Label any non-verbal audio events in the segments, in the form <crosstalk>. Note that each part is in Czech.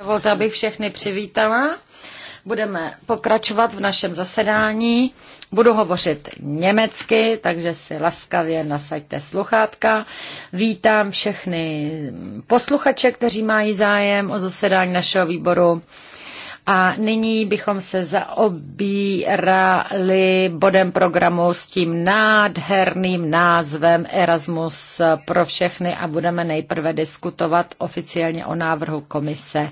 Dovolte, abych všechny přivítala. Budeme pokračovat v našem zasedání. Budu hovořit německy, takže si laskavě nasaďte sluchátka. Vítám všechny posluchače, kteří mají zájem o zasedání našeho výboru. A nyní bychom se zaobírali bodem programu s tím nádherným názvem Erasmus pro všechny a budeme nejprve diskutovat oficiálně o návrhu komise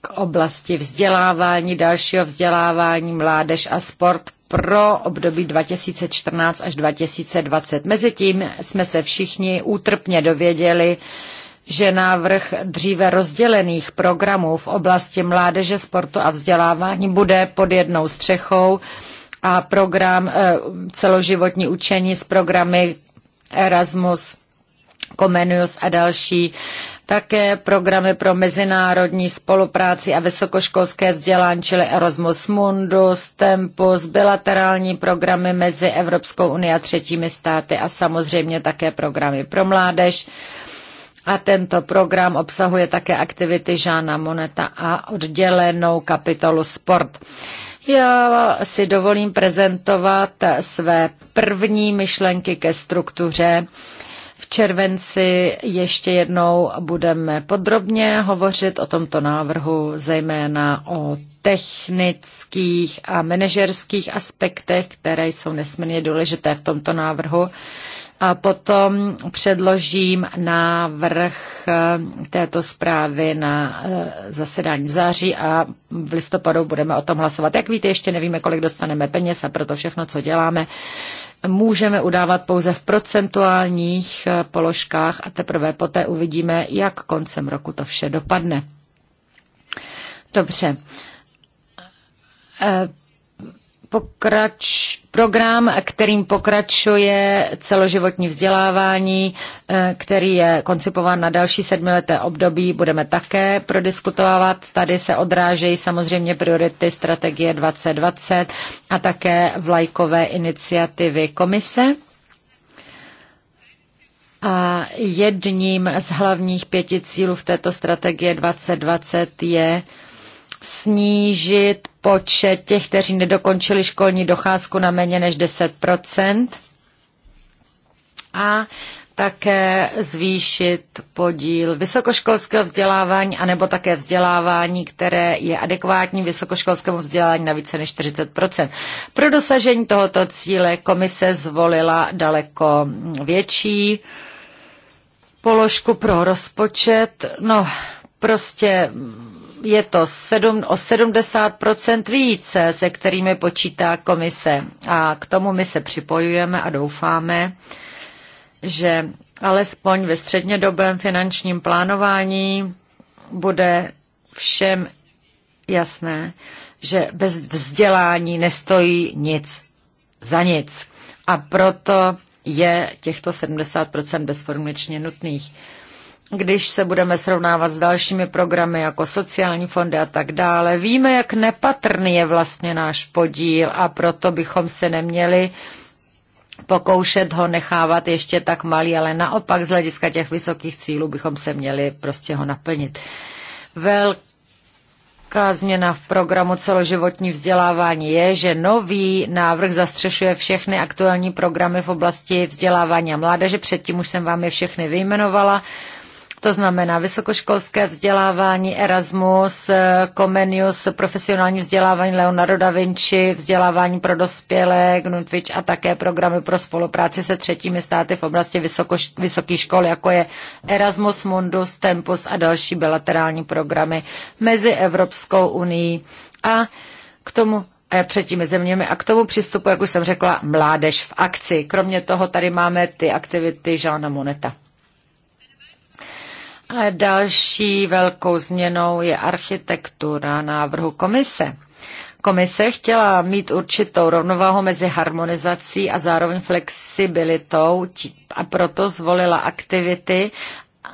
k oblasti vzdělávání, dalšího vzdělávání, mládež a sport pro období 2014 až 2020. Mezitím jsme se všichni útrpně dověděli, že návrh dříve rozdělených programů v oblasti mládeže, sportu a vzdělávání bude pod jednou střechou a program eh, celoživotní učení s programy Erasmus, Comenius a další také programy pro mezinárodní spolupráci a vysokoškolské vzdělání, čili Erasmus Mundus, Tempus, bilaterální programy mezi Evropskou unii a třetími státy a samozřejmě také programy pro mládež a tento program obsahuje také aktivity Žána Moneta a oddělenou kapitolu sport. Já si dovolím prezentovat své první myšlenky ke struktuře. V červenci ještě jednou budeme podrobně hovořit o tomto návrhu, zejména o technických a manažerských aspektech, které jsou nesmírně důležité v tomto návrhu a potom předložím návrh eh, této zprávy na eh, zasedání v září a v listopadu budeme o tom hlasovat. Jak víte, ještě nevíme, kolik dostaneme peněz a proto všechno, co děláme, můžeme udávat pouze v procentuálních eh, položkách a teprve poté uvidíme, jak koncem roku to vše dopadne. Dobře pokrač, program, kterým pokračuje celoživotní vzdělávání, eh, který je koncipován na další sedmileté období, budeme také prodiskutovat. Tady se odrážejí samozřejmě priority strategie 2020 a také vlajkové iniciativy komise. A jedním z hlavních pěti cílů v této strategie 2020 je snížit počet těch, kteří nedokončili školní docházku na méně než 10 a také zvýšit podíl vysokoškolského vzdělávání anebo také vzdělávání, které je adekvátní vysokoškolskému vzdělávání, na více než 40 Pro dosažení tohoto cíle komise zvolila daleko větší položku pro rozpočet. No, prostě je to sedm, o 70% více, se kterými počítá komise. A k tomu my se připojujeme a doufáme, že alespoň ve střednědobém finančním plánování bude všem jasné, že bez vzdělání nestojí nic za nic. A proto je těchto 70% bezformečně nutných když se budeme srovnávat s dalšími programy jako sociální fondy a tak dále. Víme, jak nepatrný je vlastně náš podíl a proto bychom se neměli pokoušet ho nechávat ještě tak malý, ale naopak z hlediska těch vysokých cílů bychom se měli prostě ho naplnit. Velký Velká změna v programu celoživotní vzdělávání je, že nový návrh zastřešuje všechny aktuální programy v oblasti vzdělávání a mládeže. Předtím už jsem vám je všechny vyjmenovala. To znamená vysokoškolské vzdělávání Erasmus, Comenius, profesionální vzdělávání Leonardo da Vinci, vzdělávání pro dospělé, Gnutvič a také programy pro spolupráci se třetími státy v oblasti vysokoš- vysokých škol, jako je Erasmus Mundus, Tempus a další bilaterální programy mezi Evropskou unii a k tomu před těmi zeměmi a k tomu přistupu, jak už jsem řekla, mládež v akci. Kromě toho tady máme ty aktivity Žána Moneta. Další velkou změnou je architektura návrhu komise. Komise chtěla mít určitou rovnováhu mezi harmonizací a zároveň flexibilitou a proto zvolila aktivity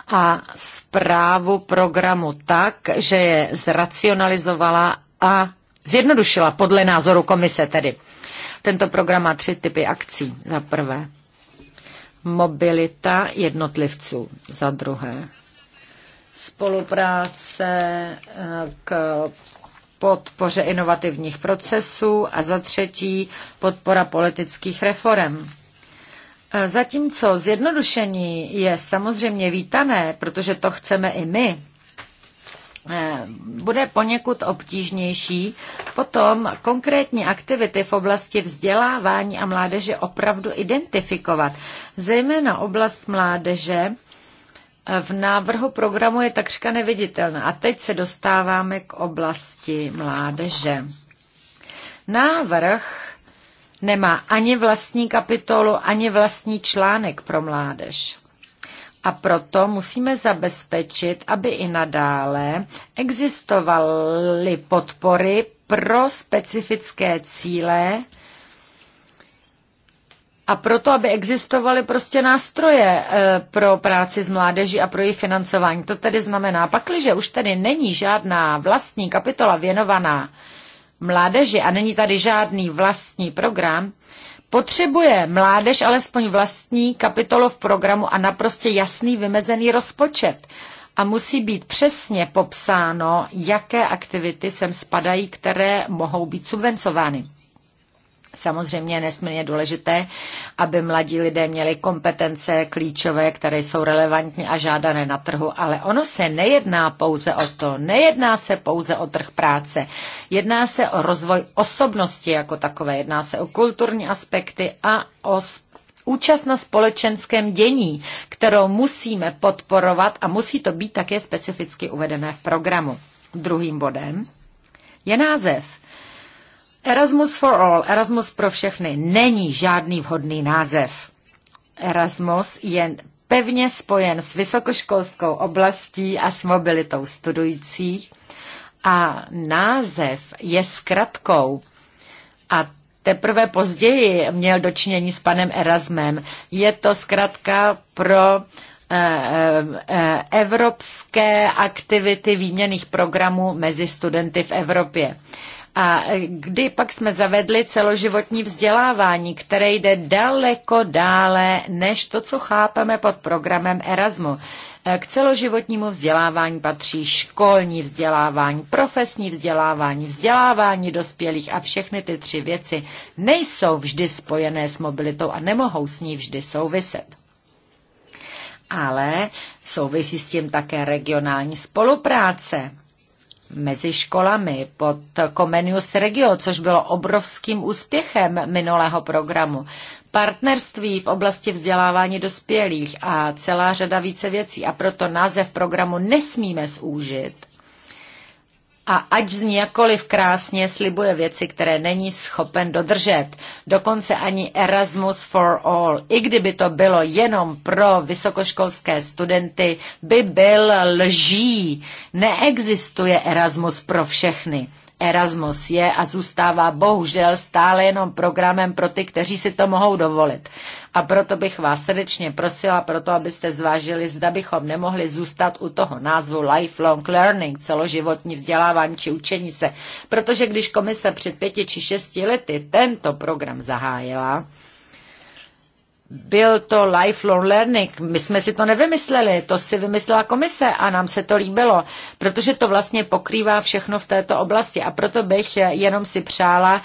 a zprávu programu tak, že je zracionalizovala a zjednodušila podle názoru komise tedy. Tento program má tři typy akcí. Za prvé mobilita jednotlivců. Za druhé spolupráce eh, k podpoře inovativních procesů a za třetí podpora politických reform. Eh, zatímco zjednodušení je samozřejmě vítané, protože to chceme i my, eh, bude poněkud obtížnější. Potom konkrétní aktivity v oblasti vzdělávání a mládeže opravdu identifikovat. Zejména oblast mládeže v návrhu programu je takřka neviditelná. A teď se dostáváme k oblasti mládeže. Návrh nemá ani vlastní kapitolu, ani vlastní článek pro mládež. A proto musíme zabezpečit, aby i nadále existovaly podpory pro specifické cíle, a proto, aby existovaly prostě nástroje eh, pro práci s mládeží a pro její financování. To tedy znamená, pakliže už tady není žádná vlastní kapitola věnovaná mládeži a není tady žádný vlastní program, potřebuje mládež alespoň vlastní kapitolu v programu a naprosto jasný vymezený rozpočet. A musí být přesně popsáno, jaké aktivity sem spadají, které mohou být subvencovány samozřejmě nesmírně důležité, aby mladí lidé měli kompetence klíčové, které jsou relevantní a žádané na trhu. Ale ono se nejedná pouze o to, nejedná se pouze o trh práce. Jedná se o rozvoj osobnosti jako takové, jedná se o kulturní aspekty a o účast na společenském dění, kterou musíme podporovat a musí to být také specificky uvedené v programu. Druhým bodem je název Erasmus for all, Erasmus pro všechny, není žádný vhodný název. Erasmus je pevně spojen s vysokoškolskou oblastí a s mobilitou studujících a název je zkratkou a teprve později měl dočinění s panem Erasmem. Je to zkratka pro eh, eh, evropské aktivity výměných programů mezi studenty v Evropě. A kdy pak jsme zavedli celoživotní vzdělávání, které jde daleko dále než to, co chápeme pod programem Erasmu. K celoživotnímu vzdělávání patří školní vzdělávání, profesní vzdělávání, vzdělávání dospělých a všechny ty tři věci nejsou vždy spojené s mobilitou a nemohou s ní vždy souviset ale souvisí s tím také regionální spolupráce mezi školami pod Comenius Regio, což bylo obrovským úspěchem minulého programu. Partnerství v oblasti vzdělávání dospělých a celá řada více věcí. A proto název programu nesmíme zúžit a ať z jakoliv krásně, slibuje věci, které není schopen dodržet. Dokonce ani Erasmus for All, i kdyby to bylo jenom pro vysokoškolské studenty, by byl lží. Neexistuje Erasmus pro všechny. Erasmus je a zůstává bohužel stále jenom programem pro ty, kteří si to mohou dovolit. A proto bych vás srdečně prosila, proto abyste zvážili, zda bychom nemohli zůstat u toho názvu lifelong learning, celoživotní vzdělávání či učení se. Protože když komise před pěti či šesti lety tento program zahájila, byl to lifelong learning. My jsme si to nevymysleli, to si vymyslela komise a nám se to líbilo, protože to vlastně pokrývá všechno v této oblasti a proto bych jenom si přála,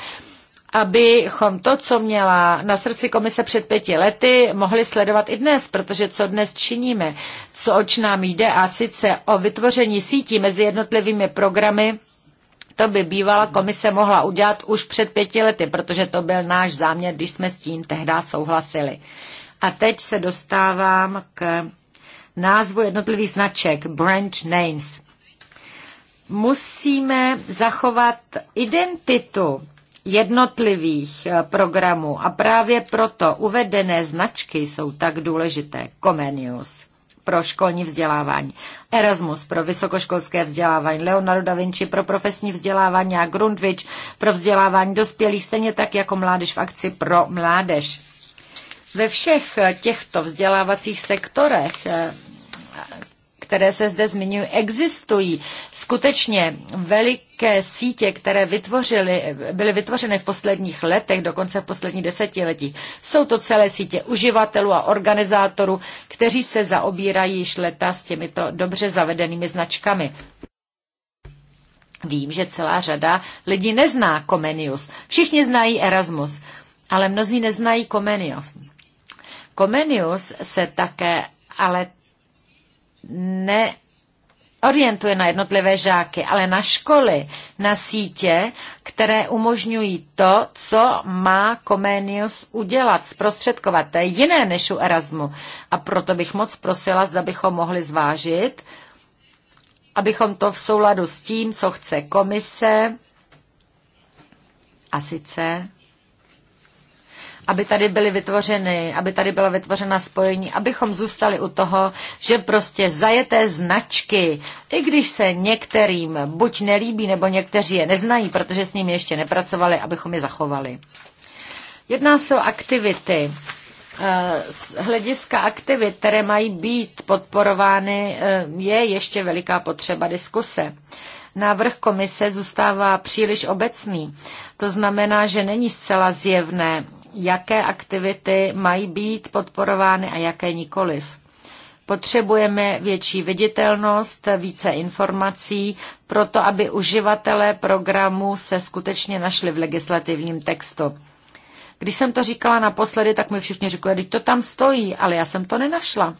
abychom to, co měla na srdci komise před pěti lety, mohli sledovat i dnes, protože co dnes činíme, co oč nám jde a sice o vytvoření sítí mezi jednotlivými programy, to by bývala komise mohla udělat už před pěti lety, protože to byl náš záměr, když jsme s tím tehdy souhlasili. A teď se dostávám k názvu jednotlivých značek, branch names. Musíme zachovat identitu jednotlivých eh, programů a právě proto uvedené značky jsou tak důležité. Comenius pro školní vzdělávání, Erasmus pro vysokoškolské vzdělávání, Leonardo da Vinci pro profesní vzdělávání a Grundvich pro vzdělávání dospělých, stejně tak jako Mládež v akci pro mládež. Ve všech těchto vzdělávacích sektorech eh, které se zde zmiňují, existují. Skutečně veliké sítě, které vytvořily, byly vytvořeny v posledních letech, dokonce v posledních desetiletí. jsou to celé sítě uživatelů a organizátorů, kteří se zaobírají již leta s těmito dobře zavedenými značkami. Vím, že celá řada lidí nezná Comenius. Všichni znají Erasmus, ale mnozí neznají Comenius. Comenius se také ale ne orientuje na jednotlivé žáky, ale na školy, na sítě, které umožňují to, co má Comenius udělat, zprostředkovat. To je jiné než u Erasmu. A proto bych moc prosila, zda bychom mohli zvážit, abychom to v souladu s tím, co chce komise, a sice aby tady byly vytvořeny, aby tady byla vytvořena spojení, abychom zůstali u toho, že prostě zajeté značky, i když se některým buď nelíbí, nebo někteří je neznají, protože s nimi ještě nepracovali, abychom je zachovali. Jedná se o aktivity, eh, z hlediska aktivit, které mají být podporovány, eh, je ještě veliká potřeba diskuse. Návrh komise zůstává příliš obecný. To znamená, že není zcela zjevné, jaké aktivity mají být podporovány a jaké nikoliv. Potřebujeme větší viditelnost, více informací, proto aby uživatelé programu se skutečně našli v legislativním textu. Když jsem to říkala naposledy, tak mi všichni říkali, že to tam stojí, ale já jsem to nenašla.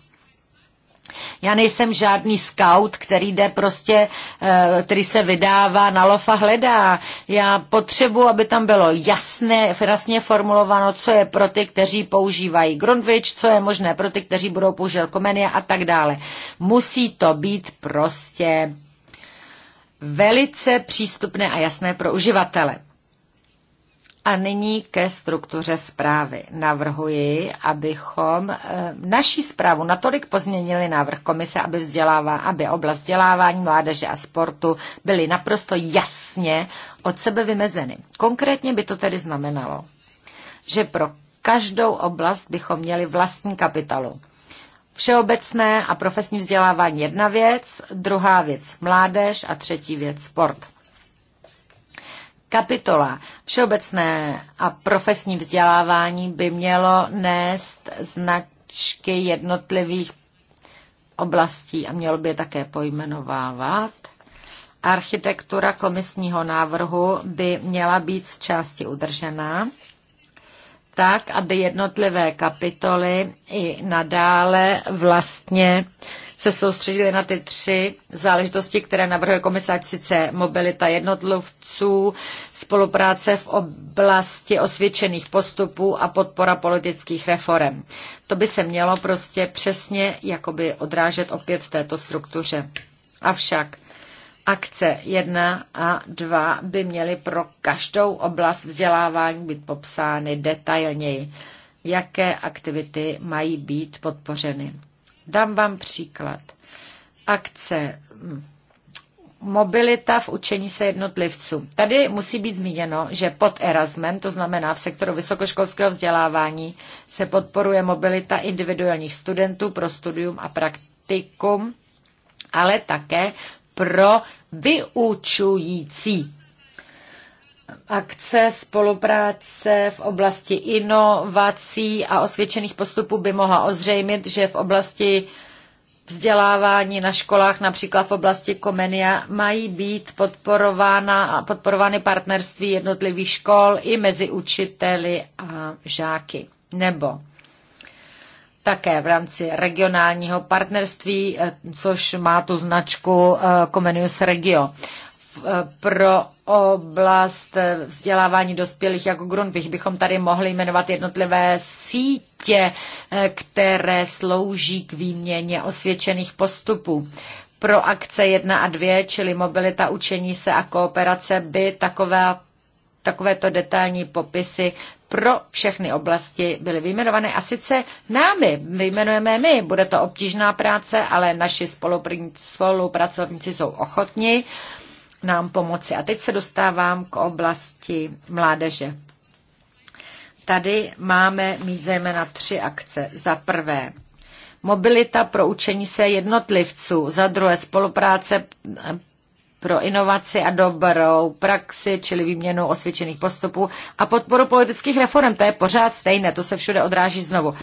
Já nejsem žádný scout, který jde prostě, eh, který se vydává na lov a hledá. Já potřebuji, aby tam bylo jasné, jasně formulováno, co je pro ty, kteří používají Grundwich, co je možné pro ty, kteří budou používat Komenia a tak dále. Musí to být prostě velice přístupné a jasné pro uživatele. A nyní ke struktuře zprávy. Navrhuji, abychom eh, naší zprávu natolik pozměnili návrh komise, aby, vzdělává, aby oblast vzdělávání, mládeže a sportu byly naprosto jasně od sebe vymezeny. Konkrétně by to tedy znamenalo, že pro každou oblast bychom měli vlastní kapitalu. Všeobecné a profesní vzdělávání jedna věc, druhá věc mládež a třetí věc sport. Kapitola všeobecné a profesní vzdělávání by mělo nést značky jednotlivých oblastí a mělo by je také pojmenovávat. Architektura komisního návrhu by měla být z části udržená, tak, aby jednotlivé kapitoly i nadále vlastně se soustředili na ty tři záležitosti, které navrhuje komisář, sice mobilita jednotlivců, spolupráce v oblasti osvědčených postupů a podpora politických reform. To by se mělo prostě přesně jakoby odrážet opět v této struktuře. Avšak akce 1 a 2 by měly pro každou oblast vzdělávání být popsány detailněji, jaké aktivity mají být podpořeny. Dám vám příklad. Akce mobilita v učení se jednotlivců. Tady musí být zmíněno, že pod Erasmem, to znamená v sektoru vysokoškolského vzdělávání, se podporuje mobilita individuálních studentů pro studium a praktikum, ale také pro vyučující akce spolupráce v oblasti inovací a osvědčených postupů by mohla ozřejmit, že v oblasti vzdělávání na školách, například v oblasti Komenia, mají být podporována, podporovány partnerství jednotlivých škol i mezi učiteli a žáky. Nebo také v rámci regionálního partnerství, eh, což má tu značku eh, Comenius Regio. Eh, pro oblast eh, vzdělávání dospělých jako Grundvich bychom tady mohli jmenovat jednotlivé sítě, eh, které slouží k výměně osvědčených postupů. Pro akce 1 a 2, čili mobilita, učení se a kooperace, by taková, takovéto detailní popisy pro všechny oblasti byly vyjmenované a sice námi, vyjmenujeme my. Bude to obtížná práce, ale naši spolupracovníci jsou ochotni nám pomoci. A teď se dostávám k oblasti mládeže. Tady máme mít zejména tři akce. Za prvé, mobilita pro učení se jednotlivců, za druhé spolupráce eh, pro inovaci a dobrou praxi, čili výměnu osvědčených postupů a podporu politických reform. To je pořád stejné, to se všude odráží znovu.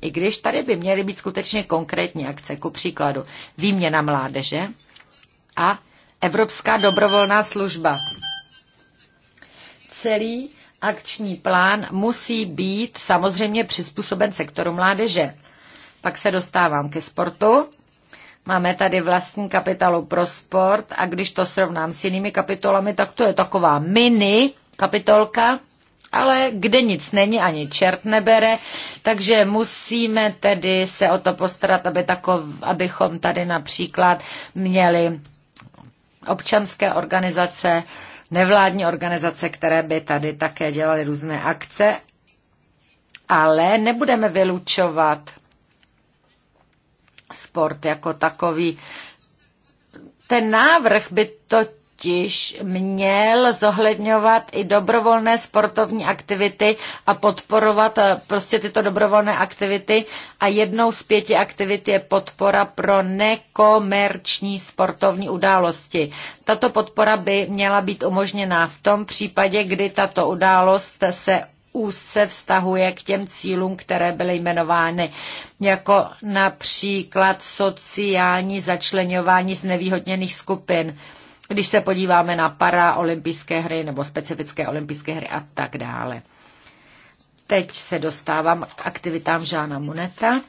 I když tady by měly být skutečně konkrétní akce, ku příkladu výměna mládeže a Evropská dobrovolná služba. Celý akční plán musí být samozřejmě přizpůsoben sektoru mládeže. Pak se dostávám ke sportu. Máme tady vlastní kapitalu pro sport a když to srovnám s jinými kapitolami, tak to je taková mini kapitolka, ale kde nic není, ani čert nebere, takže musíme tedy se o to postarat, aby takov, abychom tady například měli občanské organizace, nevládní organizace, které by tady také dělaly různé akce, ale nebudeme vylučovat sport jako takový. Ten návrh by to totiž měl zohledňovat i dobrovolné sportovní aktivity a podporovat eh, prostě tyto dobrovolné aktivity. A jednou z pěti aktivit je podpora pro nekomerční sportovní události. Tato podpora by měla být umožněná v tom případě, kdy tato událost se úzce vztahuje k těm cílům, které byly jmenovány, jako například sociální začlenování znevýhodněných skupin když se podíváme na paraolympijské hry nebo specifické olympijské hry a tak dále. Teď se dostávám k aktivitám Žána Muneta.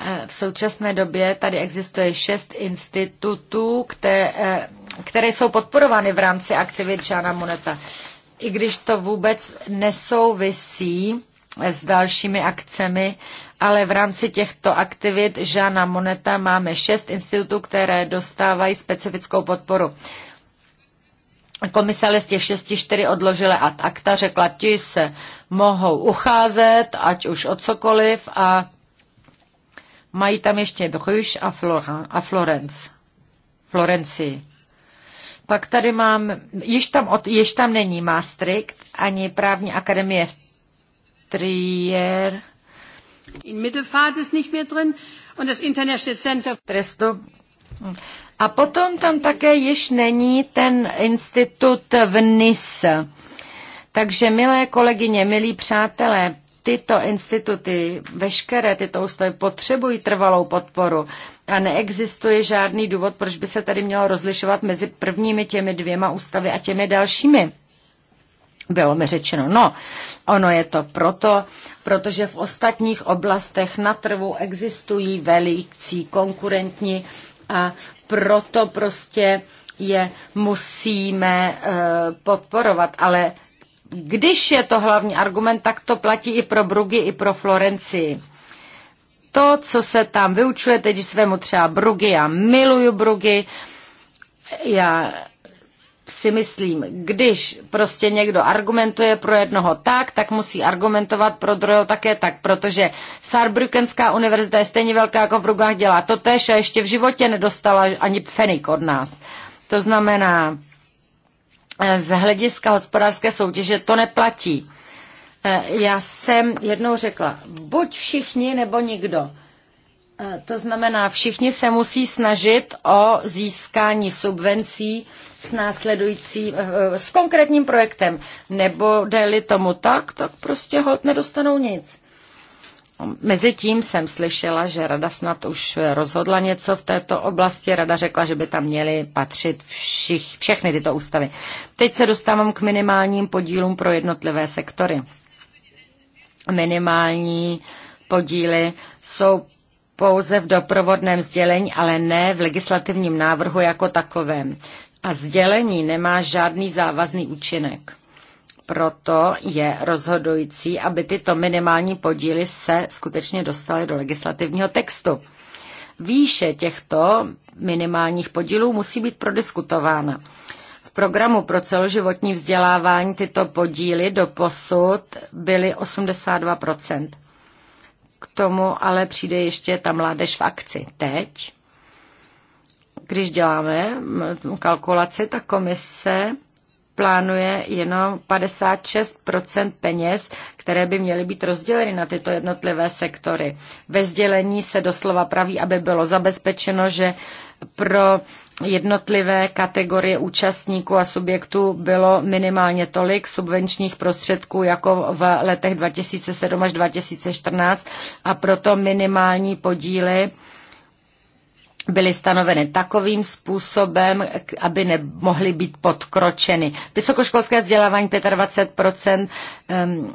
E, v současné době tady existuje šest institutů, které, e, které jsou podporovány v rámci aktivit Žána Moneta. I když to vůbec nesouvisí s dalšími akcemi ale v rámci těchto aktivit Žána Moneta máme šest institutů, které dostávají specifickou podporu. Komisále z těch šesti čtyři odložila ad acta, řekla, ti se mohou ucházet, ať už o cokoliv a mají tam ještě Bruges a, a Florence. Florenci. Pak tady mám, již tam, od, již tam není Maastricht, ani právní akademie v Trier, In Mittelfahrt ist nicht mehr drin und das International Center. Trestu. A potom tam také již není ten institut v NIS. Takže milé kolegyně, milí přátelé, tyto instituty, veškeré tyto ústavy potřebují trvalou podporu a neexistuje žádný důvod, proč by se tady mělo rozlišovat mezi prvními těmi dvěma ústavy a těmi dalšími. Bylo mi řečeno, no, ono je to proto, protože v ostatních oblastech na trhu existují velicí konkurentní a proto prostě je musíme eh, podporovat. Ale když je to hlavní argument, tak to platí i pro Brugy, i pro Florencii. To, co se tam vyučuje, teď svému třeba Brugy, já miluju Brugy, já si myslím, když prostě někdo argumentuje pro jednoho tak, tak musí argumentovat pro druhého také tak, protože Saarbrückenská univerzita je stejně velká jako v Rugách, dělá to tež a ještě v životě nedostala ani pfenik od nás. To znamená, eh, z hlediska hospodářské soutěže to neplatí. Eh, já jsem jednou řekla, buď všichni nebo nikdo. Eh, to znamená, všichni se musí snažit o získání subvencí s následující, eh, eh, s konkrétním projektem. Nebo li tomu tak, tak prostě hod nedostanou nic. Mezitím jsem slyšela, že rada snad už rozhodla něco v této oblasti. Rada řekla, že by tam měly patřit všich, všechny tyto ústavy. Teď se dostávám k minimálním podílům pro jednotlivé sektory. Minimální podíly jsou pouze v doprovodném sdělení, ale ne v legislativním návrhu jako takovém. A sdělení nemá žádný závazný účinek. Proto je rozhodující, aby tyto minimální podíly se skutečně dostaly do legislativního textu. Výše těchto minimálních podílů musí být prodiskutována. V programu pro celoživotní vzdělávání tyto podíly do posud byly 82 k tomu ale přijde ještě ta mládež v akci. Teď, když děláme mm, kalkulaci, ta komise plánuje jenom 56% peněz, které by měly být rozděleny na tyto jednotlivé sektory. Ve sdělení se doslova praví, aby bylo zabezpečeno, že pro jednotlivé kategorie účastníků a subjektů bylo minimálně tolik subvenčních prostředků jako v letech 2007 až 2014 a proto minimální podíly byly stanoveny takovým způsobem, aby nemohly být podkročeny. Vysokoškolské vzdělávání 25 ehm,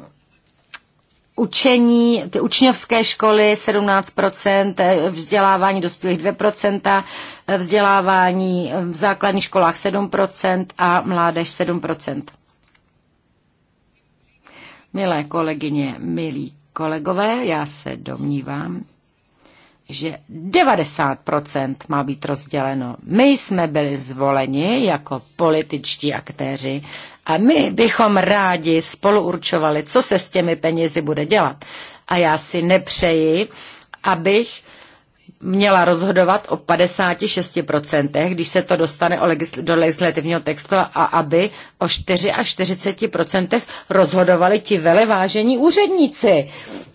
učení, ty učňovské školy 17%, eh, vzdělávání dospělých 2%, eh, vzdělávání eh, v základních školách 7% a mládež 7%. Milé kolegyně, milí kolegové, já se domnívám, že 90% má být rozděleno. My jsme byli zvoleni jako političtí aktéři a my bychom rádi spolu určovali, co se s těmi penězi bude dělat. A já si nepřeji, abych měla rozhodovat o 56%, když se to dostane do legislativního textu a aby o 44% rozhodovali ti velevážení úředníci.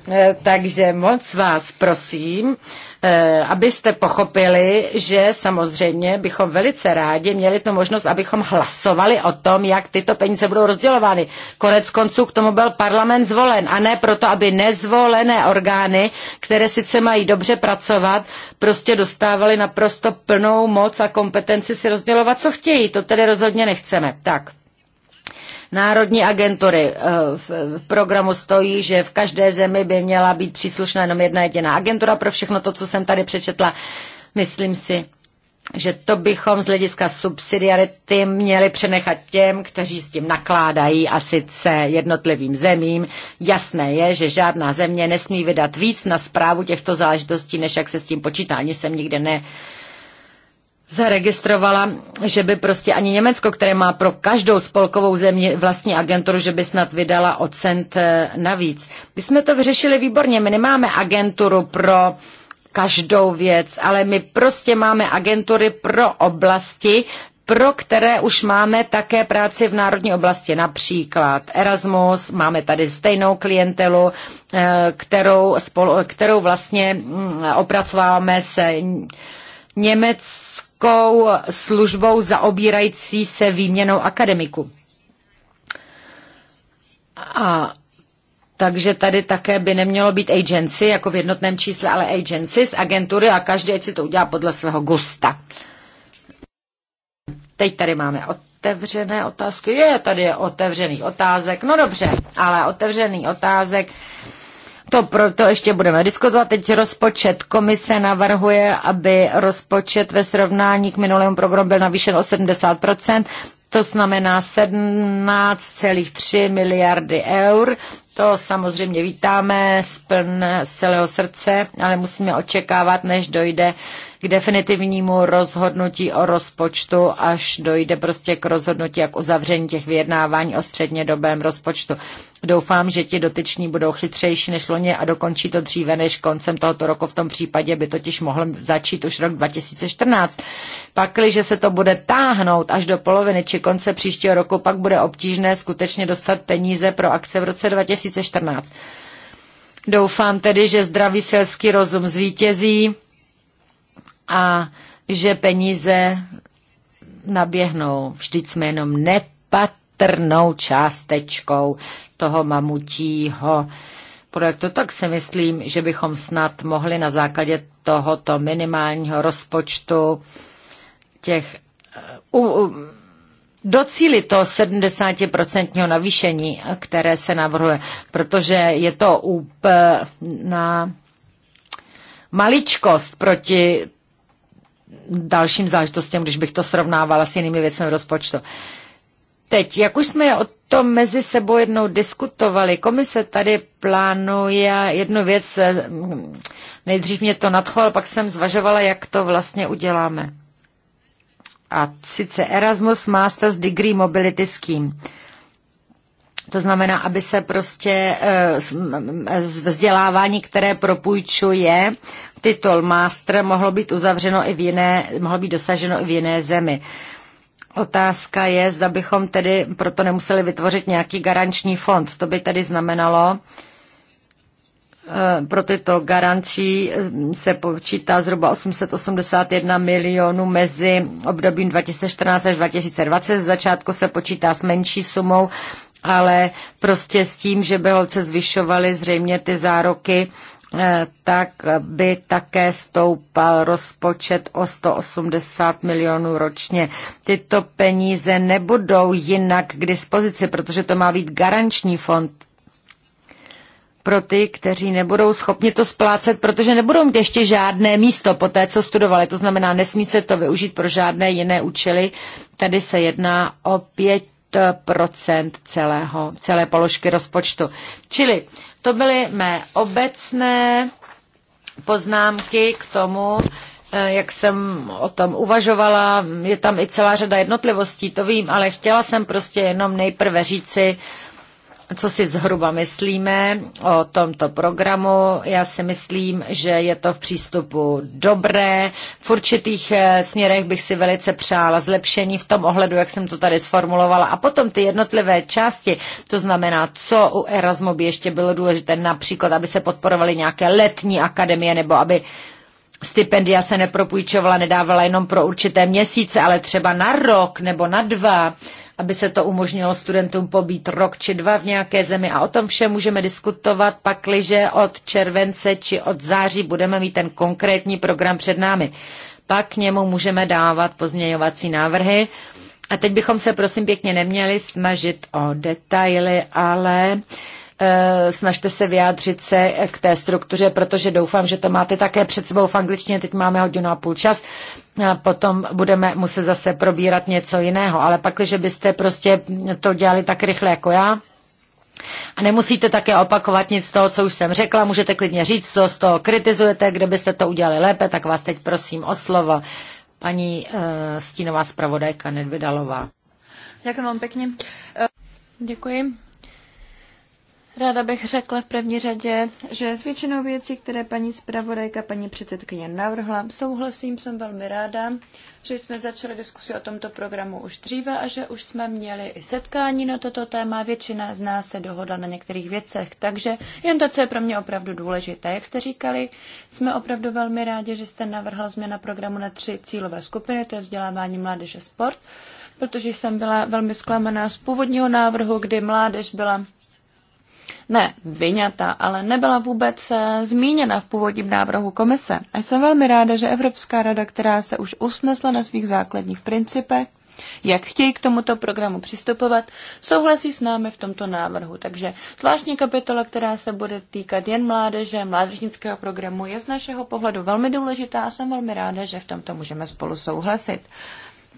Eh, takže moc vás prosím, Eh, abyste pochopili, že samozřejmě bychom velice rádi měli tu možnost, abychom hlasovali o tom, jak tyto peníze budou rozdělovány. Konec konců k tomu byl parlament zvolen a ne proto, aby nezvolené orgány, které sice mají dobře pracovat, prostě dostávaly naprosto plnou moc a kompetenci si rozdělovat, co chtějí. To tedy rozhodně nechceme. Tak. Národní agentury. Eh, v programu stojí, že v každé zemi by měla být příslušná jenom jedna jediná agentura pro všechno to, co jsem tady přečetla. Myslím si, že to bychom z hlediska subsidiarity měli přenechat těm, kteří s tím nakládají a sice jednotlivým zemím. Jasné je, že žádná země nesmí vydat víc na zprávu těchto záležitostí, než jak se s tím počítá. Ani jsem nikde ne, uh, zaregistrovala, že by prostě ani Německo, které má pro každou spolkovou zemi vlastní agenturu, že by snad vydala o cent eh, navíc. My jsme to vyřešili výborně, my nemáme agenturu pro každou věc, ale my prostě máme agentury pro oblasti, pro které už máme také práci v národní oblasti, například Erasmus, máme tady stejnou klientelu, eh, kterou, spolu, kterou vlastně mm, opracováváme se Němec, vědeckou službou zaobírající se výměnou akademiku. A takže tady také by nemělo být agency, jako v jednotném čísle, ale agency z agentury a každý, si to udělá podle svého gusta. Teď tady máme otevřené otázky. Je, tady je otevřený otázek. No dobře, ale otevřený otázek to proto ještě budeme diskutovat. Teď rozpočet komise navrhuje, aby rozpočet ve srovnání k minulému programu byl navýšen o 70%, to znamená 17,3 miliardy eur. To samozřejmě vítáme z, pln, z celého srdce, ale musíme očekávat, než dojde k definitivnímu rozhodnutí o rozpočtu, až dojde prostě k rozhodnutí jak uzavření těch vyjednávání o střednědobém rozpočtu. Doufám, že ti dotyční budou chytřejší než loni a dokončí to dříve než koncem tohoto roku. V tom případě by totiž mohl začít už rok 2014. Pakliže se to bude táhnout až do poloviny či konce příštího roku, pak bude obtížné skutečně dostat peníze pro akce v roce 2014. Doufám tedy, že zdravý selský rozum zvítězí a že peníze naběhnou. Vždyť jsme jenom nepatrnou částečkou toho mamutího projektu, tak si myslím, že bychom snad mohli na základě tohoto minimálního rozpočtu těch eh, u, u, docílit toho 70% navýšení, které se navrhuje, protože je to úplná maličkost proti dalším záležitostem, když bych to srovnávala s jinými věcmi v rozpočtu. Teď, jak už jsme o tom mezi sebou jednou diskutovali, komise tady plánuje jednu věc, eh, nejdřív mě to nadchlo, ale pak jsem zvažovala, jak to vlastně uděláme. A sice Erasmus Masters Degree Mobility Scheme. To znamená, aby se prostě eh, z vzdělávání, které propůjčuje titul master mohlo být uzavřeno i v jiné, mohlo být dosaženo i v jiné zemi. Otázka je, zda bychom tedy proto nemuseli vytvořit nějaký garanční fond. To by tedy znamenalo, eh, pro tyto garancí eh, se počítá zhruba 881 milionů mezi obdobím 2014 až 2020. Z začátku se počítá s menší sumou, ale prostě s tím, že by holce zvyšovaly zřejmě ty zároky Eh, tak by také stoupal rozpočet o 180 milionů ročně. Tyto peníze nebudou jinak k dispozici, protože to má být garanční fond pro ty, kteří nebudou schopni to splácet, protože nebudou mít ještě žádné místo po té, co studovali. To znamená, nesmí se to využít pro žádné jiné účely. Tady se jedná o pět procent celého, celé položky rozpočtu. Čili to byly mé obecné poznámky k tomu, eh, jak jsem o tom uvažovala, je tam i celá řada jednotlivostí, to vím, ale chtěla jsem prostě jenom nejprve říci, co si zhruba myslíme o tomto programu. Já si myslím, že je to v přístupu dobré. V určitých eh, směrech bych si velice přála zlepšení v tom ohledu, jak jsem to tady sformulovala. A potom ty jednotlivé části, to znamená, co u Erasmu by ještě bylo důležité, například, aby se podporovaly nějaké letní akademie nebo aby stipendia se nepropůjčovala, nedávala jenom pro určité měsíce, ale třeba na rok nebo na dva, aby se to umožnilo studentům pobít rok či dva v nějaké zemi. A o tom vše můžeme diskutovat, pakliže od července či od září budeme mít ten konkrétní program před námi. Pak k němu můžeme dávat pozměňovací návrhy. A teď bychom se prosím pěkně neměli snažit o detaily, ale uh, Eh, snažte se vyjádřit se k té struktuře, protože doufám, že to máte také před sebou v angličtině, teď máme hodinu a půl čas, a potom budeme muset zase probírat něco jiného, ale pak, když byste prostě to dělali tak rychle jako já, a nemusíte také opakovat nic z toho, co už jsem řekla, můžete klidně říct, co z toho kritizujete, kde byste to udělali lépe, tak vás teď prosím o slovo. Paní uh, stínová zpravodajka Nedvidalová. Děkuji vám pěkně. Děkuji. Ráda bych řekla v první řadě, že s většinou věcí, které paní zpravodajka, paní předsedkyně navrhla, souhlasím, jsem velmi ráda, že jsme začali diskusi o tomto programu už dříve a že už jsme měli i setkání na toto téma. Většina z nás se dohodla na některých věcech, takže jen to, co je pro mě opravdu důležité. Jak jste říkali, jsme opravdu velmi rádi, že jste navrhla změna programu na tři cílové skupiny, to je vzdělávání mládeže sport, protože jsem byla velmi zklamaná z původního návrhu, kdy mládež byla ne vyňata, ale nebyla vůbec eh, zmíněna v původním návrhu komise. A jsem velmi ráda, že Evropská rada, která se už usnesla na svých základních principech, jak chtějí k tomuto programu přistupovat, souhlasí s námi v tomto návrhu. Takže zvláštní kapitola, která se bude týkat jen mládeže, mládežnického programu, je z našeho pohledu velmi důležitá a jsem velmi ráda, že v tomto můžeme spolu souhlasit.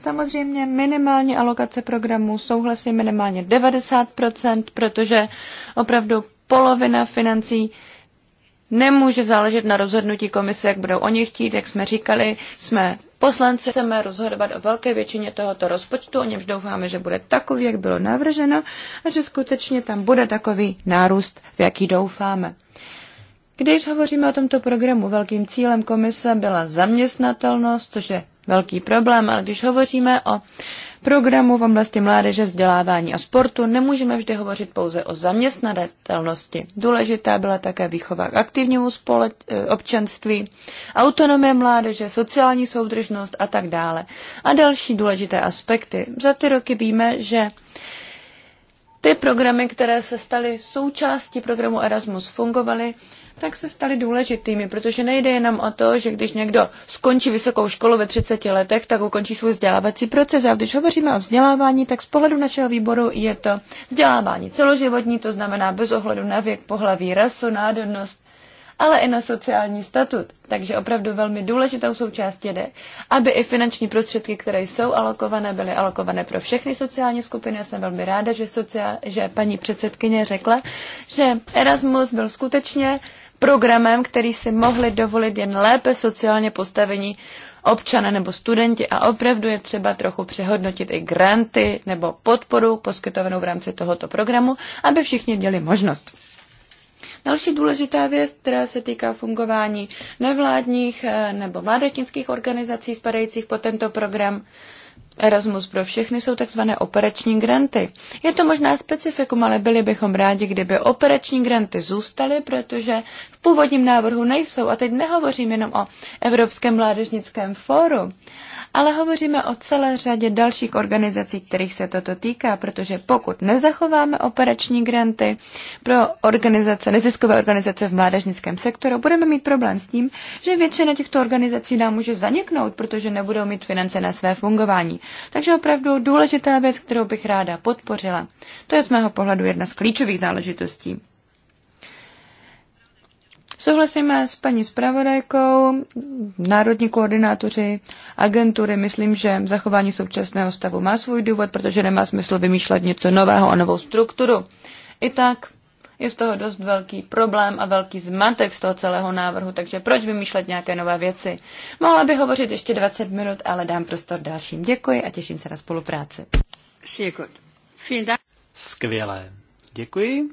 Samozřejmě minimální alokace programů souhlasí minimálně 90%, protože opravdu polovina financí nemůže záležet na rozhodnutí komise, jak budou oni chtít, jak jsme říkali, jsme poslanci, chceme rozhodovat o velké většině tohoto rozpočtu, o němž doufáme, že bude takový, jak bylo navrženo a že skutečně tam bude takový nárůst, v jaký doufáme. Když hovoříme o tomto programu, velkým cílem komise byla zaměstnatelnost, což je velký problém, ale když hovoříme o programu v oblasti mládeže, vzdělávání a sportu, nemůžeme vždy hovořit pouze o zaměstnadatelnosti. Důležitá byla také výchova k aktivnímu společ, občanství, autonomie mládeže, sociální soudržnost a tak dále. A další důležité aspekty. Za ty roky víme, že ty programy, které se staly součástí programu Erasmus, fungovaly tak se staly důležitými, protože nejde jenom o to, že když někdo skončí vysokou školu ve 30 letech, tak ukončí svůj vzdělávací proces. A když hovoříme o vzdělávání, tak z pohledu našeho výboru je to vzdělávání celoživotní, to znamená bez ohledu na věk, pohlaví, rasu, národnost, ale i na sociální statut. Takže opravdu velmi důležitou součástí jde, aby i finanční prostředky, které jsou alokované, byly alokované pro všechny sociální skupiny. Já jsem velmi ráda, že, sociál, že paní předsedkyně řekla, že Erasmus byl skutečně programem, který si mohli dovolit jen lépe sociálně postavení občana nebo studenti a opravdu je třeba trochu přehodnotit i granty nebo podporu poskytovanou v rámci tohoto programu, aby všichni měli možnost. Další důležitá věc, která se týká fungování nevládních eh, nebo mládežnických organizací spadajících pod tento program, Erasmus pro všechny jsou takzvané operační granty. Je to možná specifikum, ale byli bychom rádi, kdyby operační granty zůstaly, protože v původním návrhu nejsou. A teď nehovořím jenom o Evropském mládežnickém fóru, ale hovoříme o celé řadě dalších organizací, kterých se toto týká, protože pokud nezachováme operační granty pro organizace, neziskové organizace v mládežnickém sektoru, budeme mít problém s tím, že většina těchto organizací nám může zaniknout, protože nebudou mít finance na své fungování. Takže opravdu důležitá věc, kterou bych ráda podpořila. To je z mého pohledu jedna z klíčových záležitostí. Souhlasíme s paní zpravodajkou, národní koordinátoři, agentury. Myslím, že zachování současného stavu má svůj důvod, protože nemá smysl vymýšlet něco nového a novou strukturu. I tak je z toho dost velký problém a velký zmatek z toho celého návrhu, takže proč vymýšlet nějaké nové věci? Mohla bych hovořit ještě 20 minut, ale dám prostor dalším. Děkuji a těším se na spolupráci. Skvělé. Děkuji.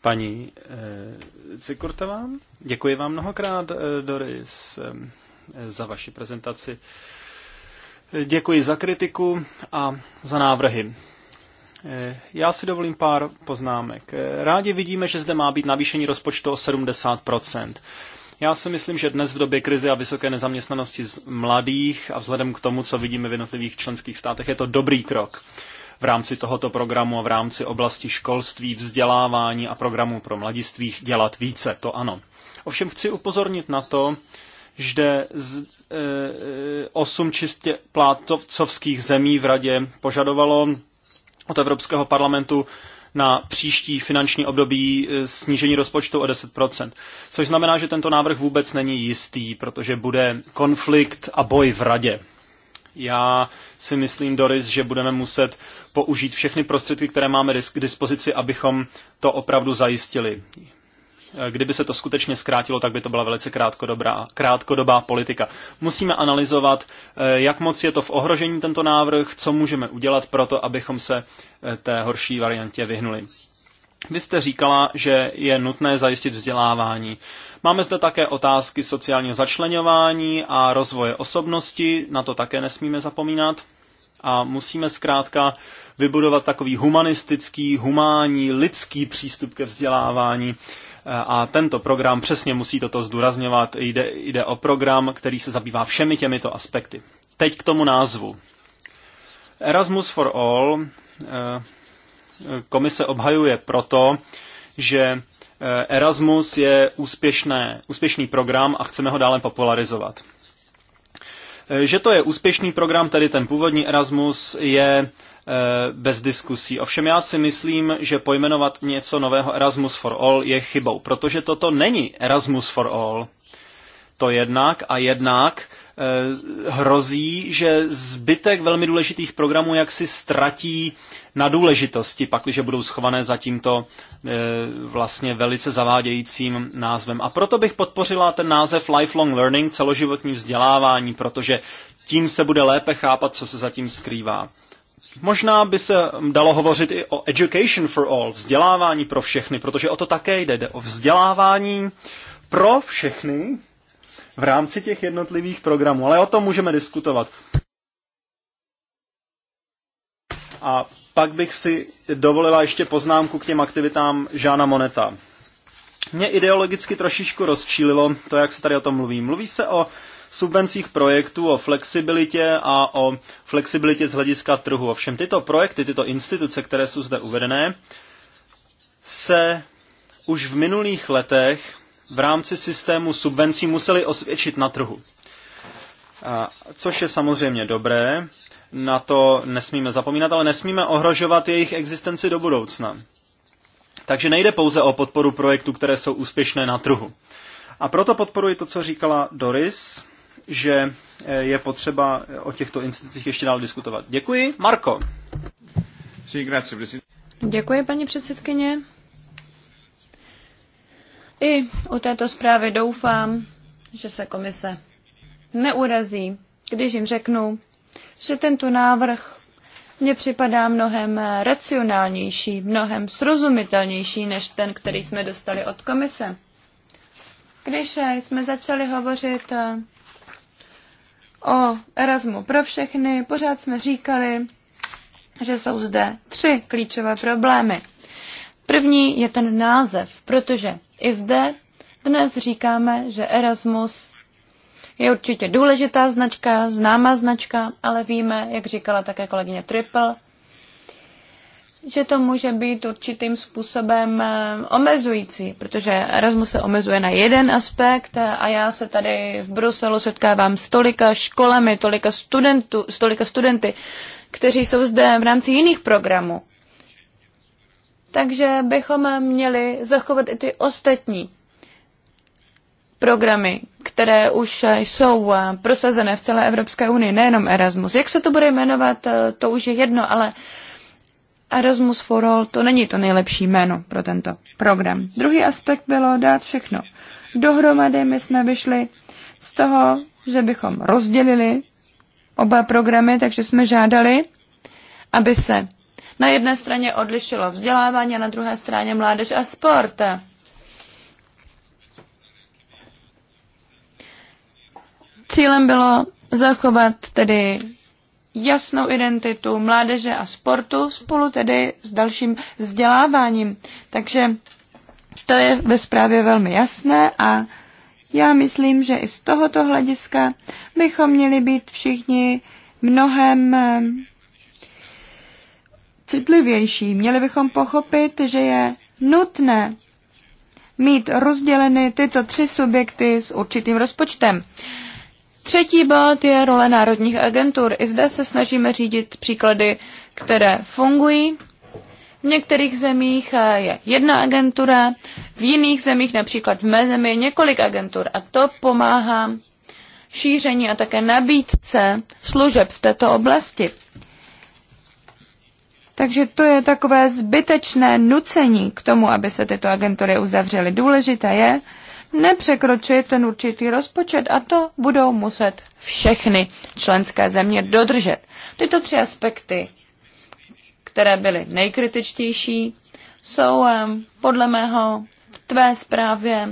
Paní eh, Cikurtová. Děkuji vám mnohokrát, eh, Doris, eh, za vaši prezentaci. Eh, děkuji za kritiku a za návrhy. Já si dovolím pár poznámek. Rádi vidíme, že zde má být navýšení rozpočtu o 70 já si myslím, že dnes v době krize a vysoké nezaměstnanosti z mladých a vzhledem k tomu, co vidíme v jednotlivých členských státech, je to dobrý krok v rámci tohoto programu a v rámci oblasti školství, vzdělávání a programů pro mladistvých dělat více, to ano. Ovšem chci upozornit na to, že e, e, osm čistě plátovcovských zemí v radě požadovalo od Evropského parlamentu na příští finanční období e, snížení rozpočtu o 10%. Což znamená, že tento návrh vůbec není jistý, protože bude konflikt a boj v radě. Já si myslím, Doris, že budeme muset použít všechny prostředky, které máme k dispozici, abychom to opravdu zajistili. Kdyby se to skutečně zkrátilo, tak by to byla velice krátkodobá, krátkodobá politika. Musíme analyzovat, eh, jak moc je to v ohrožení tento návrh, co můžeme udělat pro to, abychom se eh, té horší variantě vyhnuli. Vy jste říkala, že je nutné zajistit vzdělávání. Máme zde také otázky sociálního začlenování a rozvoje osobnosti, na to také nesmíme zapomínat a musíme zkrátka vybudovat takový humanistický, humánní, lidský přístup ke vzdělávání. Eh, a tento program přesně musí toto zdůrazňovat. Jde, jde o program, který se zabývá všemi těmito aspekty. Teď k tomu názvu. Erasmus for All eh, komise obhajuje proto, že eh, Erasmus je úspěšné, úspěšný program a chceme ho dále popularizovat. Že to je úspěšný program, tedy ten původní Erasmus, je eh, bez diskusí. Ovšem já si myslím, že pojmenovat něco nového Erasmus for All je chybou, protože toto není Erasmus for All. To jednak a jednak Eh, hrozí, že zbytek velmi důležitých programů jaksi ztratí na důležitosti, pakliže budou schované za tímto eh, vlastně velice zavádějícím názvem. A proto bych podpořila ten název Lifelong Learning, celoživotní vzdělávání, protože tím se bude lépe chápat, co se zatím skrývá. Možná by se dalo hovořit i o education for all, vzdělávání pro všechny, protože o to také jde, jde o vzdělávání pro všechny, v rámci těch jednotlivých programů, ale o tom můžeme diskutovat. A pak bych si dovolila ještě poznámku k těm aktivitám Žána Moneta. Mě ideologicky trošičku rozčílilo to, jak se tady o tom mluví. Mluví se o subvencích projektů, o flexibilitě a o flexibilitě z hlediska trhu. Ovšem tyto projekty, tyto instituce, které jsou zde uvedené, se už v minulých letech v rámci systému subvencí museli osvědčit na trhu. A, což je samozřejmě dobré, na to nesmíme zapomínat, ale nesmíme ohrožovat jejich existenci do budoucna. Takže nejde pouze o podporu projektů, které jsou úspěšné na trhu. A proto podporuji to, co říkala Doris, že eh, je potřeba eh, o těchto institucích ještě dál diskutovat. Děkuji. Marko. Děkuji, paní předsedkyně. I u této zprávy doufám, že se komise neurazí, když jim řeknu, že tento návrh mně připadá mnohem racionálnější, mnohem srozumitelnější než ten, který jsme dostali od komise. Když jsme začali hovořit eh, o Erasmu pro všechny, pořád jsme říkali, že jsou zde tři klíčové problémy. První je ten název, protože i zde dnes říkáme, že Erasmus je určitě důležitá značka, známá značka, ale víme, jak říkala také kolegyně Triple, že to může být určitým způsobem eh, omezující, protože Erasmus se omezuje na jeden aspekt a já se tady v Bruselu setkávám s tolika školami, tolika, studentu, s tolika studenty, kteří jsou zde v rámci jiných programů takže bychom měli zachovat i ty ostatní programy, které už jsou eh, prosazené v celé Evropské unii, nejenom Erasmus. Jak se to bude jmenovat, eh, to už je jedno, ale Erasmus for All to není to nejlepší jméno pro tento program. Druhý aspekt bylo dát všechno dohromady. My jsme vyšli z toho, že bychom rozdělili oba programy, takže jsme žádali, aby se na jedné straně odlišilo vzdělávání a na druhé straně mládež a sport. Cílem bylo zachovat tedy jasnou identitu mládeže a sportu spolu tedy s dalším vzděláváním. Takže to je ve zprávě velmi jasné a já myslím, že i z tohoto hlediska bychom měli být všichni mnohem citlivější. Měli bychom pochopit, že je nutné mít rozděleny tyto tři subjekty s určitým rozpočtem. Třetí bod je role národních agentur. I zde se snažíme řídit příklady, které fungují. V některých zemích eh, je jedna agentura, v jiných zemích, například v mé zemi, je několik agentur a to pomáhá šíření a také nabídce služeb v této oblasti. Takže to je takové zbytečné nucení k tomu, aby se tyto agentury uzavřely. Důležité je nepřekročit ten určitý rozpočet a to budou muset všechny členské země dodržet. Tyto tři aspekty, které byly nejkritičtější, jsou podle mého v tvé zprávě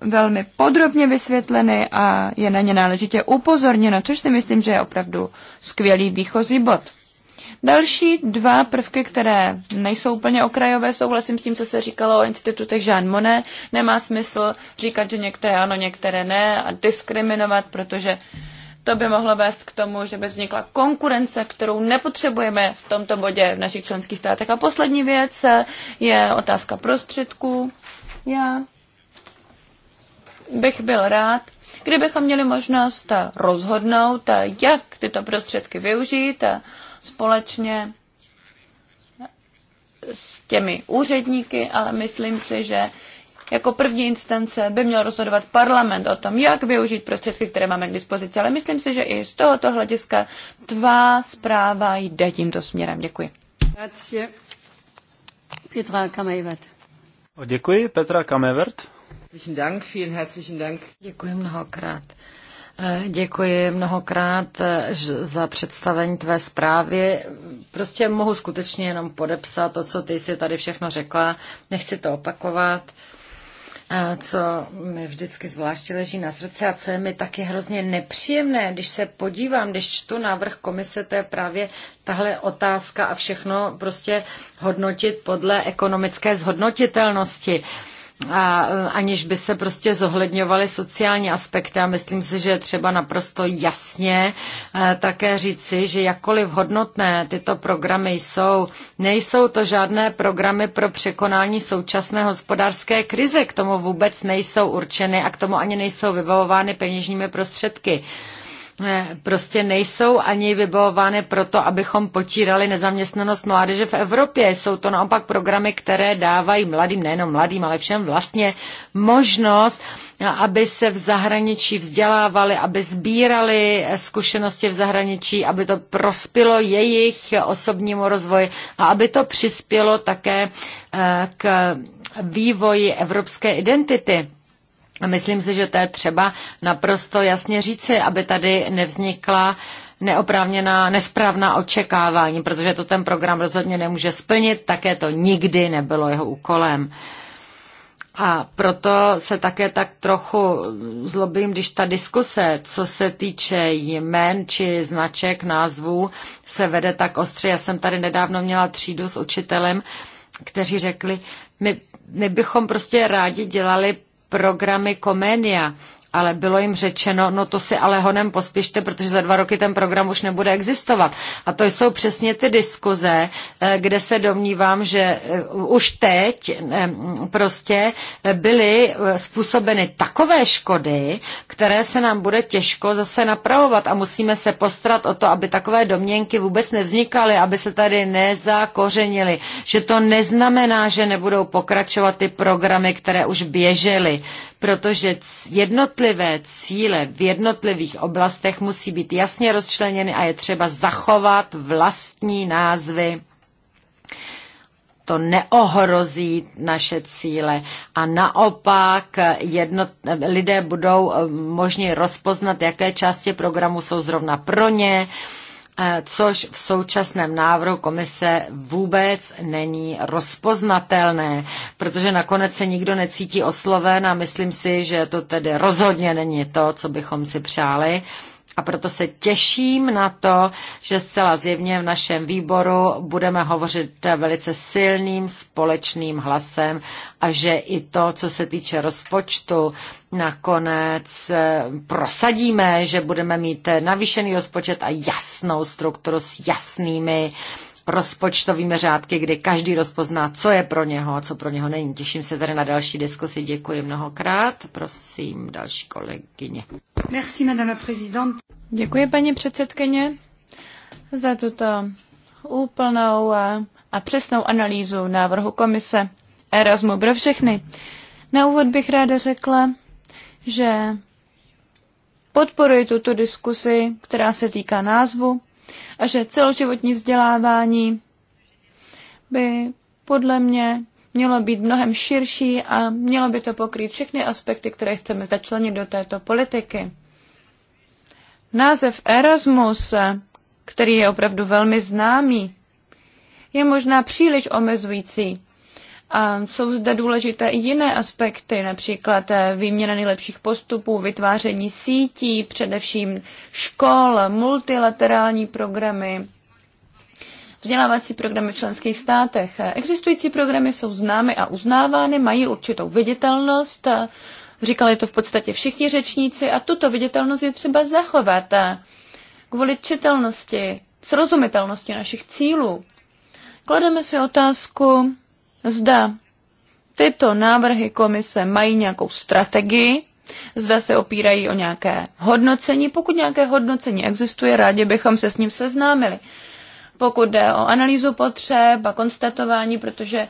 velmi podrobně vysvětleny a je na ně náležitě upozorněno, což si myslím, že je opravdu skvělý výchozí bod. Další dva prvky, které nejsou úplně okrajové, souhlasím s tím, co se říkalo o institutech Jean Monnet. Nemá smysl říkat, že některé ano, některé ne a diskriminovat, protože to by mohlo vést k tomu, že by vznikla konkurence, kterou nepotřebujeme v tomto bodě v našich členských státech. A poslední věc je otázka prostředků. Já bych byl rád, kdybychom měli možnost rozhodnout, jak tyto prostředky využít. A společně s těmi úředníky, ale myslím si, že jako první instance by měl rozhodovat parlament o tom, jak využít prostředky, které máme k dispozici. Ale myslím si, že i z tohoto hlediska tvá zpráva jde tímto směrem. Děkuji. Petra Děkuji, Petra Kamevert. Děkuji mnohokrát. Děkuji mnohokrát eh, za představení tvé zprávy. Prostě mohu skutečně jenom podepsat to, co ty jsi tady všechno řekla. Nechci to opakovat. Eh, co mi vždycky zvláště leží na srdce a co je mi taky hrozně nepříjemné, když se podívám, když čtu návrh komise, to je právě tahle otázka a všechno prostě hodnotit podle ekonomické zhodnotitelnosti a, eh, aniž by se prostě zohledňovaly sociální aspekty a myslím si, že je třeba naprosto jasně eh, také říci, že jakkoliv hodnotné tyto programy jsou, nejsou to žádné programy pro překonání současné hospodářské krize, k tomu vůbec nejsou určeny a k tomu ani nejsou vybavovány peněžními prostředky. Eh, prostě nejsou ani vybojovány proto, abychom potírali nezaměstnanost mládeže v Evropě. Jsou to naopak programy, které dávají mladým, nejenom mladým, ale všem vlastně možnost, eh, aby se v zahraničí vzdělávali, aby sbírali eh, zkušenosti v zahraničí, aby to prospělo jejich osobnímu rozvoji a aby to přispělo také k vývoji evropské identity. Myslím si, že to je třeba naprosto jasně říci, aby tady nevznikla neoprávněná, nesprávná očekávání, protože to ten program rozhodně nemůže splnit, také to nikdy nebylo jeho úkolem. A proto se také tak trochu zlobím, když ta diskuse, co se týče jmen či značek, názvů, se vede tak ostře. Já jsem tady nedávno měla třídu s učitelem, kteří řekli, my, my bychom prostě rádi dělali programy Komenia ale bylo jim řečeno, no to si ale honem pospěšte, protože za dva roky ten program už nebude existovat. A to jsou přesně ty diskuze, eh, kde se domnívám, že eh, už teď eh, prostě byly způsobeny takové škody, které se nám bude těžko zase napravovat a musíme se postrat o to, aby takové domněnky vůbec nevznikaly, aby se tady nezakořenily, že to neznamená, že nebudou pokračovat ty programy, které už běžely, protože jednotlivé jednotlivé cíle v jednotlivých oblastech musí být jasně rozčleněny a je třeba zachovat vlastní názvy. To neohrozí naše cíle a naopak jednot, lidé budou eh, možně rozpoznat, jaké části programu jsou zrovna pro ně, Eh, což v současném návrhu komise vůbec není rozpoznatelné, protože nakonec se nikdo necítí osloven a myslím si, že to tedy rozhodně není to, co bychom si přáli. A proto se těším na to, že zcela zjevně v našem výboru budeme hovořit velice silným společným hlasem a že i to, co se týče rozpočtu, nakonec eh, prosadíme, že budeme mít navýšený rozpočet a jasnou strukturu s jasnými rozpočtovými řádky, kdy každý rozpozná, co je pro něho a co pro něho není. Těším se tady na další diskusi. Děkuji mnohokrát. Prosím, další kolegyně. Merci, madame président. Děkuji, paní předsedkyně, za tuto úplnou a, a přesnou analýzu návrhu komise Erasmu pro všechny. Na úvod bych ráda řekla, že podporuji tuto diskusi, která se týká názvu a že celoživotní vzdělávání by podle mě mělo být mnohem širší a mělo by to pokrýt všechny aspekty, které chceme začlenit do této politiky. Název Erasmus, který je opravdu velmi známý, je možná příliš omezující. A jsou zde důležité i jiné aspekty, například eh, výměna nejlepších postupů, vytváření sítí, především škol, multilaterální programy, vzdělávací programy v členských státech. Eh, existující programy jsou známy a uznávány, mají určitou viditelnost, eh, říkali to v podstatě všichni řečníci a tuto viditelnost je třeba zachovat kvůli čitelnosti, srozumitelnosti našich cílů. Klademe si otázku, zda tyto návrhy komise mají nějakou strategii, zda se opírají o nějaké hodnocení. Pokud nějaké hodnocení existuje, rádi bychom se s ním seznámili. Pokud jde o analýzu potřeb a konstatování, protože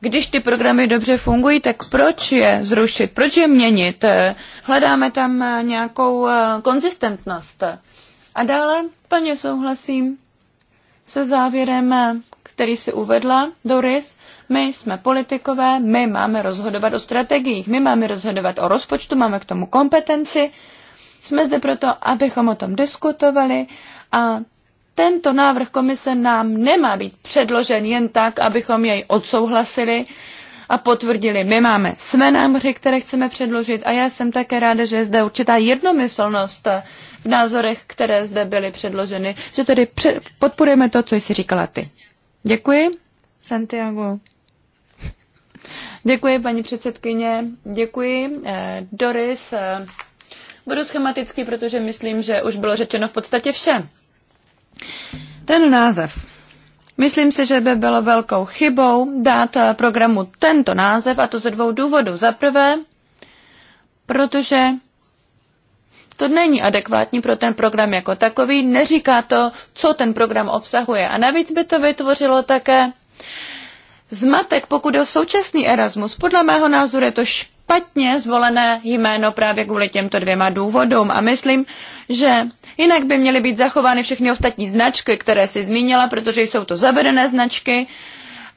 když ty programy dobře fungují, tak proč je zrušit, proč je měnit? Hledáme tam nějakou eh, konzistentnost. A dále plně souhlasím se závěrem, eh, který si uvedla Doris, my jsme politikové, my máme rozhodovat o strategiích, my máme rozhodovat o rozpočtu, máme k tomu kompetenci. Jsme zde proto, abychom o tom diskutovali a tento návrh komise nám nemá být předložen jen tak, abychom jej odsouhlasili a potvrdili. My máme své návrhy, které chceme předložit a já jsem také ráda, že je zde určitá jednomyslnost v názorech, které zde byly předloženy, že tedy podporujeme to, co jsi říkala ty. Děkuji, Santiago. Děkuji, paní předsedkyně. Děkuji. Eh, Doris, eh, budu schematický, protože myslím, že už bylo řečeno v podstatě vše. Ten název. Myslím si, že by bylo velkou chybou dát eh, programu tento název, a to ze dvou důvodů. Za prvé, protože to není adekvátní pro ten program jako takový, neříká to, co ten program obsahuje. A navíc by to vytvořilo také uh, zmatek, pokud je o současný Erasmus. Podle mého názoru je to špatně zvolené jméno právě kvůli těmto dvěma důvodům a myslím, že jinak by měly být zachovány všechny ostatní značky, které si zmínila, protože jsou to zavedené značky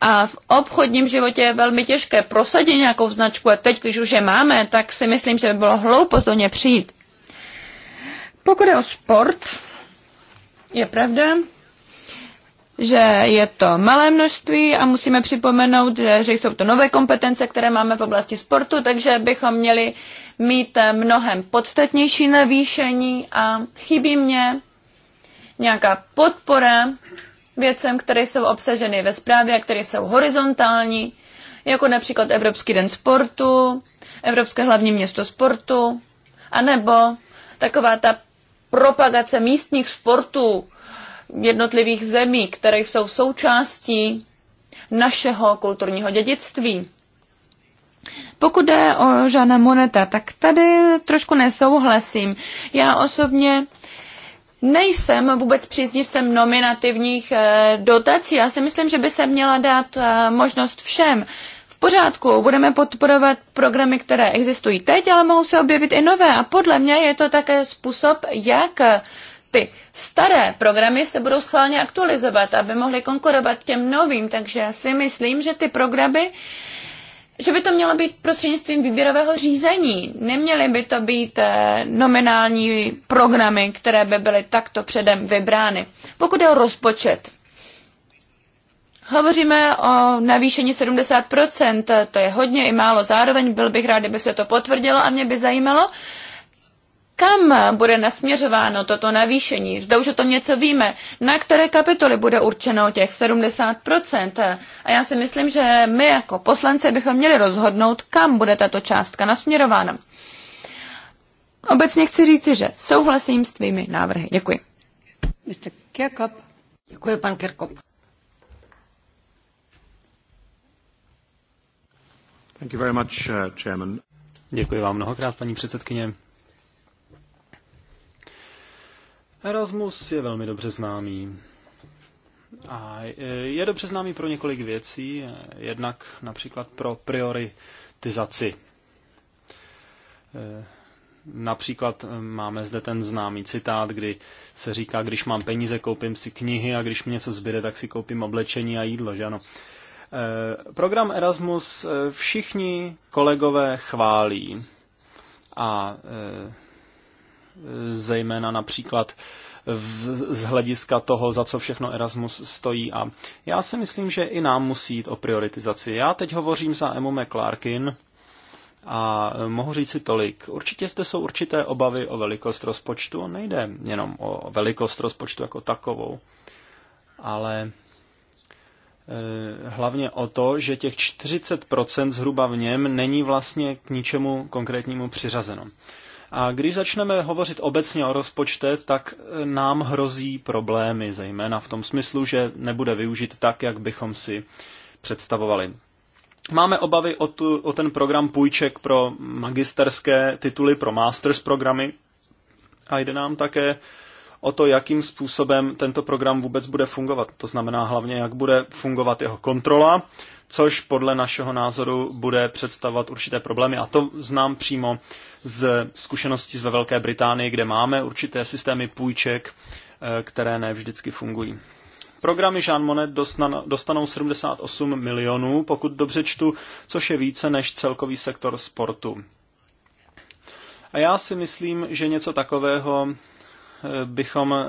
a v obchodním životě je velmi těžké prosadit nějakou značku a teď, když už je máme, tak si myslím, že by bylo hloupost do ně přijít. Pokud je o sport, je pravda, že je to malé množství a musíme připomenout, že, že jsou to nové kompetence, které máme v oblasti sportu, takže bychom měli mít eh, mnohem podstatnější navýšení a chybí mě nějaká podpora věcem, které jsou obsaženy ve zprávě a které jsou horizontální, jako například Evropský den sportu, Evropské hlavní město sportu, anebo taková ta propagace místních sportů, jednotlivých zemí, které jsou součástí našeho kulturního dědictví. Pokud jde o Žána Moneta, tak tady trošku nesouhlasím. Já osobně nejsem vůbec příznivcem nominativních eh, dotací. Já si myslím, že by se měla dát eh, možnost všem. V pořádku, budeme podporovat programy, které existují teď, ale mohou se objevit i nové. A podle mě je to také způsob, jak ty staré programy se budou schválně aktualizovat, aby mohly konkurovat těm novým, takže já si myslím, že ty programy že by to mělo být prostřednictvím výběrového řízení. Neměly by to být eh, nominální programy, které by byly takto předem vybrány. Pokud je o rozpočet, Hovoříme o navýšení 70%, to je hodně i málo zároveň, byl bych rád, kdyby se to potvrdilo a mě by zajímalo, kam bude nasměřováno toto navýšení? Zda už o tom něco víme. Na které kapitoly bude určeno těch 70%? A já si myslím, že my jako poslanci bychom měli rozhodnout, kam bude tato částka nasměrována. Obecně chci říct, že souhlasím s tvými návrhy. Děkuji. Mr. Děkuji, pan Kirkop. Thank you very much, uh, chairman. Děkuji vám mnohokrát, paní předsedkyně. Erasmus je velmi dobře známý. A je dobře známý pro několik věcí, jednak například pro prioritizaci. Například máme zde ten známý citát, kdy se říká, když mám peníze, koupím si knihy a když mi něco zbyde, tak si koupím oblečení a jídlo, že ano. Program Erasmus všichni kolegové chválí. A zejména například z hlediska toho, za co všechno Erasmus stojí. A já si myslím, že i nám musí jít o prioritizaci. Já teď hovořím za Emu McClarkin a mohu říct si tolik. Určitě zde jsou určité obavy o velikost rozpočtu. Nejde jenom o velikost rozpočtu jako takovou, ale eh, hlavně o to, že těch 40% zhruba v něm není vlastně k ničemu konkrétnímu přiřazeno. A když začneme hovořit obecně o rozpočtech, tak eh, nám hrozí problémy, zejména v tom smyslu, že nebude využit tak, jak bychom si představovali. Máme obavy o, tu, o ten program půjček pro magisterské tituly, pro masters programy a jde nám také o to, jakým způsobem tento program vůbec bude fungovat. To znamená hlavně, jak bude fungovat jeho kontrola, což podle našeho názoru bude představovat určité problémy. A to znám přímo z zkušeností ve Velké Británii, kde máme určité systémy půjček, eh, které ne vždycky fungují. Programy Jean Monnet dostanou 78 milionů, pokud dobře čtu, což je více než celkový sektor sportu. A já si myslím, že něco takového bychom eh,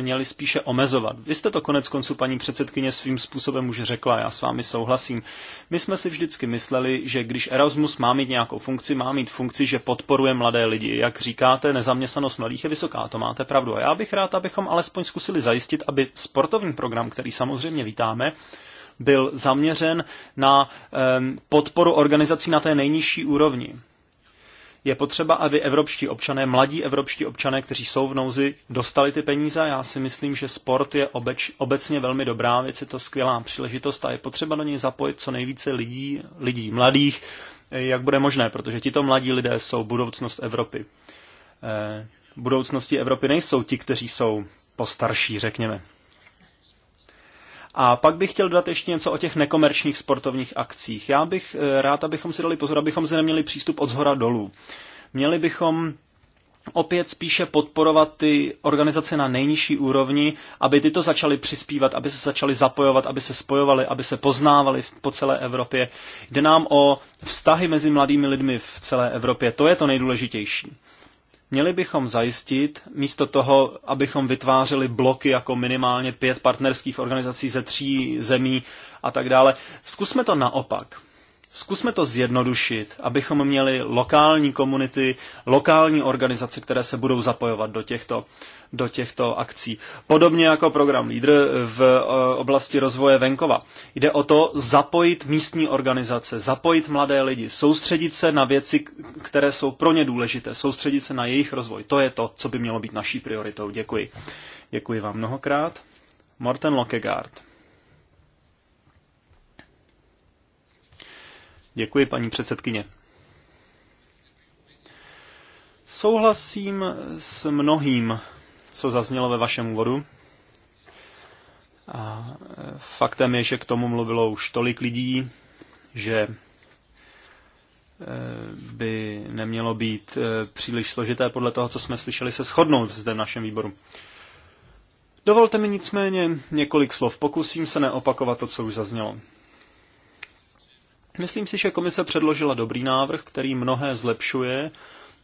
měli spíše omezovat. Vy jste to konec konců, paní předsedkyně, svým způsobem už řekla, já s vámi souhlasím. My jsme si vždycky mysleli, že když Erasmus má mít nějakou funkci, má mít funkci, že podporuje mladé lidi. Jak říkáte, nezaměstnanost mladých je vysoká, to máte pravdu. A já bych rád, abychom alespoň zkusili zajistit, aby sportovní program, který samozřejmě vítáme, byl zaměřen na ehm, podporu organizací na té nejnižší úrovni je potřeba, aby evropští občané, mladí evropští občané, kteří jsou v nouzi, dostali ty peníze. Já si myslím, že sport je obeč, obecně velmi dobrá věc, je to skvělá příležitost a je potřeba do něj zapojit co nejvíce lidí, lidí mladých, jak bude možné, protože tito mladí lidé jsou budoucnost Evropy. Eh, budoucnosti Evropy nejsou ti, kteří jsou postarší, řekněme. A pak bych chtěl dodat ještě něco o těch nekomerčních sportovních akcích. Já bych eh, rád, abychom si dali pozor, abychom se neměli přístup od zhora dolů. Měli bychom opět spíše podporovat ty organizace na nejnižší úrovni, aby tyto začaly přispívat, aby se začaly zapojovat, aby se spojovaly, aby se poznávaly po celé Evropě. Jde nám o vztahy mezi mladými lidmi v celé Evropě, to je to nejdůležitější. Měli bychom zajistit, místo toho, abychom vytvářeli bloky jako minimálně pět partnerských organizací ze tří zemí a tak dále, zkusme to naopak. Zkusme to zjednodušit, abychom měli lokální komunity, lokální organizace, které se budou zapojovat do těchto, do těchto akcí. Podobně jako program LEADER v e, oblasti rozvoje venkova. Jde o to zapojit místní organizace, zapojit mladé lidi, soustředit se na věci, které jsou pro ně důležité, soustředit se na jejich rozvoj. To je to, co by mělo být naší prioritou. Děkuji. Děkuji vám mnohokrát. Morten Lokegaard. Děkuji, paní předsedkyně. Souhlasím s mnohým, co zaznělo ve vašem úvodu. A e, faktem je, že k tomu mluvilo už tolik lidí, že e, by nemělo být e, příliš složité podle toho, co jsme slyšeli, se shodnout zde v našem výboru. Dovolte mi nicméně několik slov. Pokusím se neopakovat to, co už zaznělo. Myslím si, že komise předložila dobrý návrh, který mnohé zlepšuje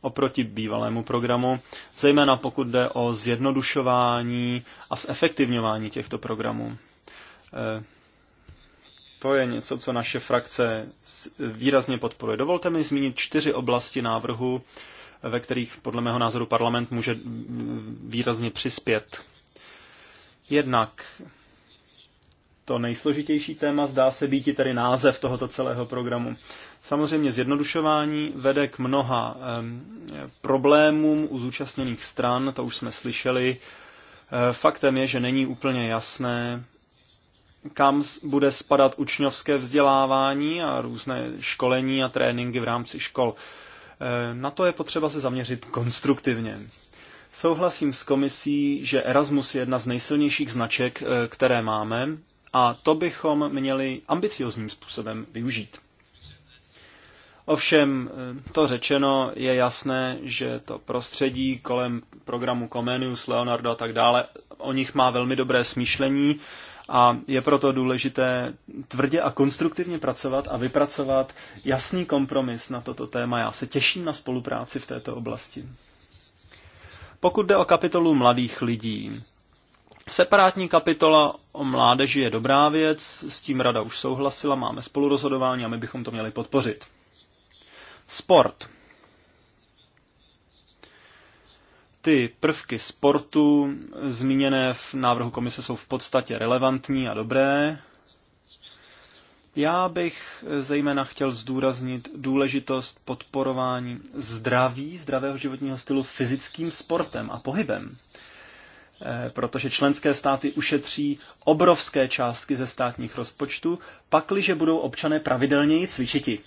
oproti bývalému programu, zejména pokud jde o zjednodušování a zefektivňování těchto programů. E, to je něco, co naše frakce výrazně podporuje. Dovolte mi zmínit čtyři oblasti návrhu, ve kterých podle mého názoru parlament může výrazně přispět. Jednak to nejsložitější téma zdá se být i tedy název tohoto celého programu. Samozřejmě zjednodušování vede k mnoha problémům u zúčastněných stran, to už jsme slyšeli. E, faktem je, že není úplně jasné, kam bude spadat učňovské vzdělávání a různé školení a tréninky v rámci škol. E, na to je potřeba se zaměřit konstruktivně. Souhlasím s komisí, že Erasmus je jedna z nejsilnějších značek, e, které máme a to bychom měli ambiciozním způsobem využít. Ovšem, eh, to řečeno, je jasné, že to prostředí kolem programu Comenius, Leonardo a tak dále, o nich má velmi dobré smýšlení a je proto důležité tvrdě a konstruktivně pracovat a vypracovat jasný kompromis na toto téma. Já se těším na spolupráci v této oblasti. Pokud jde o kapitolu mladých lidí, Separátní kapitola o mládeži je dobrá věc, s tím rada už souhlasila, máme spolurozhodování a my bychom to měli podpořit. Sport. Ty prvky sportu zmíněné v návrhu komise jsou v podstatě relevantní a dobré. Já bych zejména chtěl zdůraznit důležitost podporování zdraví, zdravého životního stylu fyzickým sportem a pohybem Eh, protože členské státy ušetří obrovské částky ze státních rozpočtů, pakliže budou občané pravidelněji cvičiti.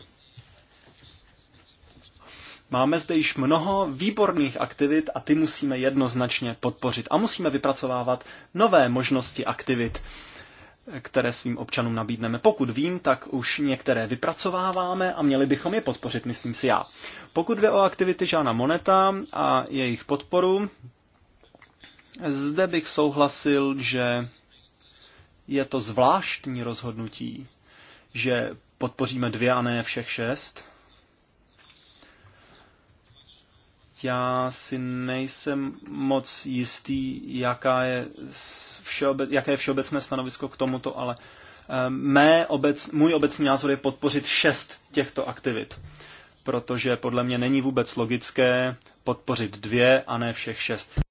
Máme zde již mnoho výborných aktivit a ty musíme jednoznačně podpořit. A musíme vypracovávat nové možnosti aktivit, eh, které svým občanům nabídneme. Pokud vím, tak už některé vypracováváme a měli bychom je podpořit, myslím si já. Pokud jde o aktivity Žána Moneta a jejich podporu, zde bych souhlasil, že je to zvláštní rozhodnutí, že podpoříme dvě a ne všech šest. Já si nejsem moc jistý, jaká je všeobec, jaké je všeobecné stanovisko k tomuto, ale eh, mé obec, můj obecný názor je podpořit šest těchto aktivit, protože podle mě není vůbec logické podpořit dvě a ne všech šest.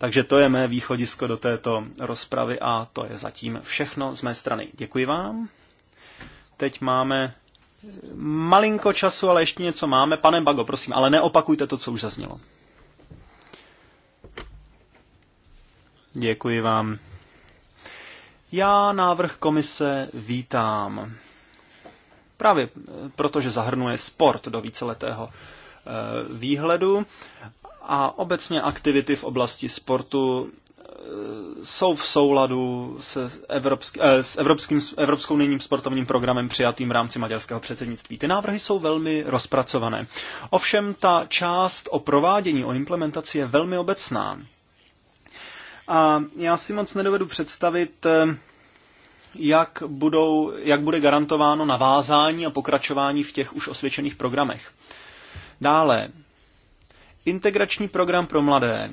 Takže to je mé východisko do této rozpravy a to je zatím všechno z mé strany. Děkuji vám. Teď máme malinko času, ale ještě něco máme. Pane Bago, prosím, ale neopakujte to, co už zaznělo. Děkuji vám. Já návrh komise vítám. Právě eh, protože zahrnuje sport do víceletého eh, výhledu a obecně aktivity v oblasti sportu eh, jsou v souladu se evropský, eh, s evropským, evropskou nyním sportovním programem přijatým v rámci maďarského předsednictví. Ty návrhy jsou velmi rozpracované. Ovšem ta část o provádění, o implementaci je velmi obecná. A já si moc nedovedu představit, eh, jak, budou, jak bude garantováno navázání a pokračování v těch už osvědčených programech. Dále, Integrační program pro mladé.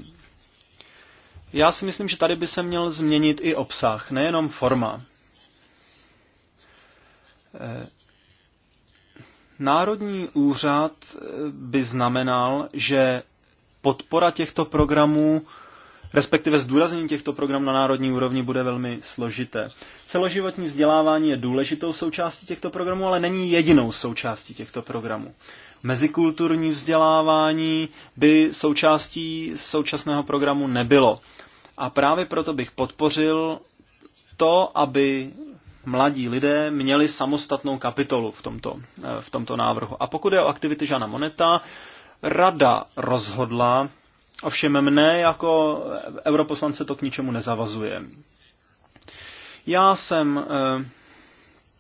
Já si myslím, že tady by se měl změnit i obsah, nejenom forma. Eh, národní úřad eh, by znamenal, že podpora těchto programů, respektive zdůraznění těchto programů na národní úrovni bude velmi složité. Celoživotní vzdělávání je důležitou součástí těchto programů, ale není jedinou součástí těchto programů. Mezikulturní vzdělávání by součástí současného programu nebylo. A právě proto bych podpořil to, aby mladí lidé měli samostatnou kapitolu v tomto, eh, v tomto návrhu. A pokud je o aktivity Žana Moneta, rada rozhodla, ovšem mne jako europoslance to k ničemu nezavazuje. Já jsem eh,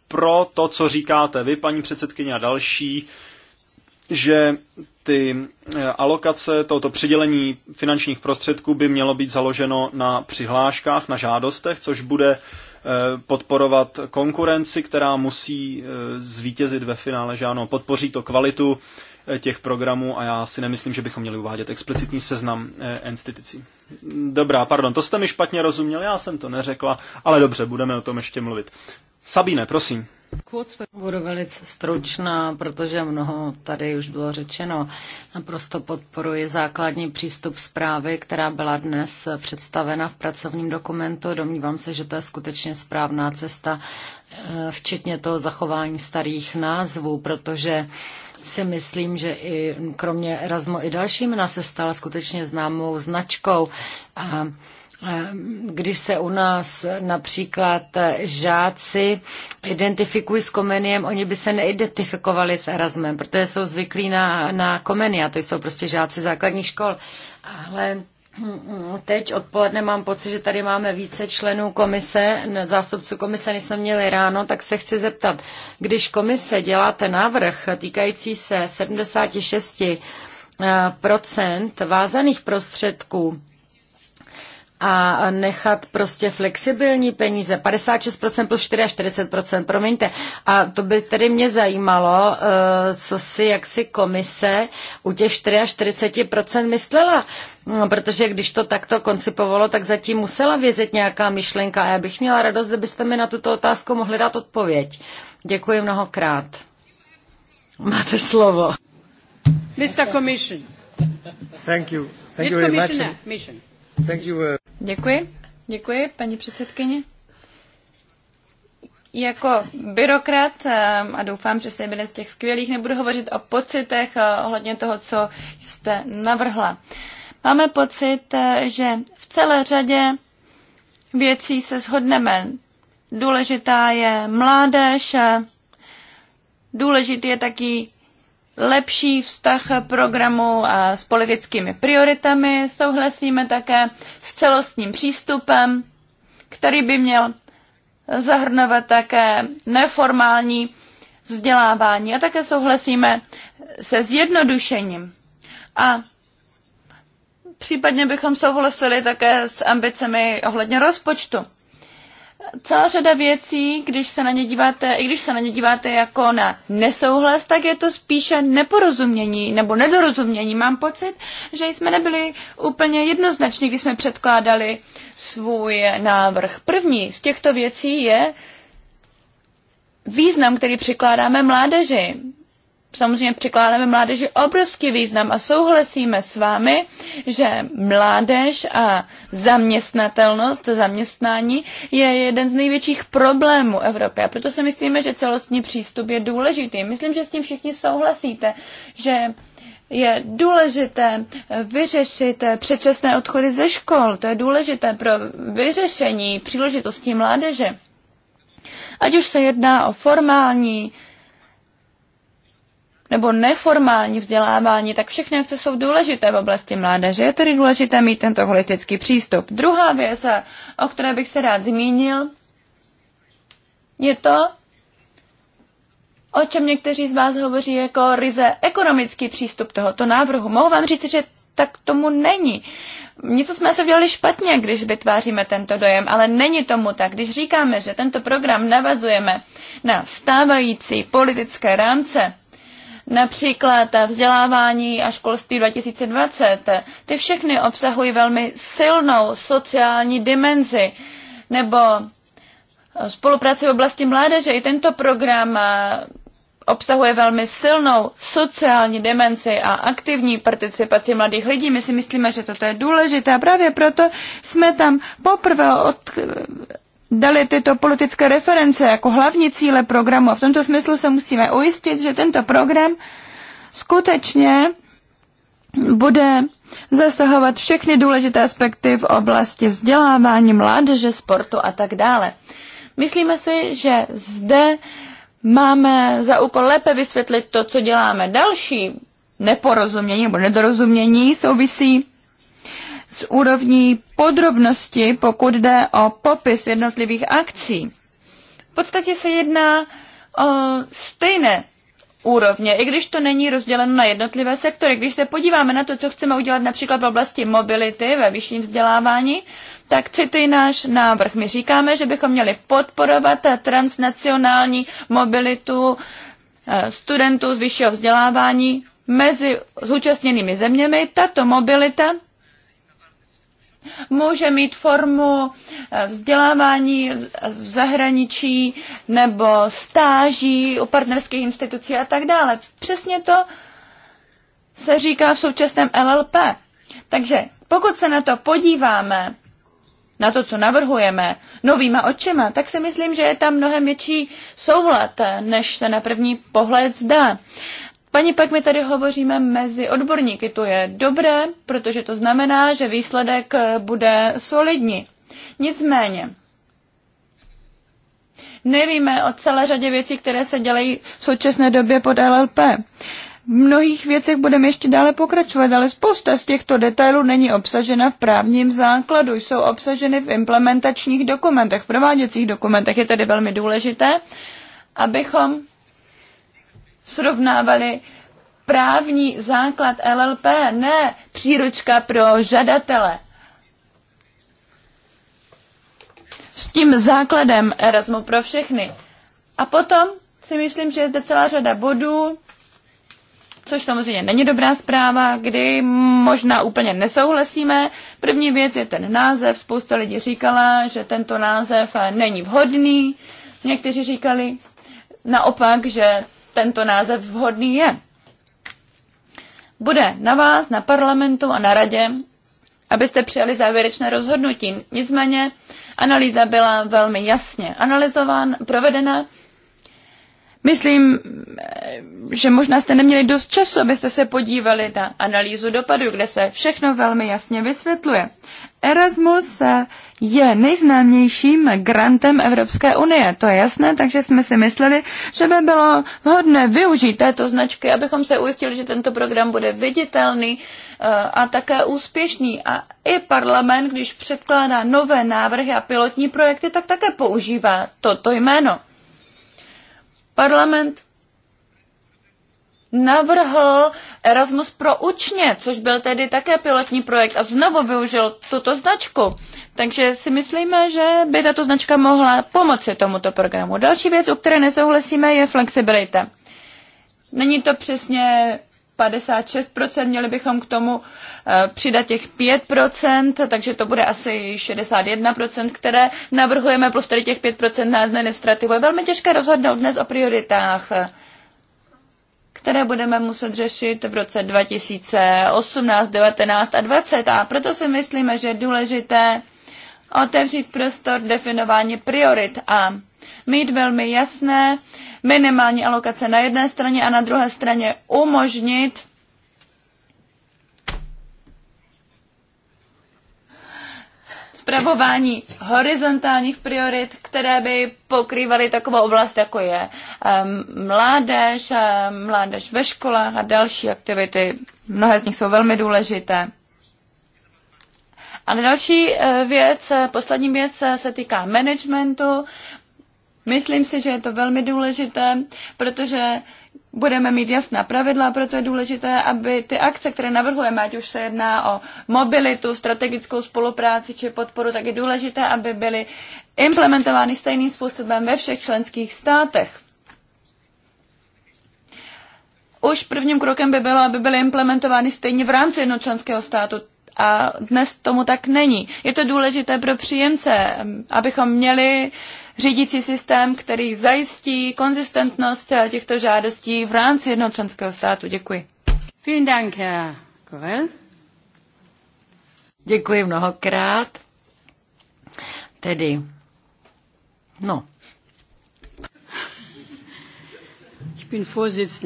pro to, co říkáte vy, paní předsedkyně a další, že ty eh, alokace, toto přidělení finančních prostředků by mělo být založeno na přihláškách, na žádostech, což bude eh, podporovat konkurenci, která musí eh, zvítězit ve finále, že ano, podpoří to kvalitu těch programů a já si nemyslím, že bychom měli uvádět explicitní seznam institucí. Dobrá, pardon, to jste mi špatně rozuměl, já jsem to neřekla, ale dobře, budeme o tom ještě mluvit. Sabine, prosím. Budu velice stručná, protože mnoho tady už bylo řečeno. Naprosto podporuji základní přístup zprávy, která byla dnes představena v pracovním dokumentu. Domnívám se, že to je skutečně správná cesta, eh, včetně toho zachování starých názvů, protože si myslím, že i kromě Erasmo i dalšími nás se stala skutečně známou značkou. A když se u nás například žáci identifikují s komeniem, oni by se neidentifikovali s Erasmem, protože jsou zvyklí na, na komenia, to jsou prostě žáci základních škol. Ale Teď odpoledne mám pocit, že tady máme více členů komise, zástupců komise, než jsme měli ráno, tak se chci zeptat, když komise děláte návrh týkající se 76 eh, procent vázaných prostředků, a nechat prostě flexibilní peníze, 56% plus 44%, promiňte. A to by tedy mě zajímalo, eh, co si jaksi komise u těch 44% myslela. No, protože když to takto koncipovalo, tak zatím musela vězet nějaká myšlenka a já bych měla radost, kdybyste mi na tuto otázku mohli dát odpověď. Děkuji mnohokrát. Máte slovo. Mr. Commission. Thank you. Thank you very much. Uh, Děkuji. Děkuji, paní předsedkyně. Jako byrokrat, um, a doufám, že se jeden z těch skvělých, nebudu hovořit o pocitech uh, ohledně toho, co jste navrhla. Máme pocit, uh, že v celé řadě věcí se shodneme. Důležitá je mládež, důležitý je taky lepší vztah programu a s politickými prioritami. Souhlasíme také s celostním přístupem, který by měl zahrnovat také neformální vzdělávání a také souhlasíme se zjednodušením. A případně bychom souhlasili také s ambicemi ohledně rozpočtu celá řada věcí, když se na ně díváte, i když se na ně díváte jako na nesouhlas, tak je to spíše neporozumění nebo nedorozumění. Mám pocit, že jsme nebyli úplně jednoznační, když jsme předkládali svůj návrh. První z těchto věcí je význam, který přikládáme mládeži samozřejmě přikládáme mládeži obrovský význam a souhlasíme s vámi, že mládež a zaměstnatelnost, zaměstnání je jeden z největších problémů Evropy. A proto si myslíme, že celostní přístup je důležitý. Myslím, že s tím všichni souhlasíte, že je důležité vyřešit předčasné odchody ze škol. To je důležité pro vyřešení příležitostí mládeže. Ať už se jedná o formální nebo neformální vzdělávání, tak všechny akce jsou důležité v oblasti mládeže. Je tedy důležité mít tento holistický přístup. Druhá věc, o které bych se rád zmínil, je to, o čem někteří z vás hovoří jako ryze ekonomický přístup tohoto návrhu. Mohu vám říct, že tak tomu není. Něco jsme se udělali špatně, když vytváříme tento dojem, ale není tomu tak. Když říkáme, že tento program navazujeme na stávající politické rámce, například vzdělávání a školství 2020, ty všechny obsahují velmi silnou sociální dimenzi nebo spolupráci v oblasti mládeže. I tento program eh, obsahuje velmi silnou sociální dimenzi a aktivní participaci mladých lidí. My si myslíme, že toto je důležité a právě proto jsme tam poprvé od, dali tyto politické reference jako hlavní cíle programu. A v tomto smyslu se musíme ujistit, že tento program skutečně bude zasahovat všechny důležité aspekty v oblasti vzdělávání, mládeže, sportu a tak dále. Myslíme si, že zde máme za úkol lépe vysvětlit to, co děláme. Další neporozumění nebo nedorozumění souvisí s úrovní podrobnosti, pokud jde o popis jednotlivých akcí. V podstatě se jedná o stejné úrovně, i když to není rozděleno na jednotlivé sektory. Když se podíváme na to, co chceme udělat například v oblasti mobility ve vyšším vzdělávání, tak cituji náš návrh. My říkáme, že bychom měli podporovat transnacionální mobilitu eh, studentů z vyššího vzdělávání mezi zúčastněnými zeměmi. Tato mobilita může mít formu eh, vzdělávání v zahraničí nebo stáží u partnerských institucí a tak dále. Přesně to se říká v současném LLP. Takže pokud se na to podíváme, na to, co navrhujeme novýma očima, tak si myslím, že je tam mnohem větší soulad, eh, než se na první pohled zdá. Paní pak my tady hovoříme mezi odborníky. To je dobré, protože to znamená, že výsledek eh, bude solidní. Nicméně, nevíme o celé řadě věcí, které se dělají v současné době pod LLP. V mnohých věcech budeme ještě dále pokračovat, ale spousta z těchto detailů není obsažena v právním základu, jsou obsaženy v implementačních dokumentech, v prováděcích dokumentech. Je tedy velmi důležité, abychom srovnávali právní základ LLP, ne příručka pro žadatele. S tím základem Erasmu pro všechny. A potom si myslím, že je zde celá řada bodů, což samozřejmě není dobrá zpráva, kdy možná úplně nesouhlasíme. První věc je ten název. Spousta lidí říkala, že tento název není vhodný. Někteří říkali naopak, že tento název vhodný je. Bude na vás, na parlamentu a na radě, abyste přijali závěrečné rozhodnutí. Nicméně analýza byla velmi jasně analyzována, provedena Myslím, eh, že možná jste neměli dost času, abyste se podívali na analýzu dopadu, kde se všechno velmi jasně vysvětluje. Erasmus je nejznámějším grantem Evropské unie, to je jasné, takže jsme si mysleli, že by bylo vhodné využít této značky, abychom se ujistili, že tento program bude viditelný eh, a také úspěšný. A i parlament, když předkládá nové návrhy a pilotní projekty, tak také používá toto jméno. Parlament navrhl Erasmus pro učně, což byl tedy také pilotní projekt a znovu využil tuto značku. Takže si myslíme, že by tato značka mohla pomoci tomuto programu. Další věc, o které nesouhlasíme, je flexibilita. Není to přesně 56%, měli bychom k tomu eh, přidat těch 5%, takže to bude asi 61%, které navrhujeme, plus tady těch 5% na administrativu. Je velmi těžké rozhodnout dnes o prioritách, které budeme muset řešit v roce 2018, 19 a 20. A proto si myslíme, že je důležité otevřít prostor definování priorit a mít velmi jasné minimální alokace na jedné straně a na druhé straně umožnit spravování horizontálních priorit, které by pokrývaly takovou oblast, jako je ehm, mládež, ehm, mládež ve školách a další aktivity. Mnohé z nich jsou velmi důležité. A další eh, věc, eh, poslední věc eh, se týká managementu. Myslím si, že je to velmi důležité, protože budeme mít jasná pravidla, proto je důležité, aby ty akce, které navrhujeme, ať už se jedná o mobilitu, strategickou spolupráci či podporu, tak je důležité, aby byly implementovány stejným způsobem ve všech členských státech. Už prvním krokem by bylo, aby byly implementovány stejně v rámci jednočlenského státu a dnes tomu tak není. Je to důležité pro příjemce, abychom měli uh, řídící systém, který zajistí konzistentnost eh, těchto žádostí v rámci jednoho členského státu. Děkuji. Vielen Dank, Herr Děkuji mnohokrát. Tedy, no. Ich bin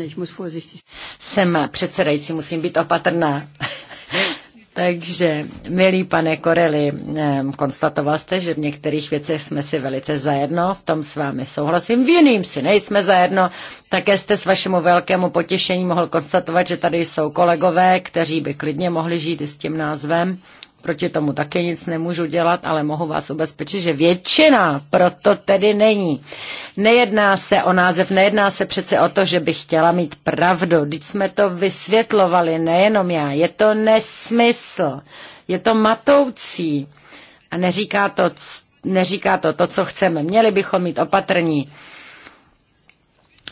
ich muss vorsichtig. Jsem předsedající, musím být opatrná. Takže, milý pane Koreli, konstatoval jste, že v některých věcech jsme si velice zajedno, v tom s vámi souhlasím, v jiným si nejsme zajedno. Také jste s vašemu velkému potěšení mohl konstatovat, že tady jsou kolegové, kteří by klidně mohli žít i s tím názvem proti tomu také nic nemůžu dělat, ale mohu vás ubezpečit, že většina proto tedy není. Nejedná se o název, nejedná se přece o to, že bych chtěla mít pravdu. Když jsme to vysvětlovali, nejenom já. Je to nesmysl. Je to matoucí. A neříká to, neříká to to, co chceme. Měli bychom mít opatrní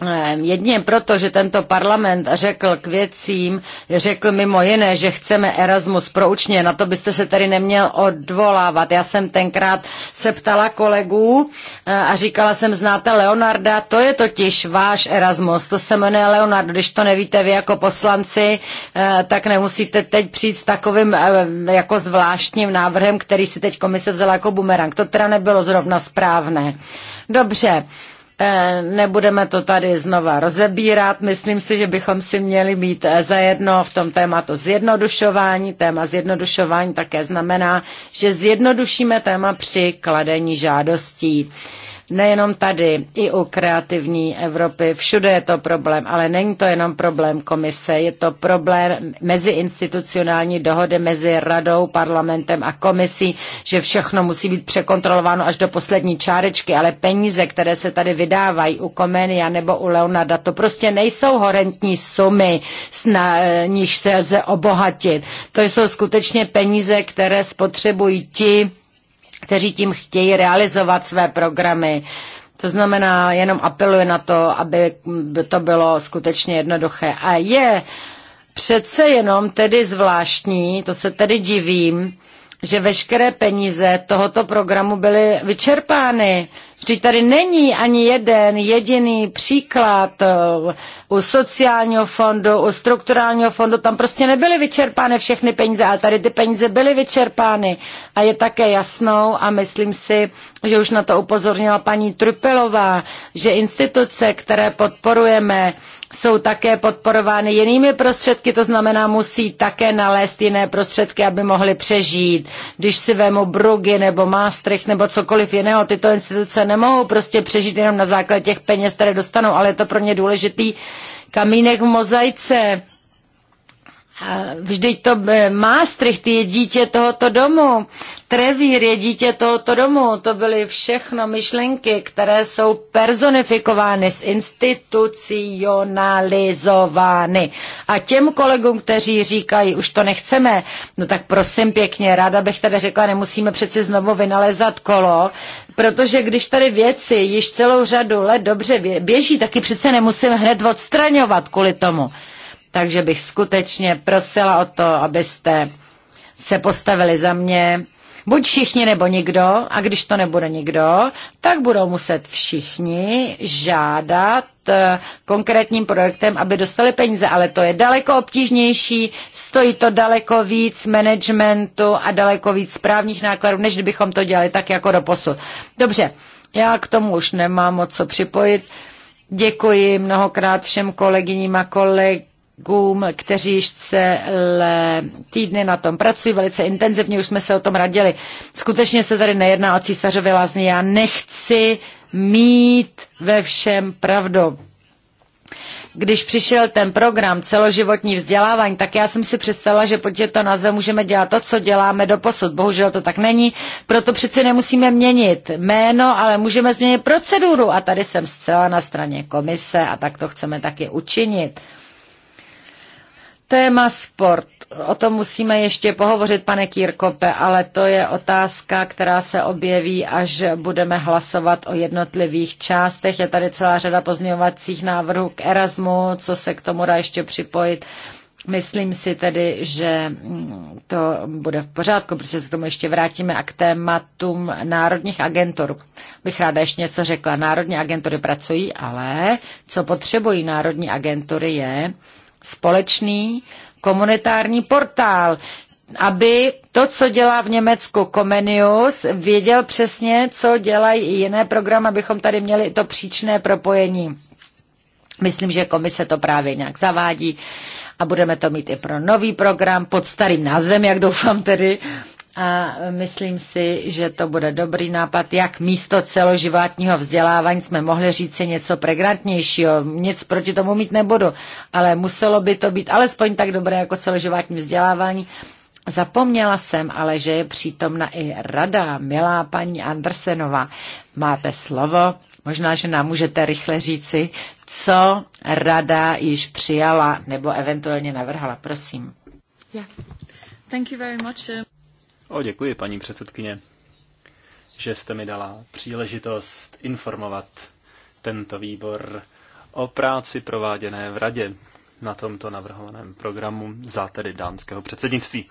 Ehm, jedně proto, že tento parlament řekl k věcím, řekl mimo jiné, že chceme Erasmus pro učně, na to byste se tedy neměl odvolávat. Já jsem tenkrát se ptala kolegů eh, a říkala jsem, znáte Leonarda, to je totiž váš Erasmus, to se jmenuje Leonard, když to nevíte vy jako poslanci, eh, tak nemusíte teď přijít s takovým eh, jako zvláštním návrhem, který si teď komise vzala jako bumerang. To teda nebylo zrovna správné. Dobře, Eh, nebudeme to tady znova rozebírat. Myslím si, že bychom si měli být eh, zajedno v tom tématu zjednodušování. Téma zjednodušování také znamená, že zjednodušíme téma při kladení žádostí. Nejenom tady, i u kreativní Evropy, všude je to problém, ale není to jenom problém komise, je to problém meziinstitucionální dohody mezi radou, parlamentem a komisí, že všechno musí být překontrolováno až do poslední čárečky, ale peníze, které se tady vydávají u Komenia nebo u Leonarda, to prostě nejsou horentní sumy, na eh, nich se lze obohatit. To jsou skutečně peníze, které spotřebují ti, kteří tím chtějí realizovat své programy. To znamená, jenom apeluje na to, aby to bylo skutečně jednoduché. A je přece jenom tedy zvláštní, to se tedy divím, že veškeré peníze tohoto programu byly vyčerpány. Vždyť tady není ani jeden jediný příklad eh, u sociálního fondu, u strukturálního fondu, tam prostě nebyly vyčerpány všechny peníze, ale tady ty peníze byly vyčerpány. A je také jasnou a myslím si, že už na to upozornila paní Trupelová, že instituce, které podporujeme, jsou také podporovány jinými prostředky, to znamená, musí také nalézt jiné prostředky, aby mohly přežít. Když si vemu Brugy nebo Maastricht nebo cokoliv jiného, tyto instituce nemohou prostě přežít jenom na základě těch peněz, které dostanou, ale je to pro ně důležitý kamínek v mozaice Vždyť to e, Maastricht je dítě tohoto domu, Trevír je dítě tohoto domu, to byly všechno myšlenky, které jsou personifikovány, zinstitucionalizovány. A těm kolegům, kteří říkají, už to nechceme, no tak prosím pěkně, ráda bych tady řekla, nemusíme přeci znovu vynalezat kolo, protože když tady věci již celou řadu let dobře běží, taky přece nemusím hned odstraňovat kvůli tomu takže bych skutečně prosila o to, abyste se postavili za mě, buď všichni nebo nikdo, a když to nebude nikdo, tak budou muset všichni žádat eh, konkrétním projektem, aby dostali peníze, ale to je daleko obtížnější, stojí to daleko víc managementu a daleko víc správních nákladů, než kdybychom to dělali tak jako do posud. Dobře, já k tomu už nemám moc co připojit. Děkuji mnohokrát všem kolegyním a kolegům kolegům, kteří již celé týdny na tom pracují velice intenzivně, už jsme se o tom radili. Skutečně se tady nejedná o císařově lázně. Já nechci mít ve všem pravdu když přišel ten program celoživotní vzdělávání, tak já jsem si představila, že pod těmto názvem můžeme dělat to, co děláme do posud. Bohužel to tak není, proto přeci nemusíme měnit jméno, ale můžeme změnit proceduru. A tady jsem zcela na straně komise a tak to chceme taky učinit. Téma sport. O tom musíme ještě pohovořit, pane Kýrkope, ale to je otázka, která se objeví, až budeme hlasovat o jednotlivých částech. Je tady celá řada pozměňovacích návrhů k Erasmu, co se k tomu dá ještě připojit. Myslím si tedy, že mm, to bude v pořádku, protože se k tomu ještě vrátíme a k tématům národních agentur. Bych ráda ještě něco řekla. Národní agentury pracují, ale co potřebují národní agentury je, společný komunitární portál, aby to, co dělá v Německu Comenius, věděl přesně, co dělají i jiné programy, abychom tady měli to příčné propojení. Myslím, že komise to právě nějak zavádí a budeme to mít i pro nový program pod starým názvem, jak doufám tedy, a myslím si, že to bude dobrý nápad, jak místo celoživotního vzdělávání jsme mohli říci něco pregnantnějšího. Nic proti tomu mít nebudu, ale muselo by to být alespoň tak dobré jako celoživotní vzdělávání. Zapomněla jsem ale, že je přítomna i rada, milá paní Andersenová. Máte slovo, možná, že nám můžete rychle říci, co rada již přijala nebo eventuálně navrhla. Prosím. Yeah. Thank you very much. Eh, O, děkuji, paní předsedkyně, že jste mi dala příležitost informovat tento výbor o práci prováděné v Radě na tomto navrhovaném programu za tedy dánského předsednictví.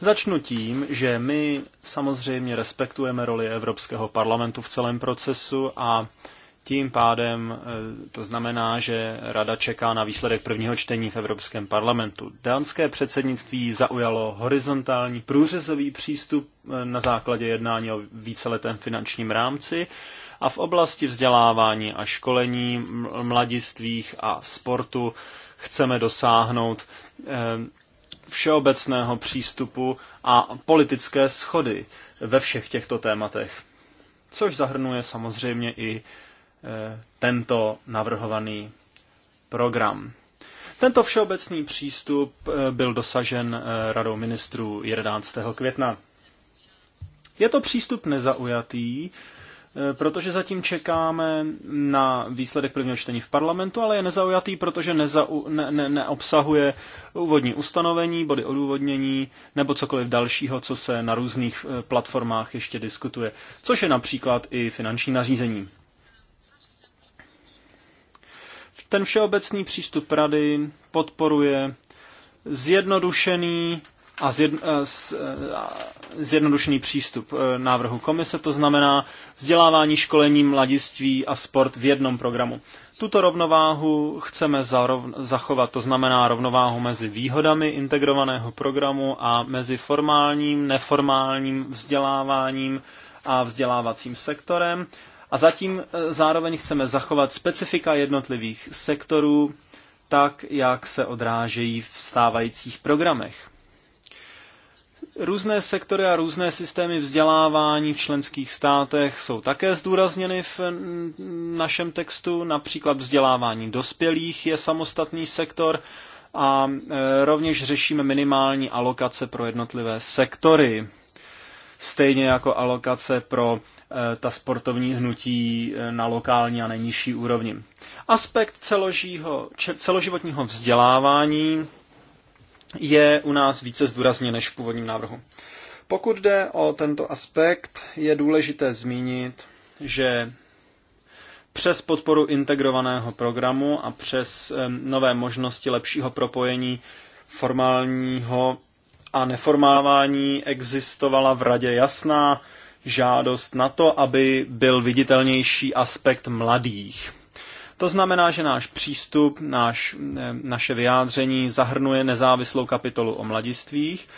Začnu tím, že my samozřejmě respektujeme roli Evropského parlamentu v celém procesu a tím pádem eh, to znamená, že Rada čeká na výsledek prvního čtení v Evropském parlamentu. Dánské předsednictví zaujalo horizontální průřezový přístup eh, na základě jednání o víceletém finančním rámci a v oblasti vzdělávání a školení mladistvích a sportu chceme dosáhnout eh, všeobecného přístupu a politické schody ve všech těchto tématech, což zahrnuje samozřejmě i Eh, tento navrhovaný program. Tento všeobecný přístup eh, byl dosažen eh, radou ministrů 11. května. Je to přístup nezaujatý, protože zatím čekáme na výsledek prvního čtení v parlamentu, ale je nezaujatý, protože nezau, ne, ne, neobsahuje úvodní ustanovení, body odůvodnění nebo cokoliv dalšího, co se na různých platformách ještě diskutuje, což je například i finanční nařízení. Ten všeobecný přístup rady podporuje zjednodušený a zjednodušený přístup e, návrhu komise, to znamená vzdělávání, školení, mladiství a sport v jednom programu. Tuto rovnováhu chceme zachovat, to znamená rovnováhu mezi výhodami integrovaného programu a mezi formálním, neformálním vzděláváním a vzdělávacím sektorem a zatím e, zároveň chceme zachovat specifika jednotlivých sektorů, tak, jak se odrážejí v stávajících programech. Různé sektory a různé systémy vzdělávání v členských státech jsou také zdůrazněny v našem textu. Například vzdělávání dospělých je samostatný sektor a e, rovněž řešíme minimální alokace pro jednotlivé sektory, stejně jako alokace pro Eh, ta sportovní hnutí eh, na lokální a nejnižší úrovni. Aspekt celožího, celoživotního vzdělávání je u nás více zdůrazněn než v původním návrhu. Pokud jde o tento aspekt, je důležité zmínit, že přes podporu integrovaného programu a přes nové možnosti lepšího propojení formálního a neformávání existovala v radě jasná žádost na to, aby byl viditelnější aspekt mladých. To znamená, že náš přístup, náš, eh, naše vyjádření zahrnuje nezávislou kapitolu o mladistvích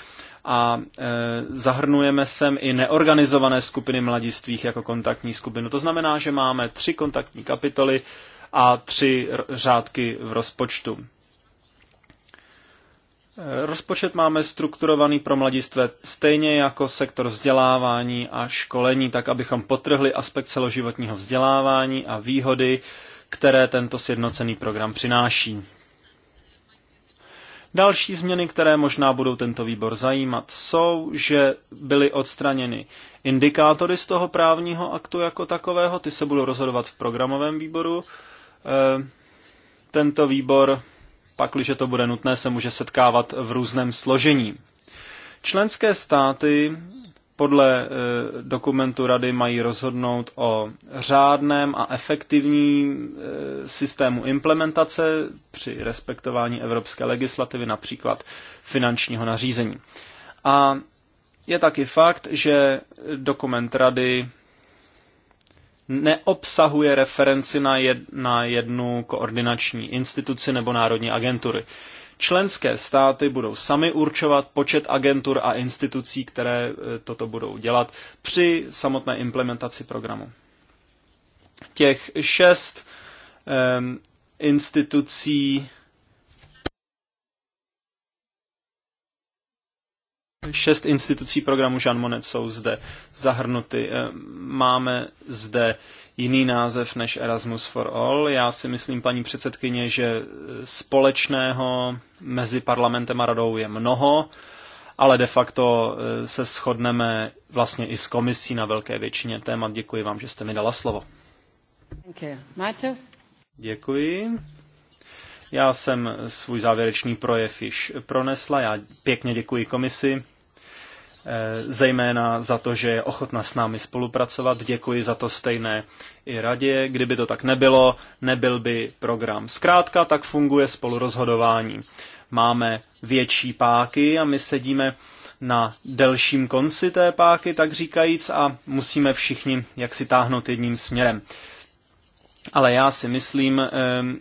a e, zahrnujeme sem i neorganizované skupiny mladistvích jako kontaktní skupinu. To znamená, že máme tři kontaktní kapitoly a tři řádky v rozpočtu. Rozpočet máme strukturovaný pro mladistvé stejně jako sektor vzdělávání a školení, tak abychom potrhli aspekt celoživotního vzdělávání a výhody, které tento sjednocený program přináší. Další změny, které možná budou tento výbor zajímat, jsou, že byly odstraněny indikátory z toho právního aktu jako takového, ty se budou rozhodovat v programovém výboru. Eh, tento výbor pakliže to bude nutné, se může setkávat v různém složení. Členské státy podle e, dokumentu Rady mají rozhodnout o řádném a efektivním e, systému implementace při respektování evropské legislativy, například finančního nařízení. A je taky fakt, že dokument Rady neobsahuje referenci na, jed, na jednu koordinační instituci nebo národní agentury. Členské státy budou sami určovat počet agentur a institucí, které e, toto budou dělat při samotné implementaci programu. Těch šest um, institucí Šest institucí programu Jean Monnet jsou zde zahrnuty. Eh, máme zde jiný název než Erasmus for All. Já si myslím, paní předsedkyně, že společného mezi parlamentem a radou je mnoho, ale de facto eh, se shodneme vlastně i s komisí na velké většině témat. Děkuji vám, že jste mi dala slovo. Děkuji. Děkuji. Já jsem svůj závěrečný projev již pronesla. Já pěkně děkuji komisi, eh, zejména za to, že je ochotna s námi spolupracovat. Děkuji za to stejné i radě. Kdyby to tak nebylo, nebyl by program. Zkrátka, tak funguje spolurozhodování. Máme větší páky a my sedíme na delším konci té páky, tak říkajíc, a musíme všichni jak si táhnout jedním směrem. Ale já si myslím, ehm,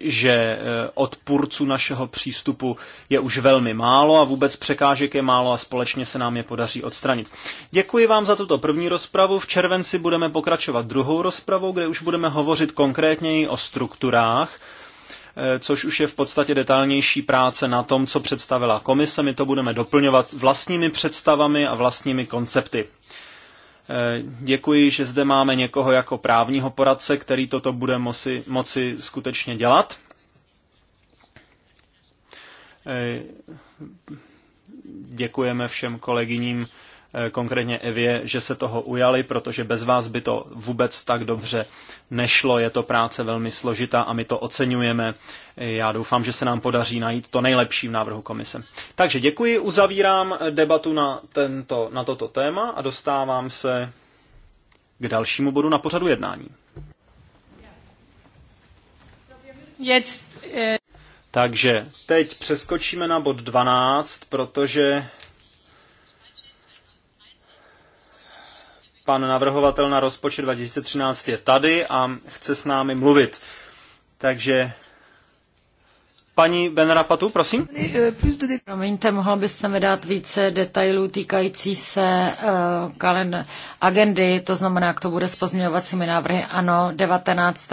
že eh, odpůrců našeho přístupu je už velmi málo a vůbec překážek je málo a společně se nám je podaří odstranit. Děkuji vám za tuto první rozpravu. V červenci budeme pokračovat druhou rozpravou, kde už budeme hovořit konkrétněji o strukturách, eh, což už je v podstatě detailnější práce na tom, co představila komise. My to budeme doplňovat vlastními představami a vlastními koncepty. Děkuji, že zde máme někoho jako právního poradce, který toto bude moci, moci skutečně dělat. Eh, děkujeme všem kolegyním Eh, konkrétně Evě, že se toho ujali, protože bez vás by to vůbec tak dobře nešlo. Je to práce velmi složitá a my to oceňujeme. Já doufám, že se nám podaří najít to nejlepší v návrhu komise. Takže děkuji, uzavírám debatu na, tento, na toto téma a dostávám se k dalšímu bodu na pořadu jednání. Jetzt, eh, Takže teď přeskočíme na bod 12, protože Pan navrhovatel na rozpočet 2013 je tady a chce s námi mluvit. Takže Paní Benrapatu, prosím. Promiňte, mohla byste mi dát více detailů týkající se uh, eh, kalend- agendy, to znamená, jak to bude s pozměňovacími návrhy. Ano, 19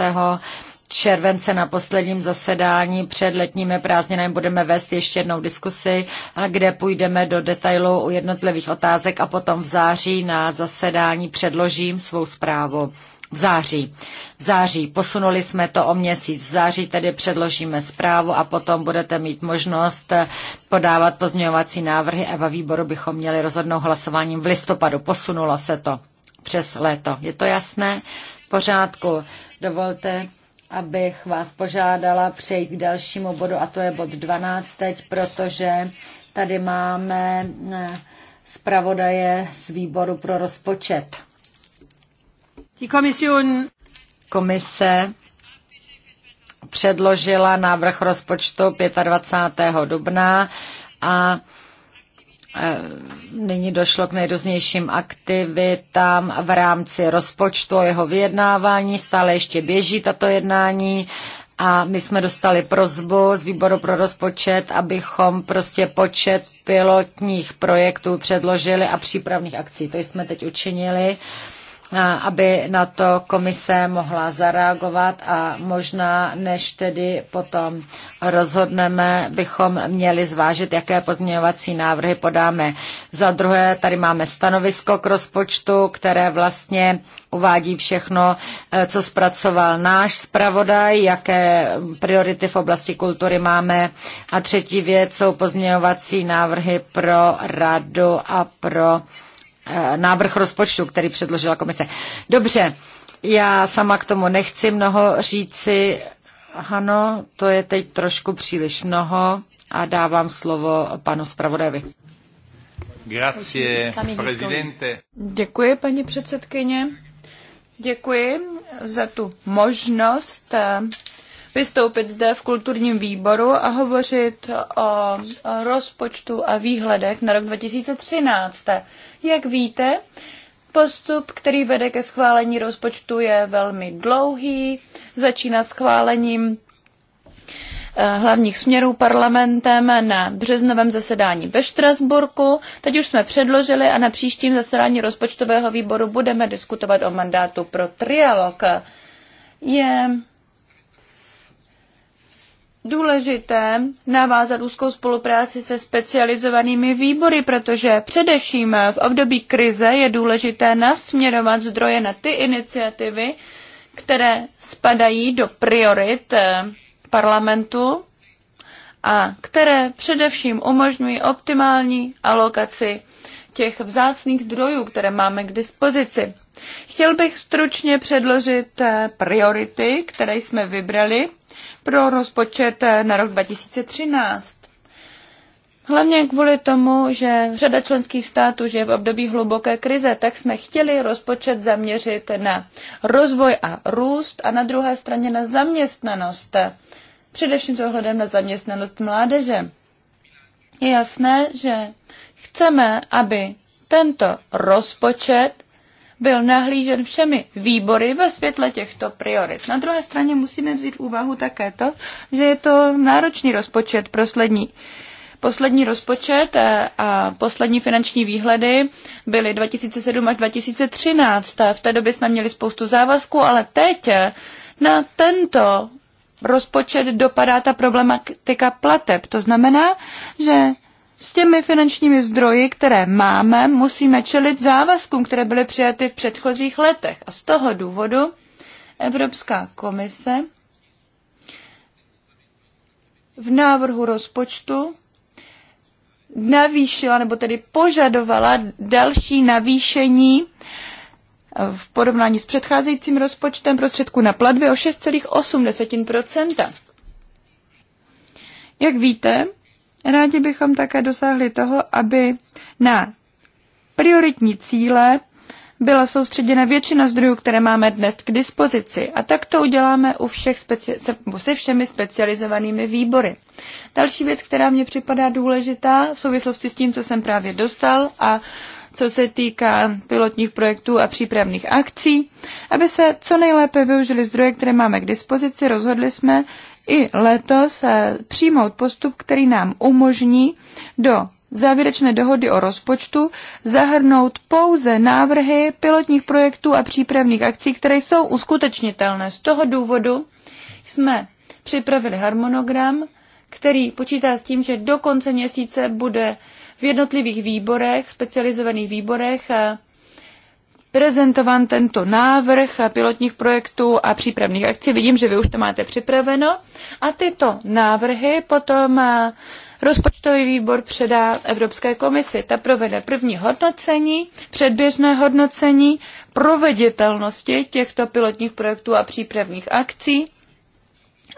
července na posledním zasedání před letními prázdninami budeme vést ještě jednou diskusi, kde půjdeme do detailu u jednotlivých otázek a potom v září na zasedání předložím svou zprávu. V září. V září. Posunuli jsme to o měsíc. V září tedy předložíme zprávu a potom budete mít možnost eh, podávat pozměňovací návrhy. Eva výboru bychom měli rozhodnout hlasováním v listopadu. Posunulo se to přes léto. Je to jasné? V pořádku. Dovolte, abych vás požádala přejít k dalšímu bodu, a to je bod 12 teď, protože tady máme eh, zpravodaje z výboru pro rozpočet. Komise předložila návrh rozpočtu 25. dubna a Eh, nyní došlo k nejrůznějším aktivitám v rámci rozpočtu a jeho vyjednávání. Stále ještě běží tato jednání a my jsme dostali prozbu z výboru pro rozpočet, abychom prostě počet pilotních projektů předložili a přípravných akcí. To jsme teď učinili. Eh, aby na to komise mohla zareagovat a možná, než tedy potom rozhodneme, bychom měli zvážit, jaké pozměňovací návrhy podáme. Za druhé, tady máme stanovisko k rozpočtu, které vlastně uvádí všechno, eh, co zpracoval náš zpravodaj, jaké priority v oblasti kultury máme. A třetí věc jsou pozměňovací návrhy pro radu a pro Eh, návrh rozpočtu, který předložila komise. Dobře, já sama k tomu nechci mnoho říci. Ano, to je teď trošku příliš mnoho a dávám slovo panu zpravodajovi. Děkuji, paní předsedkyně. Děkuji za tu možnost eh, vystoupit zde v kulturním výboru a hovořit o rozpočtu a výhledech na rok 2013. Jak víte, Postup, který vede ke schválení rozpočtu, je velmi dlouhý. Začíná schválením eh, hlavních směrů parlamentem na březnovém zasedání ve Štrasburku. Teď už jsme předložili a na příštím zasedání rozpočtového výboru budeme diskutovat o mandátu pro trialog. Je důležité navázat úzkou spolupráci se specializovanými výbory, protože především v období krize je důležité nasměrovat zdroje na ty iniciativy, které spadají do priorit eh, parlamentu a které především umožňují optimální alokaci těch vzácných zdrojů, které máme k dispozici. Chtěl bych stručně předložit eh, priority, které jsme vybrali pro rozpočet eh, na rok 2013. Hlavně kvůli tomu, že řada členských států je v období hluboké krize, tak jsme chtěli rozpočet zaměřit na rozvoj a růst a na druhé straně na zaměstnanost, především s ohledem na zaměstnanost mládeže. Je jasné, že Chceme, aby tento rozpočet byl nahlížen všemi výbory ve světle těchto priorit. Na druhé straně musíme vzít úvahu také to, že je to náročný rozpočet, poslední, poslední rozpočet eh, a poslední finanční výhledy byly 2007 až 2013. V té době jsme měli spoustu závazků, ale teď eh, na tento rozpočet dopadá ta problematika plateb. To znamená, že s těmi finančními zdroji, které máme, musíme čelit závazkům, které byly přijaty v předchozích letech. A z toho důvodu Evropská komise v návrhu rozpočtu navýšila, nebo tedy požadovala další navýšení v porovnání s předcházejícím rozpočtem prostředků na platby o 6,8 Jak víte, Rádi bychom také dosáhli toho, aby na prioritní cíle byla soustředěna většina zdrojů, které máme dnes k dispozici. A tak to uděláme u všech speci- se všemi specializovanými výbory. Další věc, která mě připadá důležitá v souvislosti s tím, co jsem právě dostal a co se týká pilotních projektů a přípravných akcí. Aby se co nejlépe využili zdroje, které máme k dispozici, rozhodli jsme, i letos eh, přijmout postup, který nám umožní do závěrečné dohody o rozpočtu zahrnout pouze návrhy pilotních projektů a přípravných akcí, které jsou uskutečnitelné. Z toho důvodu jsme připravili harmonogram, který počítá s tím, že do konce měsíce bude v jednotlivých výborech, specializovaných výborech, eh, prezentován tento návrh pilotních projektů a přípravných akcí. Vidím, že vy už to máte připraveno. A tyto návrhy potom eh, rozpočtový výbor předá Evropské komisi. Ta provede první hodnocení, předběžné hodnocení proveditelnosti těchto pilotních projektů a přípravných akcí,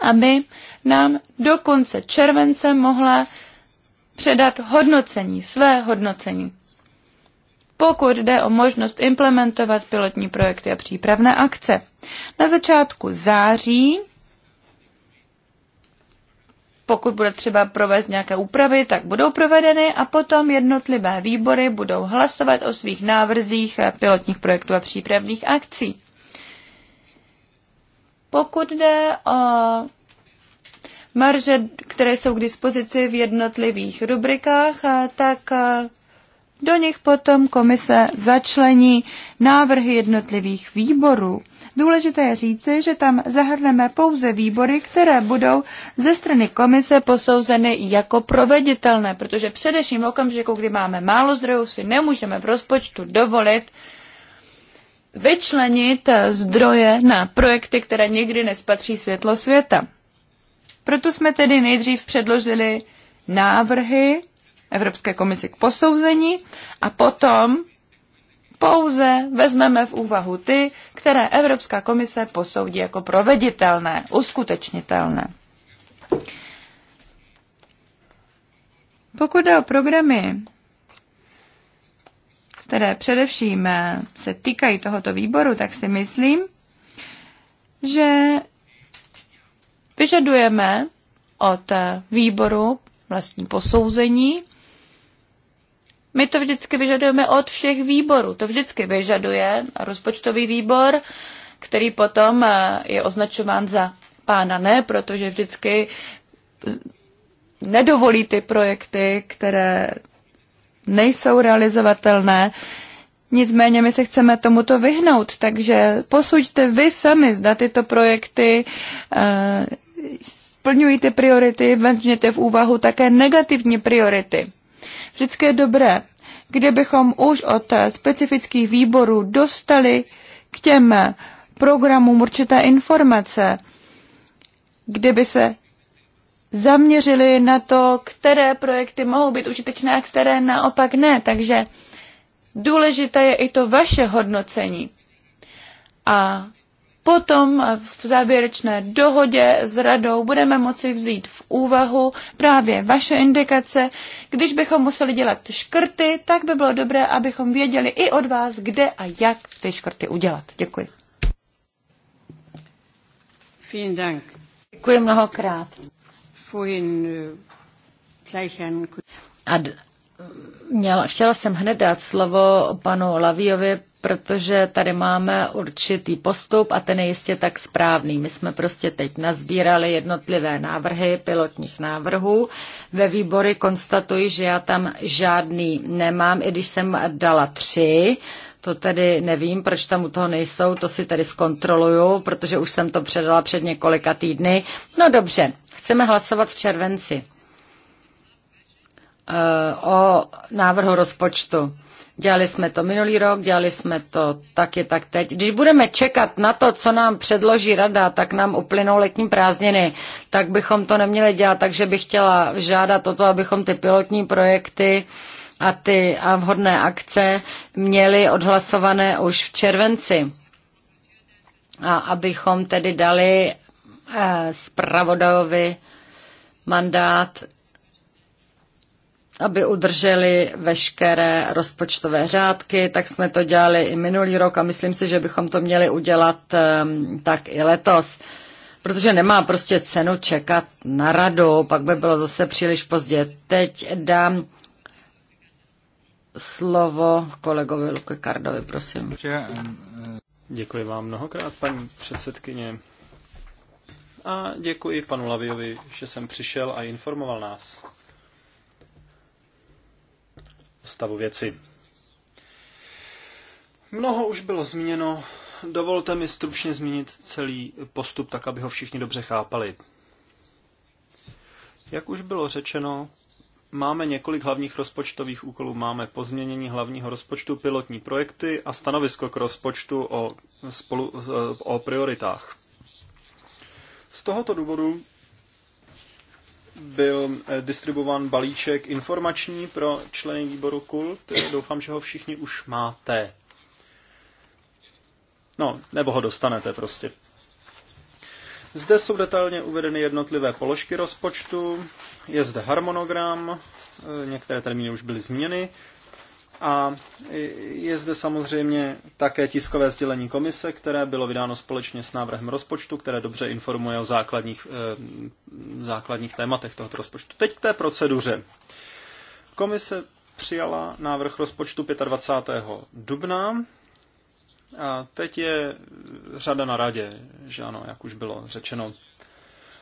aby nám do konce července mohla předat hodnocení, své hodnocení pokud jde o možnost implementovat pilotní projekty a přípravné akce. Na začátku září, pokud bude třeba provést nějaké úpravy, tak budou provedeny a potom jednotlivé výbory budou hlasovat o svých návrzích pilotních projektů a přípravných akcí. Pokud jde o marže, které jsou k dispozici v jednotlivých rubrikách, tak do nich potom komise začlení návrhy jednotlivých výborů. Důležité je říci, že tam zahrneme pouze výbory, které budou ze strany komise posouzeny jako proveditelné, protože především v okamžiku, kdy máme málo zdrojů, si nemůžeme v rozpočtu dovolit vyčlenit zdroje na projekty, které nikdy nespatří světlo světa. Proto jsme tedy nejdřív předložili návrhy Evropské komisi k posouzení a potom pouze vezmeme v úvahu ty, které Evropská komise posoudí jako proveditelné, uskutečnitelné. Pokud jde o programy, které především eh, se týkají tohoto výboru, tak si myslím, že vyžadujeme od eh, výboru vlastní posouzení my to vždycky vyžadujeme od všech výborů. To vždycky vyžaduje rozpočtový výbor, který potom eh, je označován za pána ne, protože vždycky nedovolí ty projekty, které nejsou realizovatelné. Nicméně my se chceme tomuto vyhnout, takže posuďte vy sami, zda tyto projekty eh, splňují ty priority, vezměte v úvahu také negativní priority. Vždycky je dobré, kdybychom už od specifických výborů dostali k těm programům určité informace, kdyby se zaměřili na to, které projekty mohou být užitečné a které naopak ne. Takže důležité je i to vaše hodnocení. A Potom v závěrečné dohodě s radou budeme moci vzít v úvahu právě vaše indikace. Když bychom museli dělat škrty, tak by bylo dobré, abychom věděli i od vás, kde a jak ty škrty udělat. Děkuji. Vielen Dank. Děkuji mnohokrát. Vorhin äh, gleich Měla, chtěla jsem hned dát slovo panu Laviovi, protože tady máme určitý postup a ten je jistě tak správný. My jsme prostě teď nazbírali jednotlivé návrhy pilotních návrhů. Ve výbory konstatuji, že já tam žádný nemám, i když jsem dala tři, to tedy nevím, proč tam u toho nejsou, to si tedy zkontroluju, protože už jsem to předala před několika týdny. No dobře, chceme hlasovat v červenci eh, o návrhu rozpočtu. Dělali jsme to minulý rok, dělali jsme to taky tak teď. Když budeme čekat na to, co nám předloží rada, tak nám uplynou letní prázdniny, tak bychom to neměli dělat, takže bych chtěla žádat o to, abychom ty pilotní projekty a ty a vhodné akce měli odhlasované už v červenci. A abychom tedy dali eh, zpravodajovi mandát aby udrželi veškeré rozpočtové řádky, tak jsme to dělali i minulý rok a myslím si, že bychom to měli udělat ehm, tak i letos. Protože nemá prostě cenu čekat na radu, pak by bylo zase příliš pozdě. Teď dám slovo kolegovi Luke Kardovi, prosím. Děkuji vám mnohokrát, paní předsedkyně. A děkuji panu Laviovi, že jsem přišel a informoval nás stavu věci. Mnoho už bylo zmíněno, dovolte mi stručně zmínit celý postup, tak aby ho všichni dobře chápali. Jak už bylo řečeno, máme několik hlavních rozpočtových úkolů. Máme pozměnění hlavního rozpočtu, pilotní projekty a stanovisko k rozpočtu o, spolu, o prioritách. Z tohoto důvodu byl eh, distribuován balíček informační pro členy výboru KULT. Eh, doufám, že ho všichni už máte. No, nebo ho dostanete prostě. Zde jsou detailně uvedeny jednotlivé položky rozpočtu, je zde harmonogram, eh, některé termíny už byly změny, a je zde samozřejmě také tiskové sdělení komise, které bylo vydáno společně s návrhem rozpočtu, které dobře informuje o základních, eh, základních tématech tohoto rozpočtu. Teď k té proceduře. Komise přijala návrh rozpočtu 25. dubna. A teď je řada na radě, že ano, jak už bylo řečeno.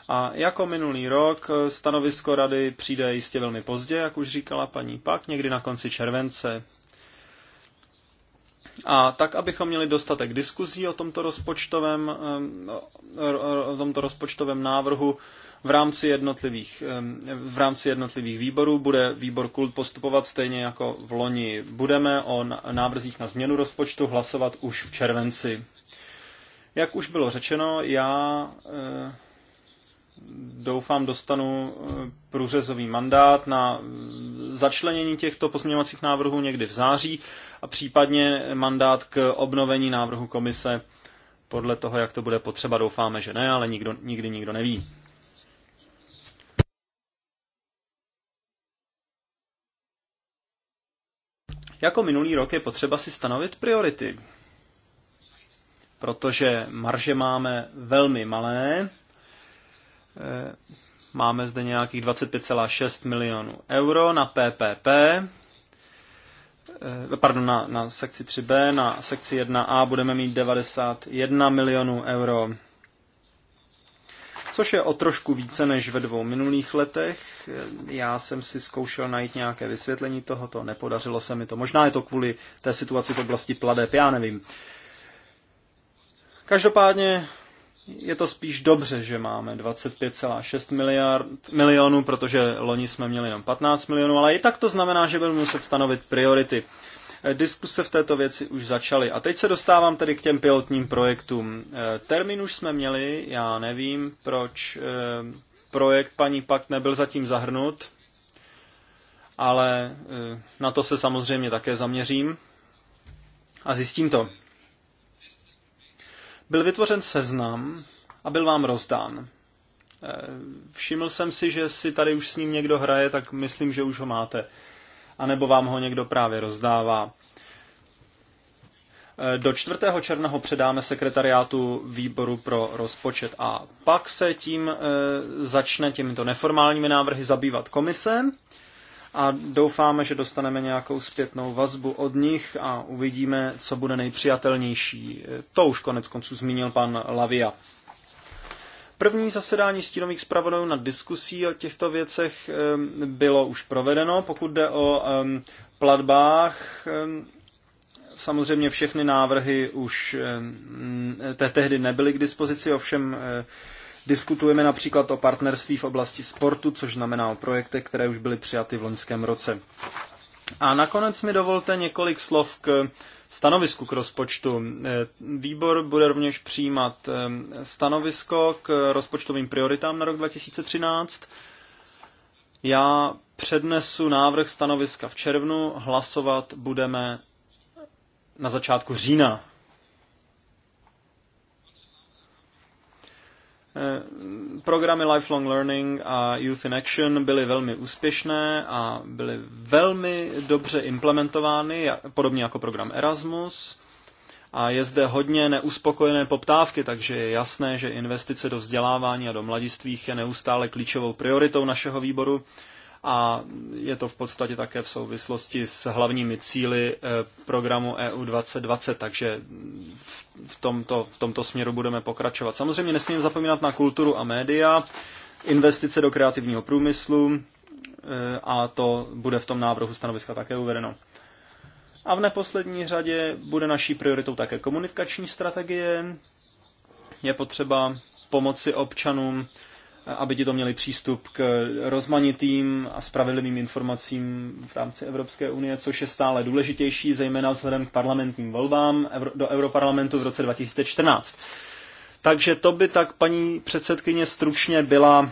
A jako minulý rok stanovisko rady přijde jistě velmi pozdě, jak už říkala paní Pak, někdy na konci července. A tak, abychom měli dostatek diskuzí o tomto rozpočtovém, eh, o tomto rozpočtovém návrhu, v rámci jednotlivých, eh, v rámci jednotlivých výborů bude výbor kult postupovat stejně jako v loni. Budeme o návrzích na změnu rozpočtu hlasovat už v červenci. Jak už bylo řečeno, já eh, doufám dostanu eh, průřezový mandát na začlenění těchto pozměňovacích návrhů někdy v září a případně mandát k obnovení návrhu komise podle toho, jak to bude potřeba. Doufáme, že ne, ale nikdo, nikdy nikdo neví. Jako minulý rok je potřeba si stanovit priority, protože marže máme velmi malé, Eh, máme zde nějakých 25,6 milionů euro na PPP, eh, pardon, na, na sekci 3B, na sekci 1A budeme mít 91 milionů euro, což je o trošku více než ve dvou minulých letech. Eh, já jsem si zkoušel najít nějaké vysvětlení tohoto, nepodařilo se mi to. Možná je to kvůli té situaci v oblasti pladeb, já nevím. Každopádně je to spíš dobře, že máme 25,6 miliard, milionů, protože loni jsme měli jenom 15 milionů, ale i tak to znamená, že budeme muset stanovit priority. Eh, diskuse v této věci už začaly. A teď se dostávám tedy k těm pilotním projektům. Eh, termín už jsme měli, já nevím, proč eh, projekt paní Pakt nebyl zatím zahrnut, ale na to se samozřejmě také zaměřím a zjistím to. Byl vytvořen seznam a byl vám rozdán. Eh, všiml jsem si, že si tady už s ním někdo hraje, tak myslím, že už ho máte. A nebo vám ho někdo právě rozdává. Eh, do 4. června ho předáme sekretariátu výboru pro rozpočet a pak se tím eh, začne těmito neformálními návrhy zabývat komise a doufáme, že dostaneme nějakou zpětnou vazbu od nich a uvidíme, co bude nejpřijatelnější. To už konec konců zmínil pan Lavia. První zasedání stínových zpravodajů na diskusí o těchto věcech bylo už provedeno. Pokud jde o platbách, samozřejmě všechny návrhy už tehdy nebyly k dispozici, ovšem Diskutujeme například o partnerství v oblasti sportu, což znamená o projektech, které už byly přijaty v loňském roce. A nakonec mi dovolte několik slov k stanovisku k rozpočtu. Eh, výbor bude rovněž přijímat eh, stanovisko k rozpočtovým prioritám na rok 2013. Já přednesu návrh stanoviska v červnu, hlasovat budeme na začátku října Eh, programy Lifelong Learning a Youth in Action byly velmi úspěšné a byly velmi dobře implementovány, podobně jako program Erasmus. A je zde hodně neuspokojené poptávky, takže je jasné, že investice do vzdělávání a do mladistvých je neustále klíčovou prioritou našeho výboru a je to v podstatě také v souvislosti s hlavními cíly eh, programu EU 2020, takže v tomto, v tomto směru budeme pokračovat. Samozřejmě nesmím zapomínat na kulturu a média, investice do kreativního průmyslu eh, a to bude v tom návrhu stanoviska také uvedeno. A v neposlední řadě bude naší prioritou také komunikační strategie. Je potřeba pomoci občanům aby ti to měli přístup k rozmanitým a spravedlivým informacím v rámci Evropské unie, což je stále důležitější, zejména vzhledem k parlamentním volbám do Europarlamentu v roce 2014. Takže to by tak, paní předsedkyně, stručně byla,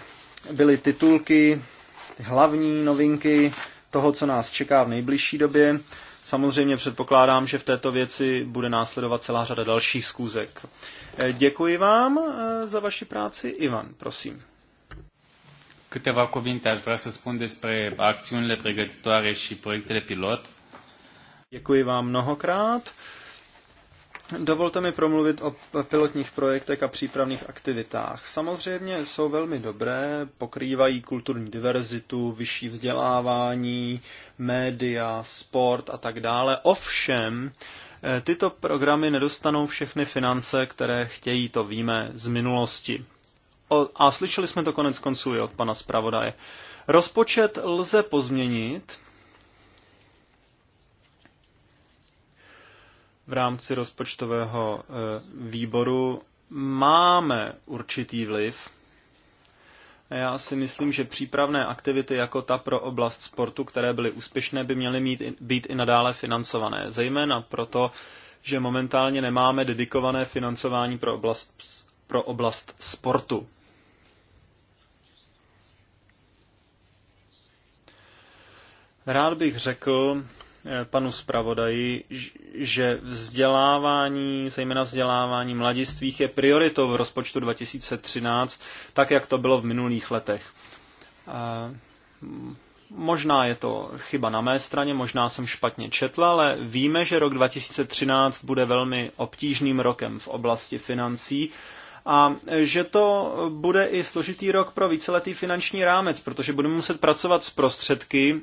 byly titulky, hlavní novinky toho, co nás čeká v nejbližší době. Samozřejmě předpokládám, že v této věci bude následovat celá řada dalších zkůzek. Děkuji vám eh, za vaši práci. Ivan, prosím. Câteva cuvinte aș vrea să spun despre acțiunile pregătitoare și proiectele pilot. Děkuji vám mnohokrát. Dovolte mi promluvit o pilotních projektech a přípravných aktivitách. Samozřejmě jsou velmi dobré, pokrývají kulturní diverzitu, vyšší vzdělávání, média, sport a tak dále. Ovšem, eh, tyto programy nedostanou všechny finance, které chtějí, to víme z minulosti a slyšeli jsme to konec konců i od pana zpravodaje. Rozpočet lze pozměnit v rámci rozpočtového eh, výboru. Máme určitý vliv. Já si myslím, že přípravné aktivity jako ta pro oblast sportu, které byly úspěšné, by měly mít, být i nadále financované. Zejména proto, že momentálně nemáme dedikované financování pro oblast, pro oblast sportu. Rád bych řekl eh, panu zpravodaji, že vzdělávání, zejména vzdělávání mladistvých, je prioritou v rozpočtu 2013, tak jak to bylo v minulých letech. Možná je to chyba na mé straně, možná jsem špatně četl, ale víme, že rok 2013 bude velmi obtížným rokem v oblasti financí a eh, že to bude i složitý rok pro víceletý finanční rámec, protože budeme muset pracovat s prostředky,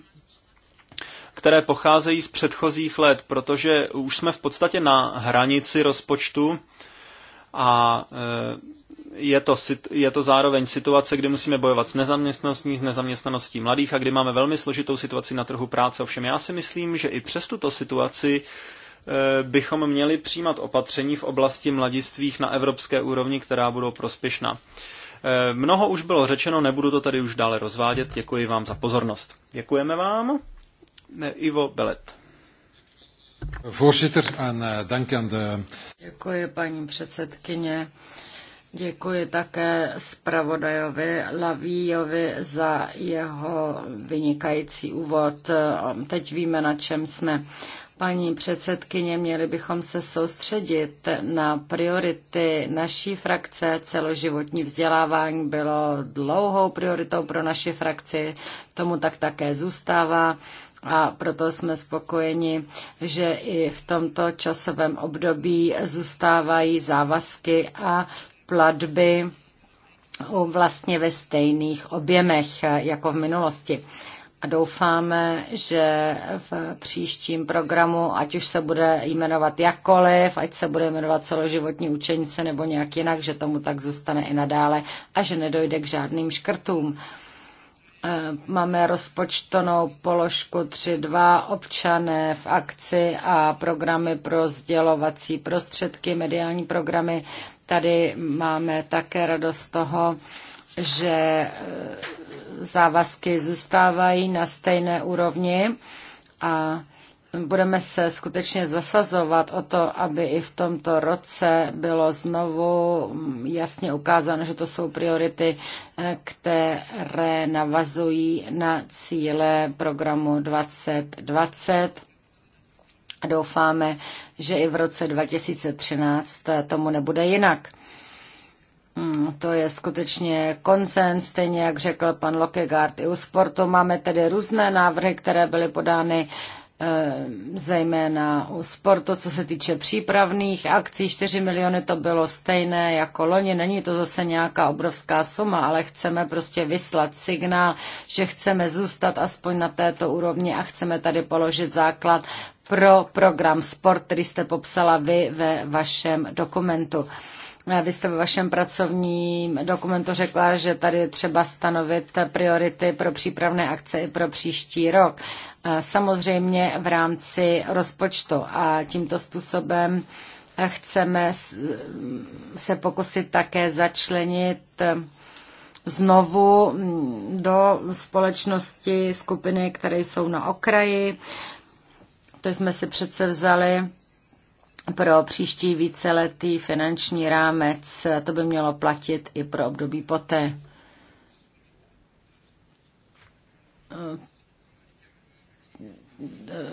které pocházejí z předchozích let, protože už jsme v podstatě na hranici rozpočtu a e, je to, je to zároveň situace, kdy musíme bojovat s nezaměstnaností, s nezaměstnaností mladých a kdy máme velmi složitou situaci na trhu práce. Ovšem já si myslím, že i přes tuto situaci e, bychom měli přijímat opatření v oblasti mladistvých na evropské úrovni, která budou prospěšná. E, mnoho už bylo řečeno, nebudu to tady už dále rozvádět. Děkuji vám za pozornost. Děkujeme vám. Ivo Belet. Voorzitter, en eh, dank aan de... Děkuji, paní předsedkyně. Děkuji také zpravodajovi Lavíjovi za jeho vynikající úvod. Teď víme, na čem jsme. Paní předsedkyně, měli bychom se soustředit na priority naší frakce. Celoživotní vzdělávání bylo dlouhou prioritou pro naši frakci, tomu tak také zůstává a proto jsme spokojeni, že i v tomto časovém období zůstávají závazky a platby vlastně ve stejných objemech jako v minulosti. A doufáme, že v příštím programu, ať už se bude jmenovat jakkoliv, ať se bude jmenovat celoživotní učení se nebo nějak jinak, že tomu tak zůstane i nadále a že nedojde k žádným škrtům. Eh, máme rozpočtonou položku 3.2 občané v akci a programy pro sdělovací prostředky, mediální programy. Tady máme také radost toho, že eh, závazky zůstávají na stejné úrovni a budeme se skutečně zasazovat o to, aby i v tomto roce bylo znovu jasně ukázáno, že to jsou priority, eh, které navazují na cíle programu 2020. Doufáme, že i v roce 2013 tomu nebude jinak. Hmm, to je skutečně koncens, stejně jak řekl pan Lokegaard i u sportu. Máme tedy různé návrhy, které byly podány Ehm, zejména u sportu, co se týče přípravných akcí. 4 miliony to bylo stejné jako loni. Není to zase nějaká obrovská suma, ale chceme prostě vyslat signál, že chceme zůstat aspoň na této úrovni a chceme tady položit základ pro program sport, který jste popsala vy ve vašem dokumentu. Vy jste ve vašem pracovním dokumentu řekla, že tady je třeba stanovit priority pro přípravné akce i pro příští rok. Samozřejmě v rámci rozpočtu a tímto způsobem chceme se pokusit také začlenit znovu do společnosti skupiny, které jsou na okraji. To jsme si přece vzali pro příští víceletý finanční rámec. To by mělo platit i pro období poté.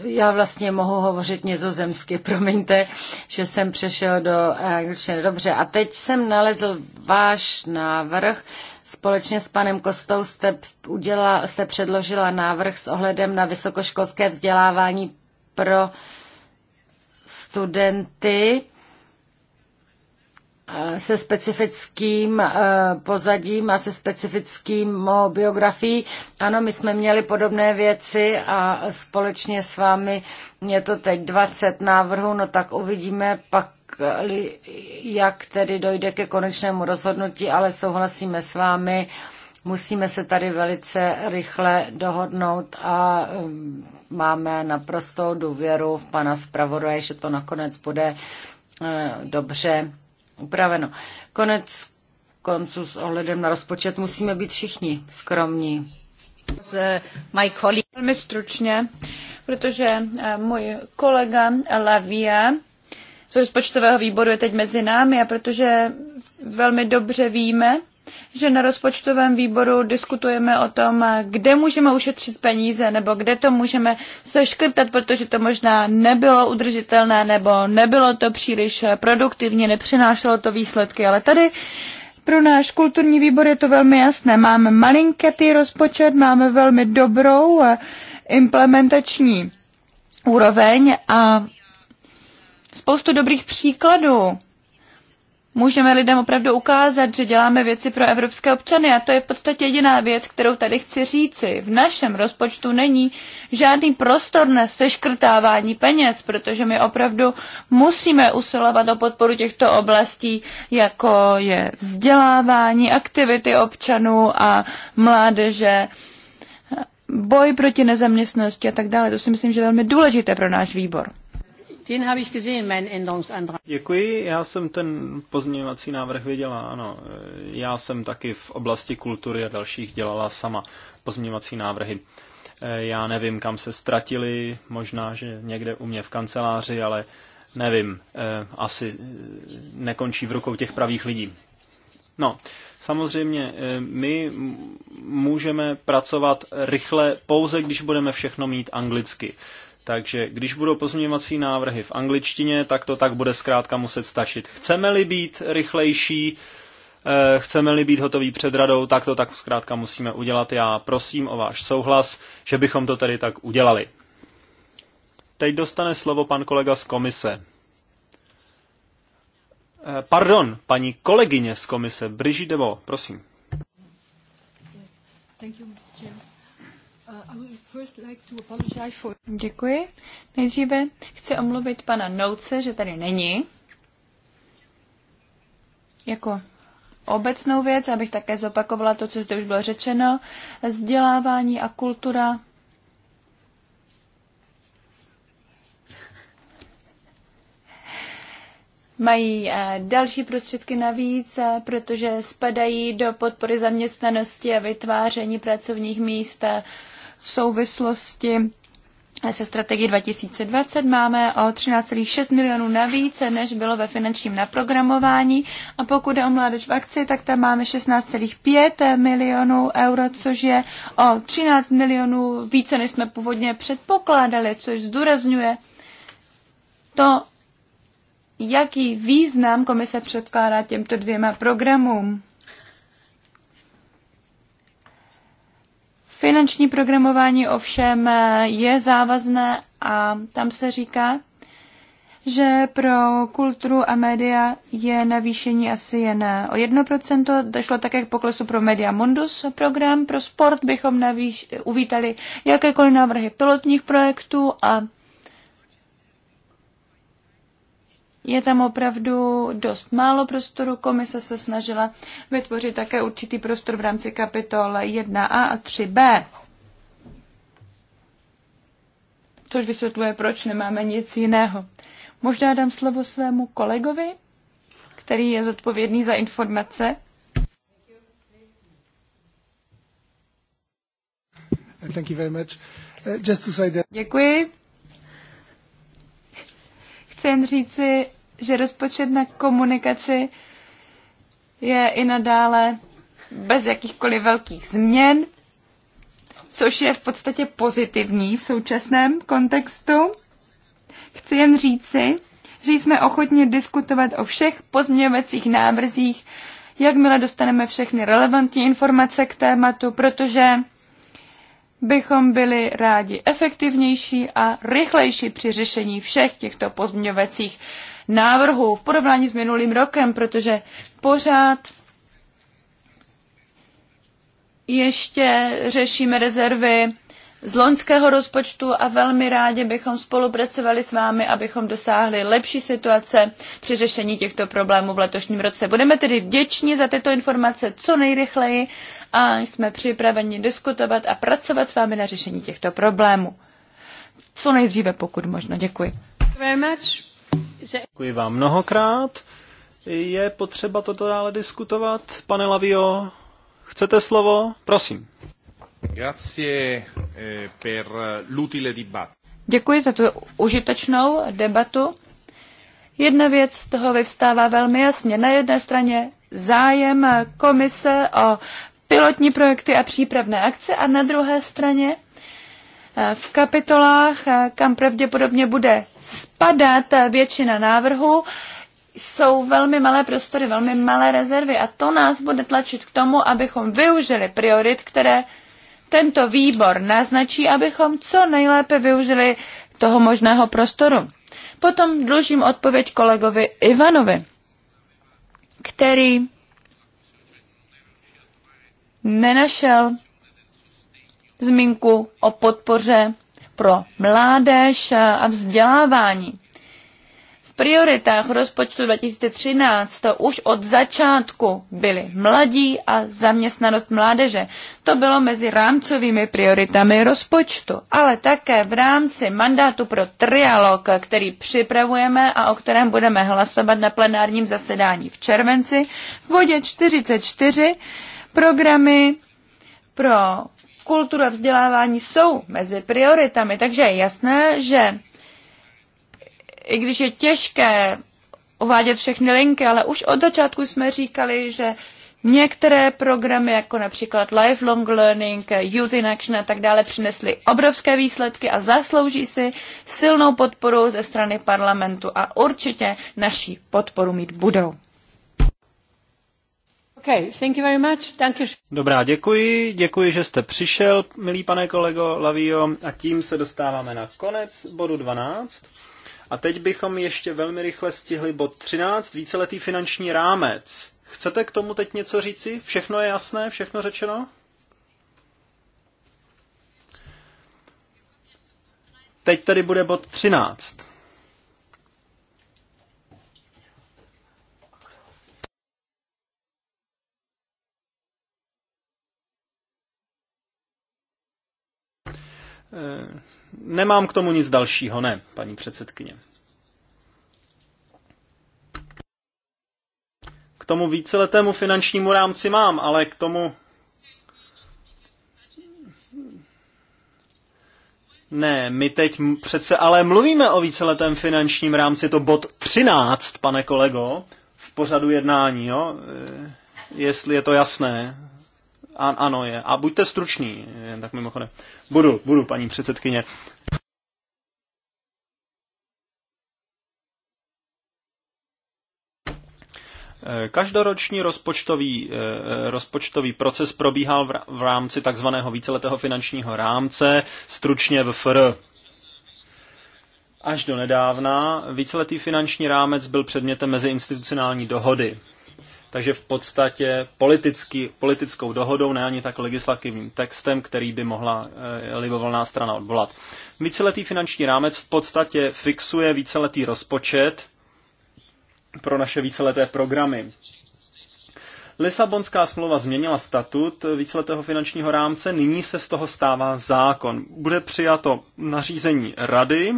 Já vlastně mohu hovořit nizozemsky, <laughs> promiňte, že jsem přešel do angličtiny. Dobře, a teď jsem nalezl váš návrh. Společně s panem Kostou jste, udělala, jste předložila návrh s ohledem na vysokoškolské vzdělávání pro uh, studenty eh, se specifickým eh, pozadím a se specifickým biografií. Ano, my jsme měli podobné věci a společně s vámi je to teď 20 návrhů, no tak uvidíme pak, eh, jak tedy dojde ke konečnému rozhodnutí, ale souhlasíme s vámi, Musíme se tady velice rychle dohodnout a um, máme naprostou důvěru v pana zpravodaje, že to nakonec bude uh, dobře upraveno. Konec konců s ohledem na rozpočet musíme být všichni skromní. Eh, velmi stručně, protože eh, můj kolega Lavia z rozpočtového výboru je teď mezi námi a protože velmi dobře víme, že na rozpočtovém výboru diskutujeme o tom, kde můžeme ušetřit peníze nebo kde to můžeme seškrtat, protože to možná nebylo udržitelné nebo nebylo to příliš produktivní, nepřinášelo to výsledky. Ale tady pro náš kulturní výbor je to velmi jasné. Máme malinketý rozpočet, máme velmi dobrou eh, implementační úroveň a spoustu dobrých příkladů můžeme lidem opravdu ukázat, že děláme věci pro evropské občany a to je v podstatě jediná věc, kterou tady chci říci. V našem rozpočtu není žádný prostor na seškrtávání peněz, protože my opravdu musíme usilovat o podporu těchto oblastí, jako je vzdělávání, aktivity občanů a mládeže boj proti nezaměstnosti a tak dále. To si myslím, že je velmi důležité pro náš výbor. Den habe ich gesehen, Änderungsantrag. Děkuji, já jsem ten pozměňovací návrh viděla, ano. Já jsem taky v oblasti kultury a dalších dělala sama pozměňovací návrhy. Já nevím, kam se ztratili, možná, že někde u mě v kanceláři, ale nevím, eh, asi eh, nekončí v rukou těch pravých lidí. No, samozřejmě eh, my můžeme pracovat rychle pouze, když budeme všechno mít anglicky. Takže když budou pozměňovací návrhy v angličtině, tak to tak bude zkrátka muset stačit. Chceme-li být rychlejší, eh, chceme-li být hotový před radou, tak to tak zkrátka musíme udělat. Já prosím o váš souhlas, že bychom to tedy tak udělali. Teď dostane slovo pan kolega z komise. Eh, pardon, paní kolegyně z komise, Brigitte Debo, prosím. Thank you. Děkuji. Nejdříve chci omluvit pana Nouce, že tady není. Jako obecnou věc, abych také zopakovala to, co zde už bylo řečeno, vzdělávání a kultura. Mají eh, další prostředky navíc, eh, protože spadají do podpory zaměstnanosti a vytváření pracovních míst eh, v souvislosti se strategií 2020 máme o 13,6 milionů navíc, než bylo ve finančním naprogramování. A pokud je o mládež v akci, tak tam máme 16,5 milionů euro, což je o 13 milionů více, než jsme původně předpokládali, což zdůrazňuje to, jaký význam komise předkládá těmto dvěma programům. Finanční programování ovšem eh, je závazné a tam se říká, že pro kulturu a média je navýšení asi jen eh, o 1%. Došlo také k poklesu pro Media Mundus eh, program. Pro sport bychom navýš, uvítali jakékoliv návrhy pilotních projektů a Je tam opravdu dost málo prostoru. Komise se snažila vytvořit také určitý prostor v rámci kapitol 1a a 3b. Což vysvětluje, proč nemáme nic jiného. Možná dám slovo svému kolegovi, který je zodpovědný za informace. Thank you very much. Uh, just to say that... Děkuji. Chci jen říci, že rozpočet na komunikaci je i nadále bez jakýchkoliv velkých změn, což je v podstatě pozitivní v současném kontextu. Chci jen říci, že jsme ochotni diskutovat o všech pozměňovacích návrzích, jakmile dostaneme všechny relevantní informace k tématu, protože bychom byli rádi efektivnější a rychlejší při řešení všech těchto pozměňovacích návrzích návrhů v porovnání s minulým rokem, protože pořád ještě řešíme rezervy z loňského rozpočtu a velmi rádi bychom spolupracovali s vámi, abychom dosáhli lepší situace při řešení těchto problémů v letošním roce. Budeme tedy vděční za tyto informace co nejrychleji a jsme připraveni diskutovat a pracovat s vámi na řešení těchto problémů. Co nejdříve, pokud možno. Děkuji. Very much. Děkuji vám mnohokrát. Je potřeba toto dále diskutovat. Pane Lavio, chcete slovo? Prosím. Grazie eh, per l'utile Děkuji za tu užitečnou debatu. Jedna věc z toho vyvstává velmi jasně. Na jedné straně zájem komise o pilotní projekty a přípravné akce a na druhé straně v kapitolách, eh, kam pravděpodobně bude spadat eh, většina návrhů, jsou velmi malé prostory, velmi malé rezervy a to nás bude tlačit k tomu, abychom využili priorit, které tento výbor naznačí, abychom co nejlépe využili toho možného prostoru. Potom dlužím odpověď kolegovi Ivanovi, který nenašel zmínku o podpoře pro mládež a vzdělávání. V prioritách rozpočtu 2013 to už od začátku byli mladí a zaměstnanost mládeže. To bylo mezi rámcovými prioritami rozpočtu, ale také v rámci mandátu pro trialog, který připravujeme a o kterém budeme hlasovat na plenárním zasedání v červenci. V bodě 44 programy pro kultura vzdělávání jsou mezi prioritami, takže je jasné, že i když je těžké uvádět všechny linky, ale už od začátku jsme říkali, že Některé programy, jako například Lifelong Learning, Youth in Action a tak dále, přinesly obrovské výsledky a zaslouží si silnou podporu ze strany parlamentu a určitě naší podporu mít budou. Okay, thank you very much. Dobrá, děkuji. Děkuji, že jste přišel, milý pane kolego Lavio. A tím se dostáváme na konec bodu 12. A teď bychom ještě velmi rychle stihli bod 13, víceletý finanční rámec. Chcete k tomu teď něco říci? Všechno je jasné? Všechno řečeno? Teď tady bude bod 13. Eh, nemám k tomu nic dalšího, ne, paní předsedkyně. K tomu víceletému finančnímu rámci mám, ale k tomu Ne, my teď přece ale mluvíme o víceletém finančním rámci, to bod 13, pane kolego, v pořadu jednání, jo? Eh, jestli je to jasné. A, ano, je. A buďte struční, jen tak mimochodem. Budu, budu, paní předsedkyně. Každoroční rozpočtový, eh, rozpočtový proces probíhal v rámci takzvaného víceletého finančního rámce, stručně v FR. Až do nedávna víceletý finanční rámec byl předmětem meziinstitucionální dohody. Takže v podstatě politicky, politickou dohodou, ne ani tak legislativním textem, který by mohla e, libovolná strana odvolat. Víceletý finanční rámec v podstatě fixuje víceletý rozpočet pro naše víceleté programy. Lisabonská smlouva změnila statut víceletého finančního rámce, nyní se z toho stává zákon. Bude přijato nařízení rady,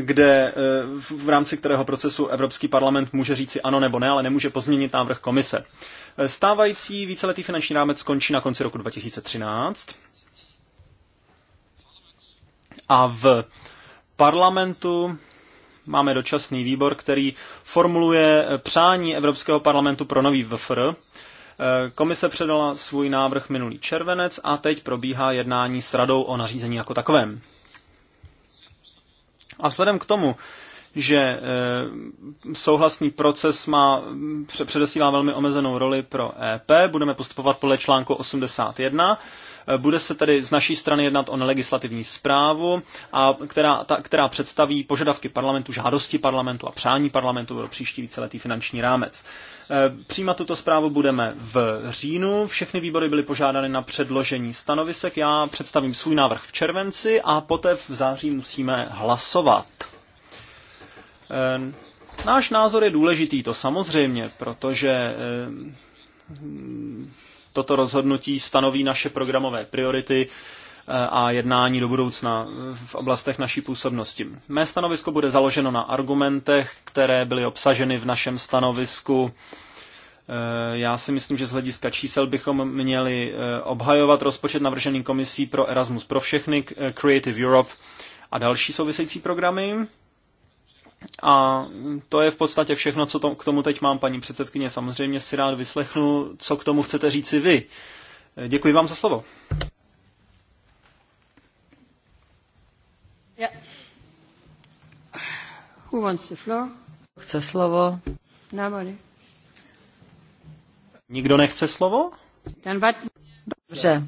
kde eh, v rámci kterého procesu Evropský parlament může říci ano nebo ne, ale nemůže pozměnit návrh komise. Eh, stávající víceletý finanční rámec skončí na konci roku 2013 a v parlamentu máme dočasný výbor, který formuluje eh, přání Evropského parlamentu pro nový VFR. Komise předala svůj návrh minulý červenec a teď probíhá jednání s radou o nařízení jako takovém. A vzhledem k tomu, že eh, souhlasný proces má, předesílá velmi omezenou roli pro EP. Budeme postupovat podle článku 81. Eh, bude se tedy z naší strany jednat o nelegislativní zprávu, a která, ta, která představí požadavky parlamentu, žádosti parlamentu a přání parlamentu pro příští víceletý finanční rámec. Eh, přijímat tuto zprávu budeme v říjnu. Všechny výbory byly požádány na předložení stanovisek. Já představím svůj návrh v červenci a poté v září musíme hlasovat. Eh, náš názor je důležitý, to samozřejmě, protože eh, toto rozhodnutí stanoví naše programové priority eh, a jednání do budoucna v oblastech naší působnosti. Mé stanovisko bude založeno na argumentech, které byly obsaženy v našem stanovisku. Já si myslím, že z hlediska čísel bychom měli obhajovat rozpočet navržený komisí pro Erasmus pro všechny, Creative Europe a další související programy. A to je v podstatě všechno, co to, k tomu teď mám, paní předsedkyně. Samozřejmě si rád vyslechnu, co k tomu chcete říci vy. Děkuji vám za slovo. Yeah. Who wants the floor? Chce slovo? Nobody. Nikdo nechce slovo? Then Dobře,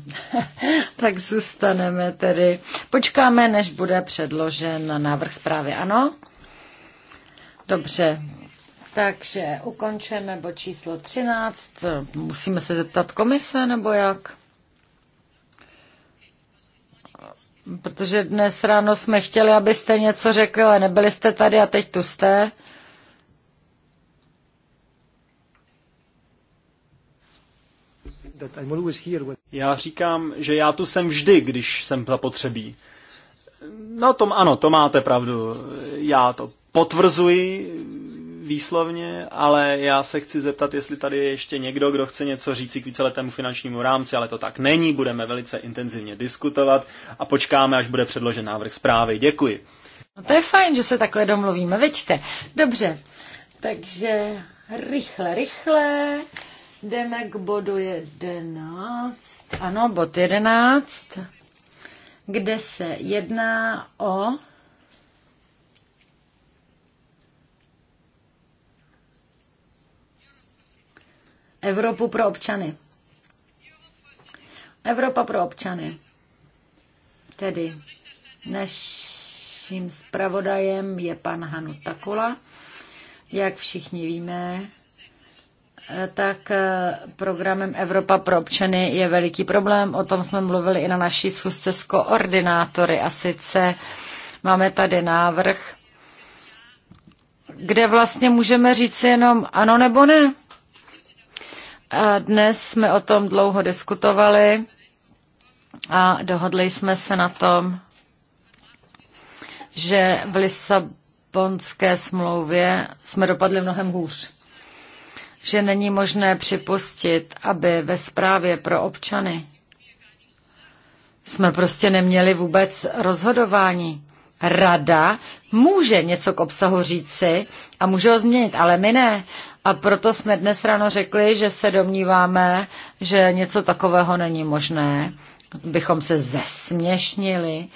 <laughs> tak zůstaneme tedy. Počkáme, než bude předložen návrh zprávy. Ano? Dobře, takže ukončujeme bod číslo 13. Musíme se zeptat komise, nebo jak? Protože dnes ráno jsme chtěli, abyste něco řekli, ale nebyli jste tady a teď tu jste. Já říkám, že já tu jsem vždy, když jsem zapotřebí. No tom ano, to máte pravdu. Já to potvrzuji výslovně, ale já se chci zeptat, jestli tady je ještě někdo, kdo chce něco říct k víceletému finančnímu rámci, ale to tak není. Budeme velice intenzivně diskutovat a počkáme, až bude předložen návrh zprávy. Děkuji. No to je fajn, že se takhle domluvíme, veďte. Dobře, takže rychle, rychle jdeme k bodu 11. Ano, bod 11, kde se jedná o Evropu pro občany. Evropa pro občany. Tedy naším zpravodajem je pan Hanu Takula. Jak všichni víme, tak programem Evropa pro občany je veliký problém. O tom jsme mluvili i na naší schůzce s koordinátory. A sice máme tady návrh, kde vlastně můžeme říct jenom ano nebo ne. A dnes jsme o tom dlouho diskutovali a dohodli jsme se na tom, že v Lisabonské smlouvě jsme dopadli mnohem hůř. Že není možné připustit, aby ve zprávě pro občany jsme prostě neměli vůbec rozhodování. Rada může něco k obsahu říci a může ho změnit, ale my ne. A proto jsme dnes ráno řekli, že se domníváme, že něco takového není možné. Bychom se zesměšnili,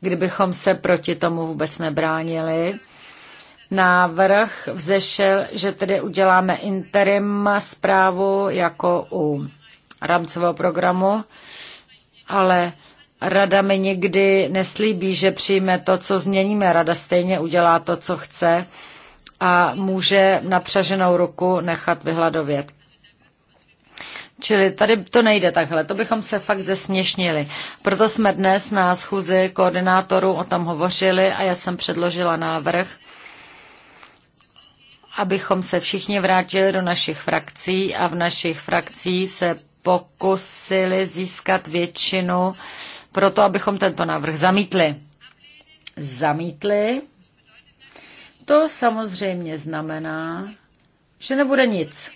kdybychom se proti tomu vůbec nebránili. Návrh vzešel, že tedy uděláme interim zprávu jako u rámcového programu, ale Rada mi nikdy neslíbí, že přijme to, co změníme. Rada stejně udělá to, co chce a může napřaženou ruku nechat vyhladovět. Čili tady to nejde takhle, to bychom se fakt zesměšnili. Proto jsme dnes na schůzi koordinátorů o tom hovořili a já jsem předložila návrh, abychom se všichni vrátili do našich frakcí a v našich frakcí se pokusili získat většinu pro to, abychom tento návrh zamítli. Zamítli to samozřejmě znamená, že nebude nic.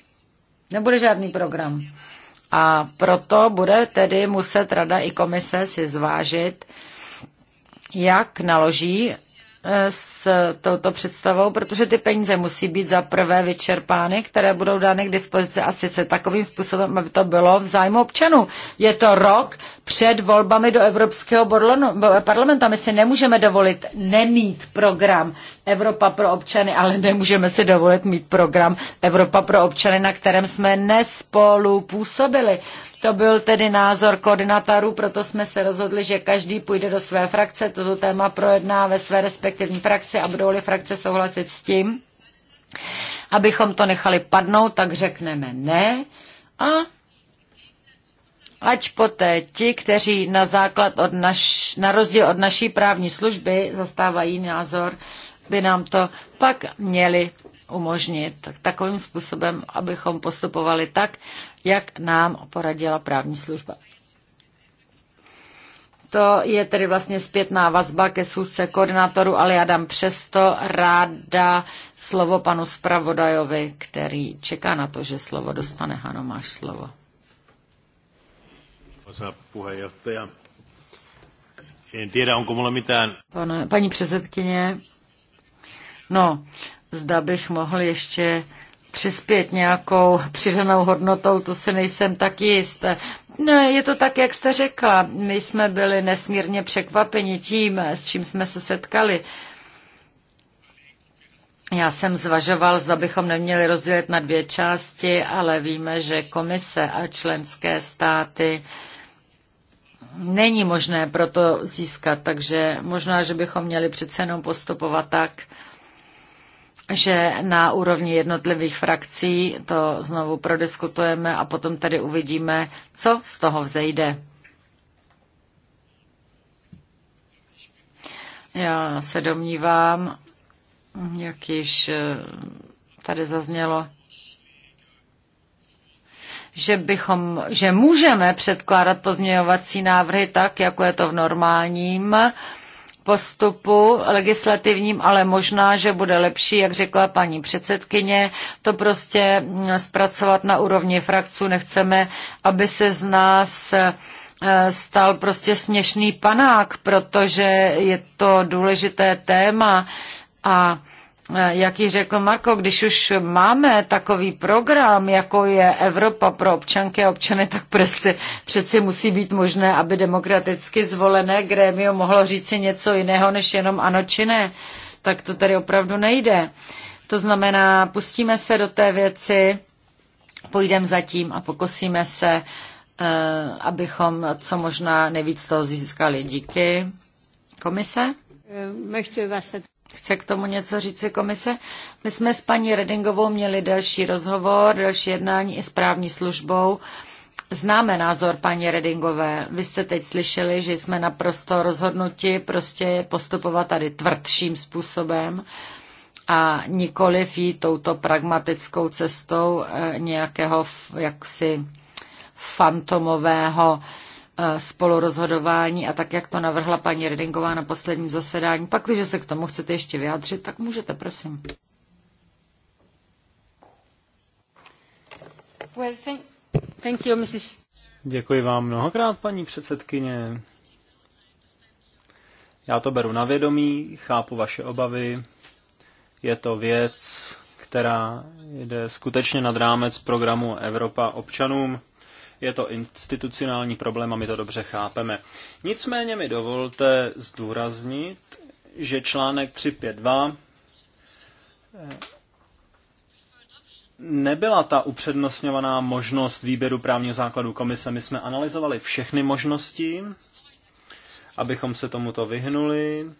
Nebude žádný program. A proto bude tedy muset Rada i komise si zvážit, jak naloží Eh, s touto představou, protože ty peníze musí být za prvé vyčerpány, které budou dány k dispozici a sice takovým způsobem, aby to bylo v zájmu občanů. Je to rok před volbami do Evropského parlamentu a my si nemůžeme dovolit nemít program Evropa pro občany, ale nemůžeme si dovolit mít program Evropa pro občany, na kterém jsme nespolu působili. To byl tedy názor koordinatorů, proto jsme se rozhodli, že každý půjde do své frakce, toto téma projedná ve své respektivní frakci a budou-li frakce souhlasit s tím, abychom to nechali padnout, tak řekneme ne a ať poté ti, kteří na, základ od naš, na rozdíl od naší právní služby zastávají názor, by nám to pak měli umožnit takovým způsobem, abychom postupovali tak, jak nám poradila právní služba. To je tedy vlastně zpětná vazba ke schůzce koordinátoru, ale já dám přesto ráda slovo panu zpravodajovi, který čeká na to, že slovo dostane. Hano, máš slovo. Pane, paní předsedkyně, No, zda bych mohl ještě přispět nějakou přiřenou hodnotou, to si nejsem tak jist. No, je to tak, jak jste řekla. My jsme byli nesmírně překvapeni tím, s čím jsme se setkali. Já jsem zvažoval, zda bychom neměli rozdělit na dvě části, ale víme, že komise a členské státy není možné proto získat, takže možná, že bychom měli přece jenom postupovat tak, že na úrovni jednotlivých frakcí to znovu prodiskutujeme a potom tady uvidíme, co z toho vzejde. Já se domnívám, jak již eh, tady zaznělo, že, bychom, že můžeme předkládat pozměňovací návrhy tak, jako je to v normálním uh, postupu legislativním, ale možná, že bude lepší, jak řekla paní předsedkyně, to prostě zpracovat na úrovni frakců. Nechceme, aby se z nás eh, stal prostě směšný panák, protože je to důležité téma a Eh, jak ji řekl Marko, když už máme takový program, jako je Evropa pro občanky a občany, tak přeci, prostě přeci musí být možné, aby demokraticky zvolené grémio mohlo říci něco jiného, než jenom ano či ne. Tak to tady opravdu nejde. To znamená, pustíme se do té věci, půjdeme zatím a pokosíme se, eh, abychom co možná nejvíc toho získali. Díky. Komise? Eh, Möchte was Chce k tomu něco říci komise? My jsme s paní Redingovou měli další rozhovor, další jednání i s právní službou. Známe názor paní Redingové. Vy jste teď slyšeli, že jsme naprosto rozhodnuti prostě postupovat tady tvrdším způsobem a nikoliv jít touto pragmatickou cestou eh, nějakého jaksi fantomového Eh, spolurozhodování a tak, jak to navrhla paní Redingová na posledním zasedání. Pak, když se k tomu chcete ještě vyjádřit, tak můžete, prosím. Well, thank, thank you, Mrs. Děkuji vám mnohokrát, paní předsedkyně. Já to beru na vědomí, chápu vaše obavy. Je to věc, která jde skutečně nad rámec programu Evropa občanům je to institucionální problém a my to dobře chápeme. Nicméně mi dovolte zdůraznit, že článek 352 eh, nebyla ta upřednostňovaná možnost výběru právního základu komise. My jsme analyzovali všechny možnosti, abychom se tomuto vyhnuli.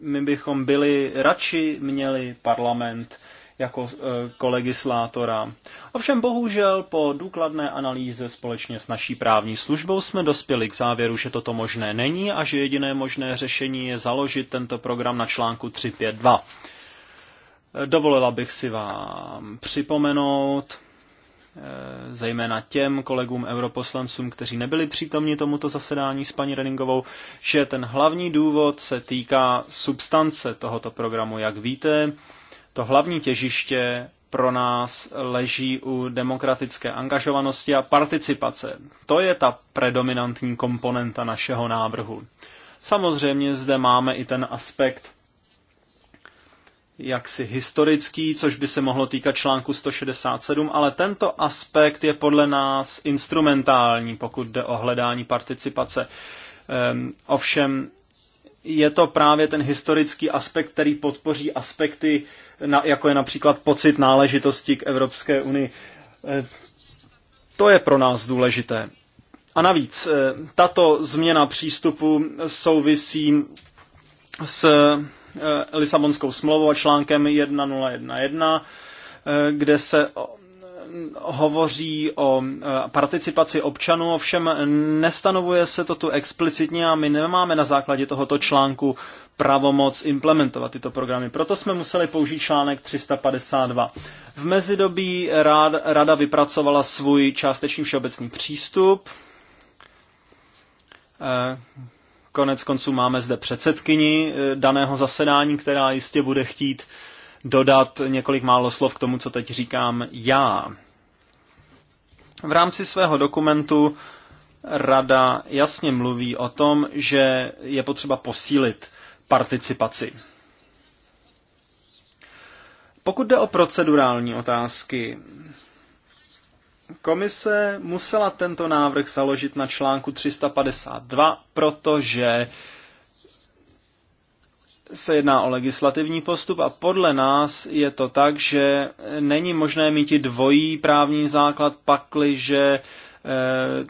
My bychom byli radši měli parlament jako e, kolegislátora. Ovšem bohužel po důkladné analýze společně s naší právní službou jsme dospěli k závěru, že toto možné není a že jediné možné řešení je založit tento program na článku 352. Dovolila bych si vám připomenout, e, zejména těm kolegům europoslancům, kteří nebyli přítomni tomuto zasedání s paní Reningovou, že ten hlavní důvod se týká substance tohoto programu. Jak víte, to hlavní těžiště pro nás leží u demokratické angažovanosti a participace. To je ta predominantní komponenta našeho návrhu. Samozřejmě zde máme i ten aspekt jaksi historický, což by se mohlo týkat článku 167, ale tento aspekt je podle nás instrumentální, pokud jde o hledání participace. Ehm, ovšem je to právě ten historický aspekt, který podpoří aspekty na, jako je například pocit náležitosti k Evropské unii. Eh, to je pro nás důležité. A navíc, eh, tato změna přístupu souvisí s eh, Lisabonskou smlouvou a článkem 1011, kde se hovoří o eh, participaci občanů, ovšem nestanovuje se to tu explicitně a my nemáme na základě tohoto článku pravomoc implementovat tyto programy. Proto jsme museli použít článek 352. V mezidobí rád, rada vypracovala svůj částečný všeobecný přístup. Eh, konec konců máme zde předsedkyni eh, daného zasedání, která jistě bude chtít dodat několik málo slov k tomu, co teď říkám já. V rámci svého dokumentu Rada jasně mluví o tom, že je potřeba posílit participaci. Pokud jde o procedurální otázky, komise musela tento návrh založit na článku 352, protože se jedná o legislativní postup a podle nás je to tak, že není možné mít dvojí právní základ, pakliže eh,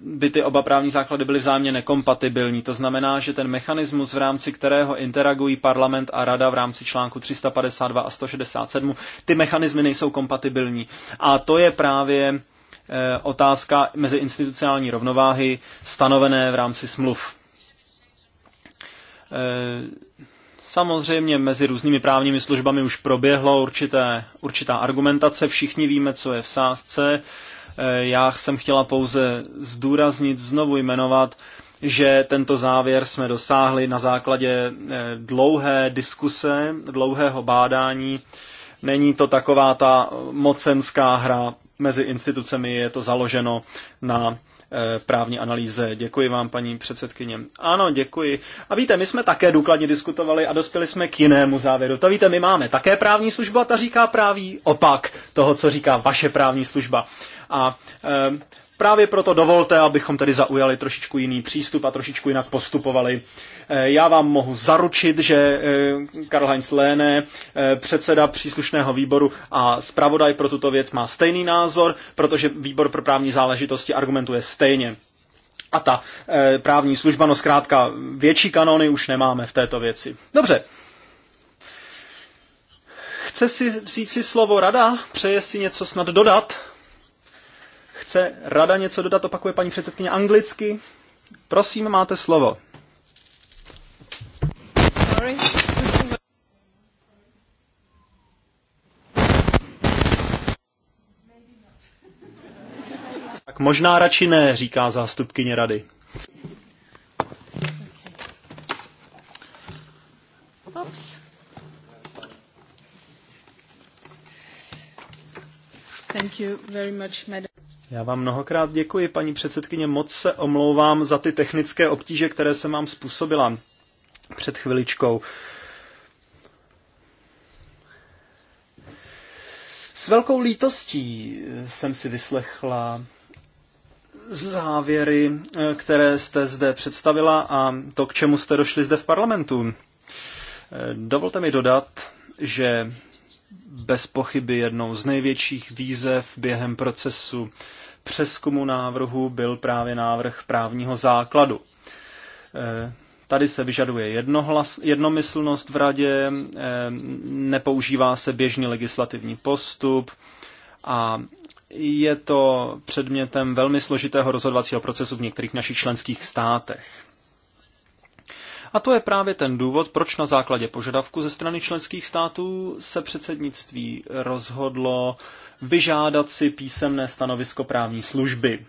by ty oba právní základy byly vzájemně nekompatibilní. To znamená, že ten mechanismus, v rámci kterého interagují parlament a rada v rámci článku 352 a 167, ty mechanismy nejsou kompatibilní. A to je právě eh, otázka institucionální rovnováhy stanovené v rámci smluv. Eh, Samozřejmě mezi různými právními službami už proběhlo určité, určitá argumentace, všichni víme, co je v sázce. Eh, já jsem chtěla pouze zdůraznit, znovu jmenovat, že tento závěr jsme dosáhli na základě eh, dlouhé diskuse, dlouhého bádání. Není to taková ta mocenská hra mezi institucemi, je to založeno na Eh, právní analýze. Děkuji vám, paní předsedkyně. Ano, děkuji. A víte, my jsme také důkladně diskutovali a dospěli jsme k jinému závěru. To víte, my máme také právní službu a ta říká právý opak toho, co říká vaše právní služba. A e, právě proto dovolte, abychom tedy zaujali trošičku jiný přístup a trošičku jinak postupovali Eh, já vám mohu zaručit, že eh, Karl Heinz Léne, eh, předseda příslušného výboru a zpravodaj pro tuto věc má stejný názor, protože výbor pro právní záležitosti argumentuje stejně. A ta právní služba, no zkrátka, větší kanony už nemáme v této věci. Dobře, Chce si vzít si slovo rada? Přeje si něco snad dodat? Chce rada něco dodat, opakuje paní předsedkyně anglicky? Prosím, máte slovo. Tak možná radši ne, říká zástupkyně rady. Thank you very much, madam. Já vám mnohokrát děkuji, paní předsedkyně. Moc se omlouvám za ty technické obtíže, které jsem vám způsobila před chviličkou. S velkou lítostí jsem si vyslechla závěry, eh, které jste zde představila a to, k čemu jste došli zde v parlamentu. Eh, dovolte mi dodat, že bez pochyby jednou z největších výzev během procesu přeskumu návrhu byl právě návrh právního základu. Eh, tady se vyžaduje jednohlas, jednomyslnost v radě, nepoužívá se běžný legislativní postup a je to předmětem velmi složitého rozhodovacího procesu v některých našich členských státech. A to je právě ten důvod, proč na základě požadavku ze strany členských států se předsednictví rozhodlo vyžádat si písemné stanovisko právní služby.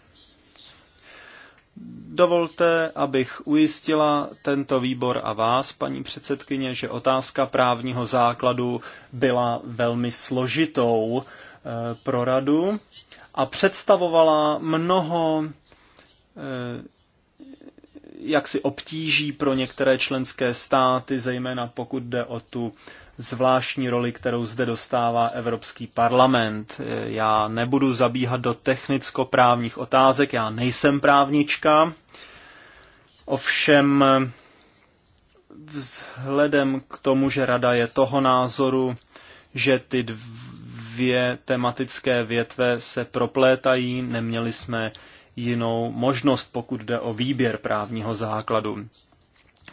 Dovolte, abych ujistila tento výbor a vás, paní předsedkyně, že otázka právního základu byla velmi složitou eh, pro radu a představovala mnoho eh, jaksi obtíží pro některé členské státy, zejména pokud jde o tu zvláštní roli, kterou zde dostává Evropský parlament. Eh, já nebudu zabíhat do technicko-právních otázek, já nejsem právnička, ovšem vzhledem k tomu, že rada je toho názoru, že ty dvě tematické větve se proplétají, neměli jsme jinou možnost, pokud jde o výběr právního základu.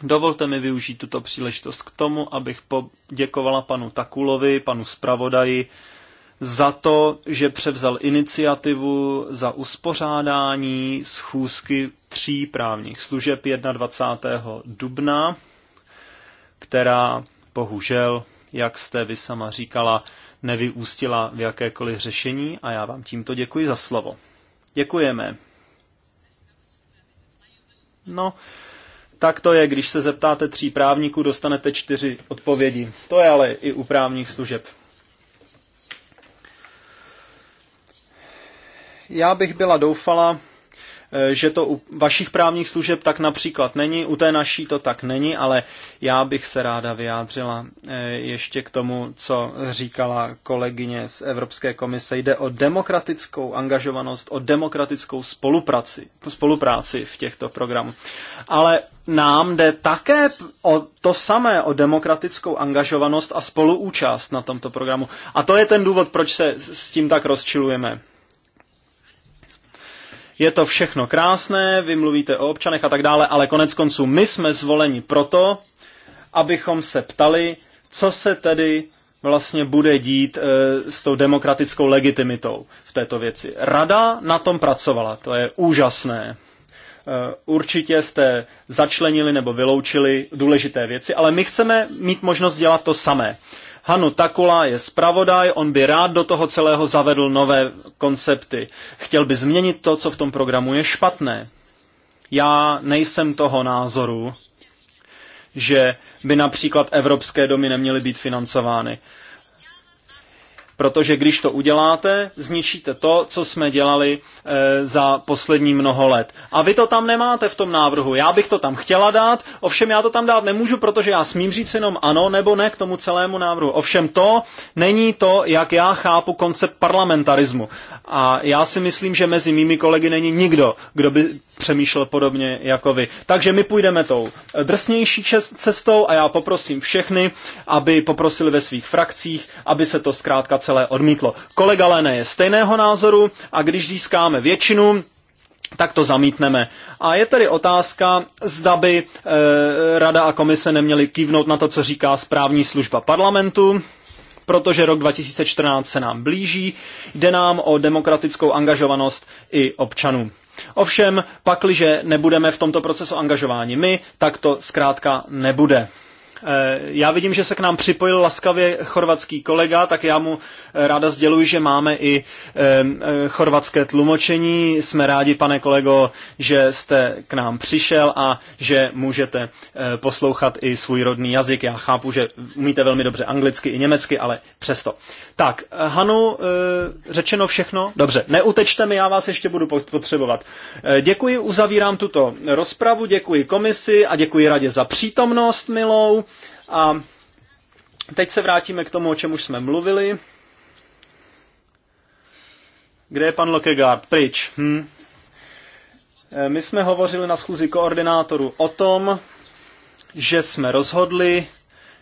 Dovolte mi využít tuto příležitost k tomu, abych poděkovala panu Takulovi, panu zpravodaji, za to, že převzal iniciativu za uspořádání schůzky tří právních služeb 21. dubna, která bohužel, jak jste vy sama říkala, nevyústila v jakékoliv řešení a já vám tímto děkuji za slovo. Děkujeme. No, tak to je, když se zeptáte tří právníků, dostanete čtyři odpovědi. To je ale i u právních služeb. Já bych byla doufala, Eh, že to u vašich právních služeb tak například není, u té naší to tak není, ale já bych se ráda vyjádřila eh, ještě k tomu, co říkala kolegyně z Evropské komise. Jde o demokratickou angažovanost, o demokratickou spolupráci, spolupráci v těchto programu. Ale nám jde také o to samé, o demokratickou angažovanost a spoluúčast na tomto programu. A to je ten důvod, proč se s tím tak rozčilujeme je to všechno krásné, vy mluvíte o občanech a tak dále, ale konec konců my jsme zvoleni proto, abychom se ptali, co se tedy vlastně bude dít e, s tou demokratickou legitimitou v této věci. Rada na tom pracovala, to je úžasné. E, určitě jste začlenili nebo vyloučili důležité věci, ale my chceme mít možnost dělat to samé. Hanu Takula je zpravodaj, on by rád do toho celého zavedl nové koncepty. Chtěl by změnit to, co v tom programu je špatné. Já nejsem toho názoru, že by například evropské domy neměly být financovány. Protože když to uděláte, zničíte to, co jsme dělali e, za poslední mnoho let. A vy to tam nemáte v tom návrhu. Já bych to tam chtěla dát, ovšem já to tam dát nemůžu, protože já smím říct jenom ano nebo ne k tomu celému návrhu. Ovšem to není to, jak já chápu koncept parlamentarismu. A já si myslím, že mezi mými kolegy není nikdo, kdo by přemýšlel podobně jako vy. Takže my půjdeme tou eh, drsnější cestou a já poprosím všechny, aby poprosili ve svých frakcích, aby se to zkrátka celé celé odmítlo. Kolega Lene je stejného názoru a když získáme většinu, tak to zamítneme. A je tedy otázka, zda by e, Rada a komise neměly kývnout na to, co říká správní služba parlamentu, protože rok 2014 se nám blíží, jde nám o demokratickou angažovanost i občanů. Ovšem, pakliže nebudeme v tomto procesu angažováni my, tak to zkrátka nebude. Eh, já vidím, že se k nám připojil laskavě chorvatský kolega, tak já mu eh, ráda sděluji, že máme i eh, chorvatské tlumočení. Jsme rádi, pane kolego, že jste k nám přišel a že můžete poslouchat i svůj rodný jazyk. Já chápu, že umíte velmi dobře anglicky i německy, ale přesto. Tak, eh, Hanu, eh, řečeno všechno? Dobře, neutečte mi, já vás ještě budu potřebovat. Eh, děkuji, uzavírám tuto rozpravu, děkuji komisi a děkuji radě za přítomnost, milou. A teď se vrátíme k tomu, o čem už jsme mluvili. Kde je pan Lokegaard? Pryč. Hm? My jsme hovořili na schůzi koordinátoru o tom, že jsme rozhodli,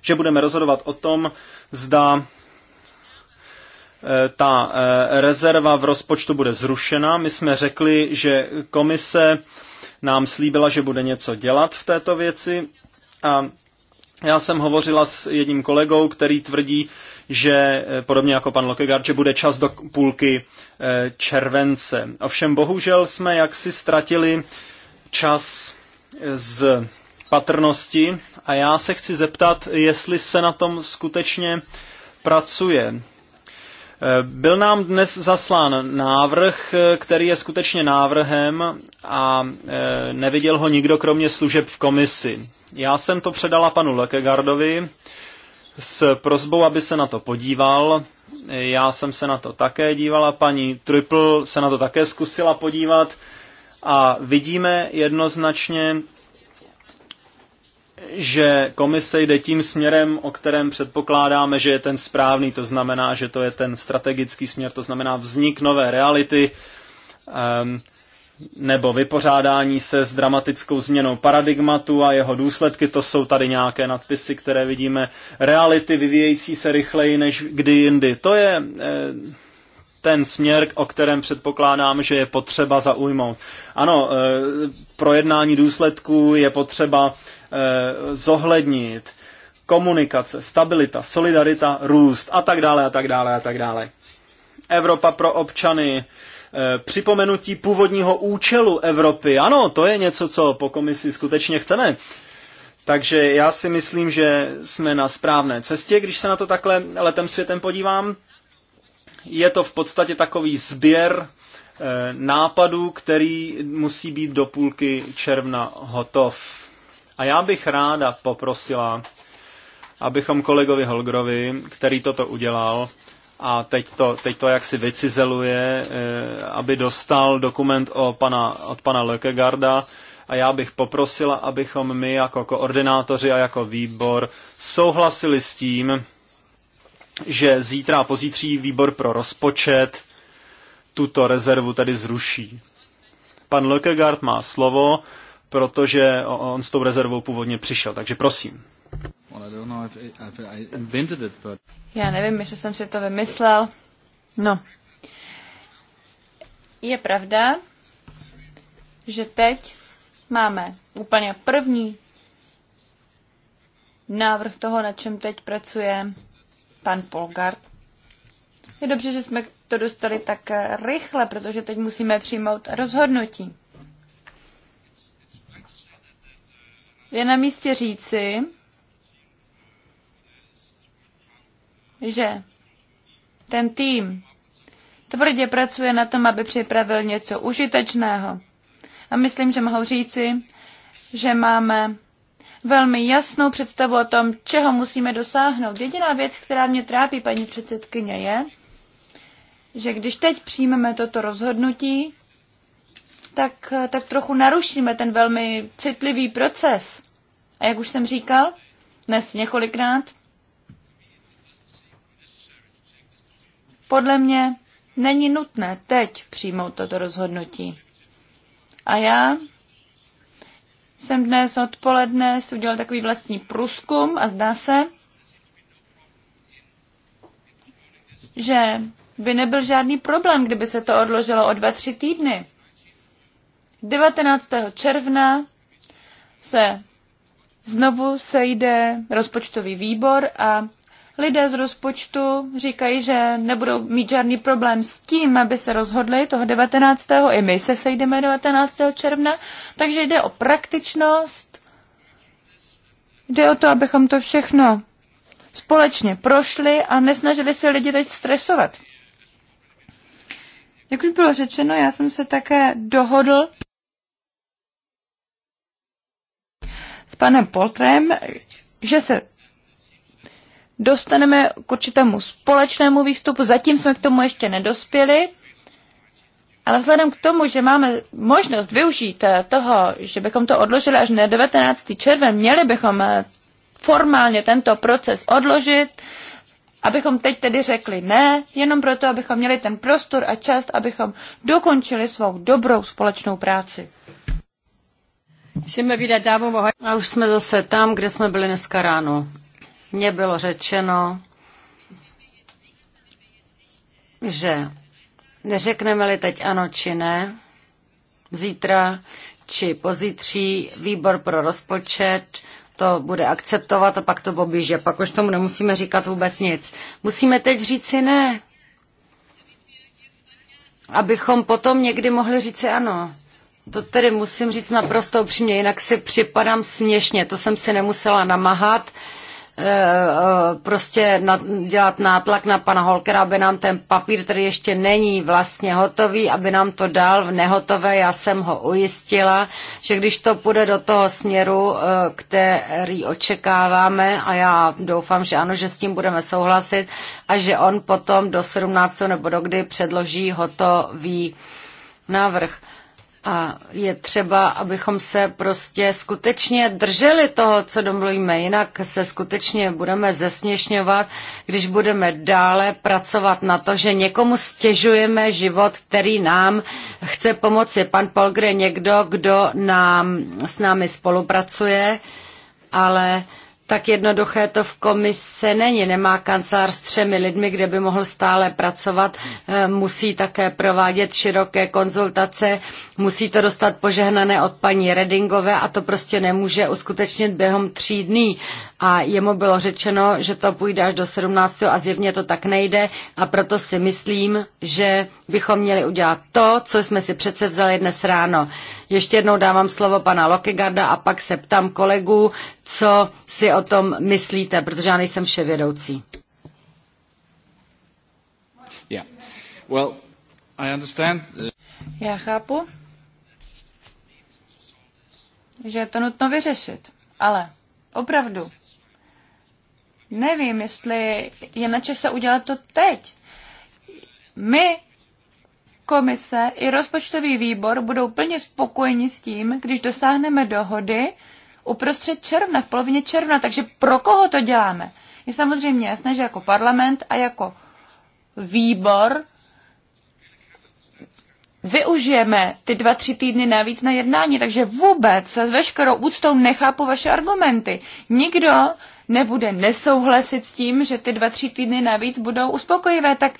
že budeme rozhodovat o tom, zda Eh, ta eh, rezerva v rozpočtu bude zrušena. My jsme řekli, že komise nám slíbila, že bude něco dělat v této věci a já jsem hovořila s jedním kolegou, který tvrdí, že eh, podobně jako pan Lokegard, že bude čas do půlky července. Ovšem bohužel jsme jaksi ztratili čas z patrnosti a já se chci zeptat, jestli se na tom skutečně pracuje. Eh, byl nám dnes zaslán návrh, eh, který je skutečně návrhem a eh, neviděl ho nikdo kromě služeb v komisi. Já jsem to předala panu Lekegardovi s prozbou, aby se na to podíval. Já jsem se na to také dívala, paní Triple se na to také zkusila podívat a vidíme jednoznačně, že komise jde tím směrem, o kterém předpokládáme, že je ten správný, to znamená, že to je ten strategický směr, to znamená vznik nové reality um, nebo vypořádání se s dramatickou změnou paradigmatu a jeho důsledky. To jsou tady nějaké nadpisy, které vidíme. Reality vyvíjející se rychleji než kdy jindy. To je. Eh, ten směr, o kterém předpokládám, že je potřeba zaujmout. Ano, eh, projednání důsledků je potřeba eh, zohlednit. Komunikace, stabilita, solidarita, růst a tak dále a tak dále a tak dále. Evropa pro občany, eh, připomenutí původního účelu Evropy. Ano, to je něco, co po komisi skutečně chceme. Takže já si myslím, že jsme na správné cestě, když se na to takhle letem světem podívám je to v podstatě takový sběr eh, nápadů, který musí být do půlky června hotov. A já bych ráda poprosila, abychom kolegovi Holgrovi, který toto udělal, a teď to, teď to jaksi vycizeluje, eh, aby dostal dokument o pana, od pana Lökegarda, a já bych poprosila, abychom my jako koordinátoři a jako výbor souhlasili s tím, že zítra a pozítří výbor pro rozpočet tuto rezervu tedy zruší. Pan Lökegaard má slovo, protože on s tou rezervou původně přišel, takže prosím. Já nevím, jestli jsem si to vymyslel. No. Je pravda, že teď máme úplně první návrh toho, na čem teď pracuje pan Polgar. Je dobře, že jsme to dostali tak rychle, protože teď musíme přijmout rozhodnutí. Je na místě říci, že ten tým tvrdě pracuje na tom, aby připravil něco užitečného. A myslím, že mohou říci, že máme velmi jasnou představu o tom, čeho musíme dosáhnout. Jediná věc, která mě trápí, paní předsedkyně, je, že když teď přijmeme toto rozhodnutí, tak, tak trochu narušíme ten velmi citlivý proces. A jak už jsem říkal, dnes několikrát, podle mě není nutné teď přijmout toto rozhodnutí. A já jsem dnes odpoledne si udělal takový vlastní průzkum a zdá se, že by nebyl žádný problém, kdyby se to odložilo o dva, tři týdny. 19. června se znovu sejde rozpočtový výbor a lidé z rozpočtu říkají, že nebudou mít žádný problém s tím, aby se rozhodli toho 19. I my se sejdeme 19. června, takže jde o praktičnost, jde o to, abychom to všechno společně prošli a nesnažili se lidi teď stresovat. Jak už bylo řečeno, já jsem se také dohodl s panem Poltrem, že se dostaneme k určitému společnému výstupu. Zatím jsme k tomu ještě nedospěli, ale vzhledem k tomu, že máme možnost využít eh, toho, že bychom to odložili až na 19. červen, měli bychom eh, formálně tento proces odložit, abychom teď tedy řekli ne, jenom proto, abychom měli ten prostor a čas, abychom dokončili svou dobrou společnou práci. A už jsme zase tam, kde jsme byli dneska ráno. Mně bylo řečeno, že neřekneme-li teď ano či ne, zítra či pozítří výbor pro rozpočet to bude akceptovat a pak to poběží. Pak už tomu nemusíme říkat vůbec nic. Musíme teď říci ne. Abychom potom někdy mohli říci ano. To tedy musím říct naprosto upřímně, jinak si připadám směšně. To jsem si nemusela namahat. Eh, eh, prostě dělat nátlak na pana Holkera, aby nám ten papír, který ještě není vlastně hotový, aby nám to dal v nehotové. Já jsem ho ujistila, že když to půjde do toho směru, eh, který očekáváme, a já doufám, že ano, že s tím budeme souhlasit, a že on potom do 17. nebo do kdy předloží hotový návrh. A je třeba, abychom se prostě skutečně drželi toho, co domluvíme, jinak se skutečně budeme zesměšňovat, když budeme dále pracovat na to, že někomu stěžujeme život, který nám chce pomoci. Pan Polgre je někdo, kdo nám, s námi spolupracuje, ale tak jednoduché to v komise není. Nemá kancelář s třemi lidmi, kde by mohl stále pracovat. Eh, musí také provádět široké konzultace, musí to dostat požehnané od paní Redingové a to prostě nemůže uskutečnit během tří dní a jemu bylo řečeno, že to půjde až do 17. a zjevně to tak nejde a proto si myslím, že bychom měli udělat to, co jsme si přece vzali dnes ráno. Ještě jednou dávám slovo pana Lokegarda a pak se ptám kolegů, co si o tom myslíte, protože já nejsem vševědoucí. Yeah. Well, I understand. Uh, já chápu, že je to nutno vyřešit, ale opravdu Nevím, jestli je na čase udělat to teď. My, komise i rozpočtový výbor budou plně spokojeni s tím, když dosáhneme dohody uprostřed června, v polovině června. Takže pro koho to děláme? Je samozřejmě jasné, že jako parlament a jako výbor využijeme ty dva, tři týdny navíc na jednání, takže vůbec se s veškerou úctou nechápu vaše argumenty. Nikdo nebude nesouhlasit s tím, že ty dva, tři týdny navíc budou uspokojivé, tak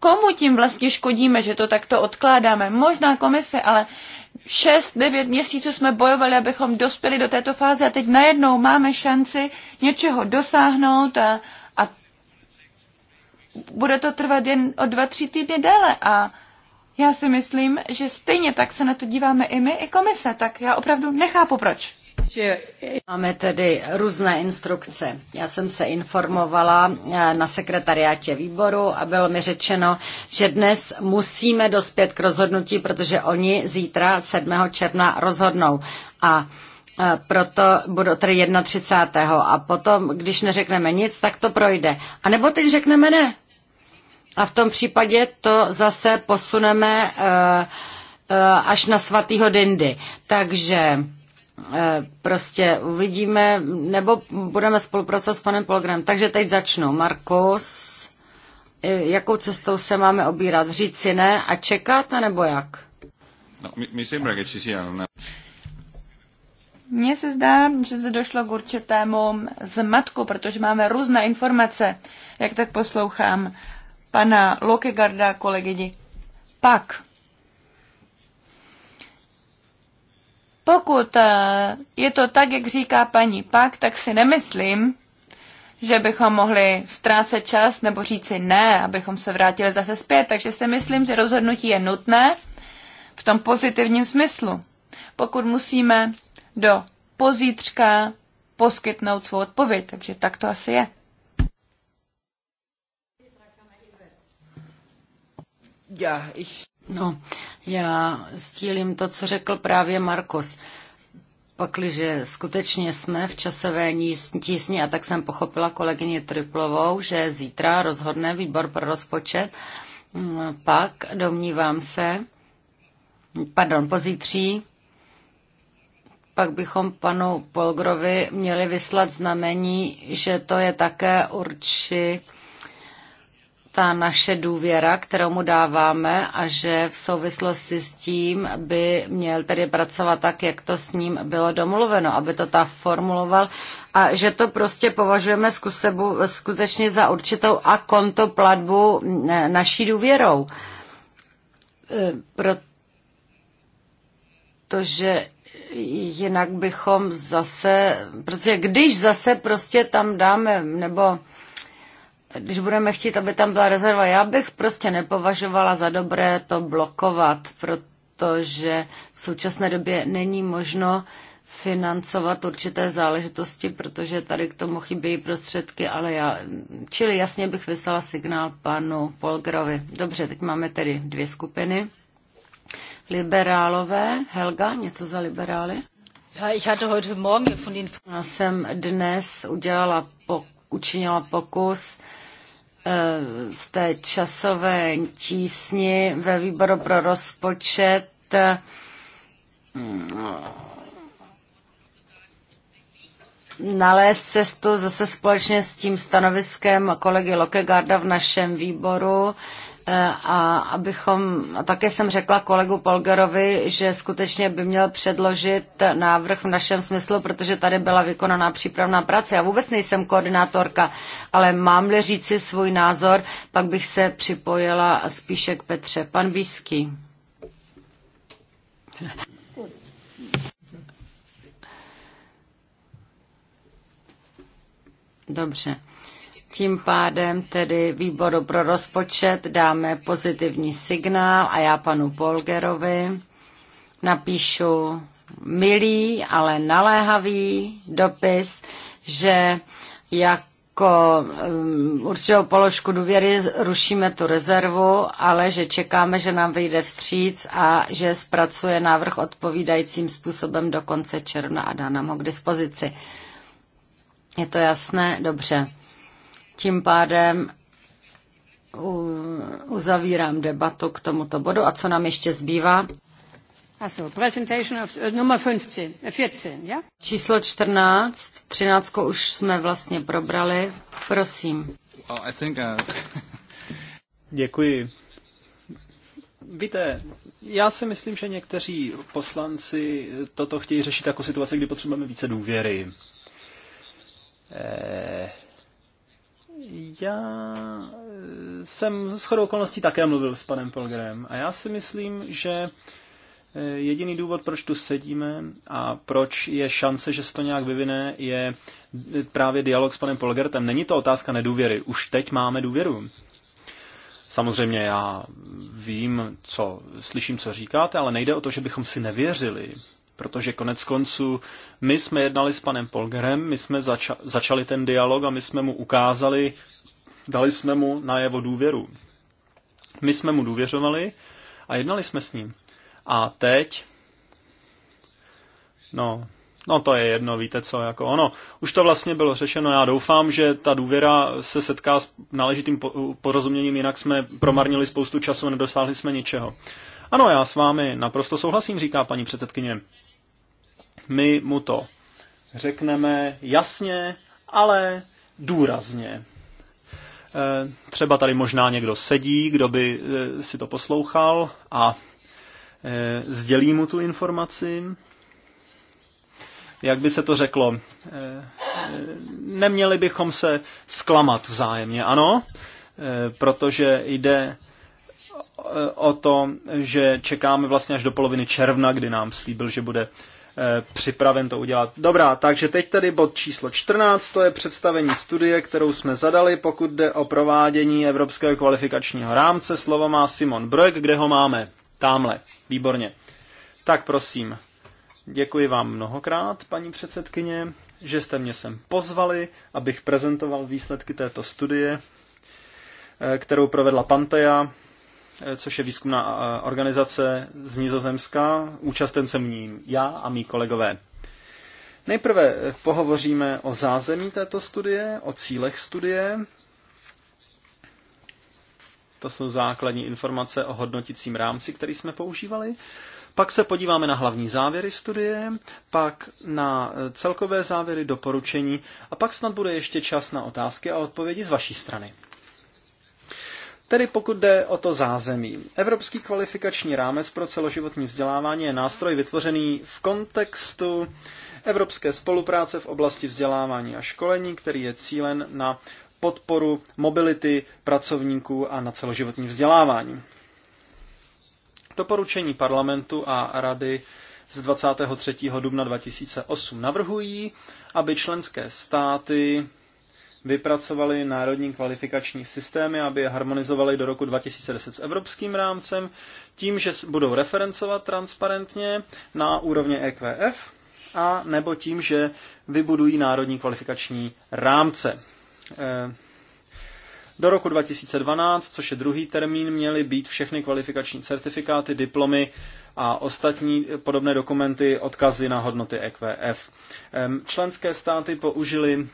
komu tím vlastně škodíme, že to takto odkládáme? Možná komise, ale šest devět měsíců jsme bojovali, abychom dospěli do této fáze a teď najednou máme šanci něčeho dosáhnout a, a bude to trvat jen o dva tři týdny déle a já si myslím, že stejně tak se na to díváme i my, i komise, tak já opravdu nechápu proč. Máme tedy různé instrukce. Já jsem se informovala eh, na sekretariátě výboru a bylo mi řečeno, že dnes musíme dospět k rozhodnutí, protože oni zítra 7. června rozhodnou. A eh, proto budu tedy 31. a potom, když neřekneme nic, tak to projde. A nebo teď řekneme ne. A v tom případě to zase posuneme eh, až na svatýho Dindy. Takže Eh, prostě uvidíme, nebo budeme spolupracovat s panem Polgrem. Takže teď začnu. Markus, jakou cestou se máme obírat? si ne a čekat, nebo jak? No, myslím, že si ne. Mně se zdá, že zde došlo k určitému zmatku, protože máme různé informace, jak tak poslouchám pana Lokegarda, kolegyni. Pak Pokud eh, je to tak, jak říká paní Pak, tak si nemyslím, že bychom mohli ztrácet čas nebo říci ne, abychom se vrátili zase zpět. Takže si myslím, že rozhodnutí je nutné v tom pozitivním smyslu. Pokud musíme do pozítřka poskytnout svou odpověď, takže tak to asi je. Já, ich... No, já sdílím to, co řekl právě Markus. Pakliže skutečně jsme v časové tísni, a tak jsem pochopila kolegyně Triplovou, že zítra rozhodne výbor pro rozpočet, mm, pak domnívám se, pardon, pozítří, pak bychom panu Polgrovi měli vyslat znamení, že to je také určitě ta naše důvěra, kterou mu dáváme a že v souvislosti s tím by měl tedy pracovat tak, jak to s ním bylo domluveno, aby to ta formuloval a že to prostě považujeme zkusebu, skutečně za určitou a konto platbu naší důvěrou. E, protože jinak bychom zase, protože když zase prostě tam dáme, nebo když budeme chtít, aby tam byla rezerva, já bych prostě nepovažovala za dobré to blokovat, protože v současné době není možno financovat určité záležitosti, protože tady k tomu chybějí prostředky, ale já, čili jasně bych vyslala signál panu Polgrovi. Dobře, teď máme tedy dvě skupiny. Liberálové. Helga, něco za liberály? Já jsem dnes udělala, po, učinila pokus Eh, v té časové tísni ve výboru pro rozpočet eh, nalézt cestu zase společně s tím stanoviskem kolegy Lokegarda v našem výboru Eh, a abychom, a také jsem řekla kolegu Polgerovi, že skutečně by měl předložit návrh v našem smyslu, protože tady byla vykonaná přípravná práce. Já vůbec nejsem koordinátorka, ale mám-li říci svůj názor, pak bych se připojila spíše k Petře. Pan Výský. Dobře. Tím pádem tedy výboru pro rozpočet dáme pozitivní signál a já panu Polgerovi napíšu milý, ale naléhavý dopis, že jako um, určitou položku důvěry rušíme tu rezervu, ale že čekáme, že nám vyjde vstříc a že zpracuje návrh odpovídajícím způsobem do konce června a dá nám ho k dispozici. Je to jasné? Dobře. Tím pádem uzavírám debatu k tomuto bodu. A co nám ještě zbývá? Also, presentation of, number 15, 14, Číslo 14, 13 už jsme vlastně probrali. Prosím. Well, I think, uh... <laughs> Děkuji. Víte, já si myslím, že někteří poslanci toto chtějí řešit jako situaci, kdy potřebujeme více důvěry. Eh já e, jsem s chodou okolností také mluvil s panem Polgerem a já si myslím, že e, jediný důvod, proč tu sedíme a proč je šance, že se to nějak vyvine, je e, právě dialog s panem Polgertem. Není to otázka nedůvěry. Už teď máme důvěru. Samozřejmě já vím, co slyším, co říkáte, ale nejde o to, že bychom si nevěřili. Protože konec konců my jsme jednali s panem Polgerem, my jsme zača- začali ten dialog a my jsme mu ukázali, dali jsme mu na jeho důvěru. My jsme mu důvěřovali a jednali jsme s ním. A teď, no, no to je jedno, víte co, jako ono, už to vlastně bylo řešeno, já doufám, že ta důvěra se setká s náležitým porozuměním, jinak jsme promarnili spoustu času a nedosáhli jsme ničeho. Uh, ano, já s vámi naprosto souhlasím, říká paní předsedkyně. My mu to řekneme jasně, ale důrazně. E, třeba tady možná někdo sedí, kdo by e, si to poslouchal a e, sdělí mu tu informaci. Jak by se to řeklo? Neměli bychom se zklamat vzájemně, ano? Protože jde o to, že čekáme vlastně až do poloviny června, kdy nám slíbil, že bude eh, připraven to udělat. Dobrá, takže teď tady bod číslo 14, to je představení studie, kterou jsme zadali, pokud jde o provádění Evropského kvalifikačního rámce. Slovo má Simon Brojek, kde ho máme? Támhle, výborně. Tak prosím, děkuji vám mnohokrát, paní předsedkyně, že jste mě sem pozvali, abych prezentoval výsledky této studie, eh, kterou provedla Pantea Eh, což je výzkumná eh, organizace z Nizozemska. Účasten jsem ním já a mý kolegové. Nejprve eh, pohovoříme o zázemí této studie, o cílech studie. To jsou základní informace o hodnoticím rámci, který jsme používali. Pak se podíváme na hlavní závěry studie, pak na celkové závěry doporučení a pak snad bude ještě čas na otázky a odpovědi z vaší strany. Tedy pokud jde o to zázemí. Evropský kvalifikační rámec pro celoživotní vzdělávání je nástroj vytvořený v kontextu evropské spolupráce v oblasti vzdělávání a školení, který je cílen na podporu mobility pracovníků a na celoživotní vzdělávání. Doporučení parlamentu a rady z 23. dubna 2008 navrhují, aby členské státy vypracovali národní kvalifikační systémy, aby je harmonizovali do roku 2010 s evropským rámcem, tím, že budou referencovat transparentně na úrovně EQF a nebo tím, že vybudují národní kvalifikační rámce. E, do roku 2012, což je druhý termín, měly být všechny kvalifikační certifikáty, diplomy a ostatní podobné dokumenty odkazy na hodnoty EQF. Členské státy použily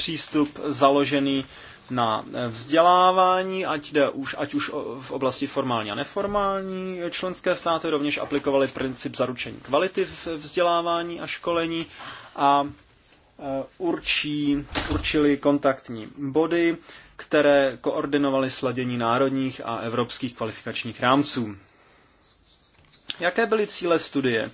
přístup založený na vzdělávání, ať, jde už, ať už v oblasti formální a neformální. Členské státy rovněž aplikovaly princip zaručení kvality v vzdělávání a školení a e, určí, určili kontaktní body, které koordinovaly sladění národních a evropských kvalifikačních rámců. Jaké byly cíle studie?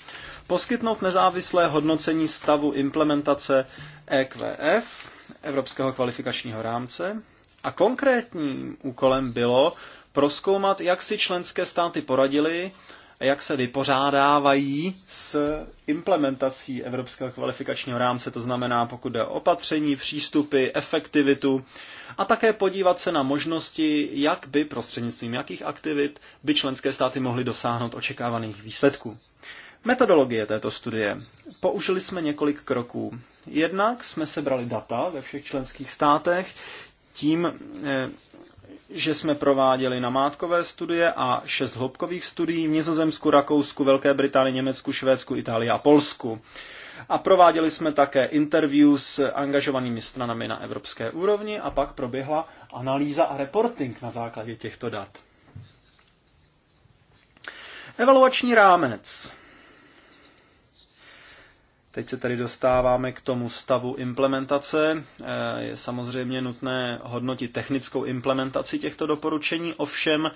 Poskytnout nezávislé hodnocení stavu implementace EQF, Evropského kvalifikačního rámce a konkrétním úkolem bylo proskoumat, jak si členské státy poradily a jak se vypořádávají s implementací Evropského kvalifikačního rámce, to znamená pokud jde o opatření, přístupy, efektivitu a také podívat se na možnosti, jak by prostřednictvím jakých aktivit by členské státy mohly dosáhnout očekávaných výsledků. Metodologie této studie. Použili jsme několik kroků. Jednak jsme sebrali data ve všech členských státech tím, eh, že jsme prováděli namátkové studie a šest hloubkových studií v Nizozemsku, Rakousku, Velké Británii, Německu, Švédsku, Itálii a Polsku. A prováděli jsme také interview s angažovanými stranami na evropské úrovni a pak proběhla analýza a reporting na základě těchto dat. Evaluační rámec. Teď se tady dostáváme k tomu stavu implementace. Eh, je samozřejmě nutné hodnotit technickou implementaci těchto doporučení, ovšem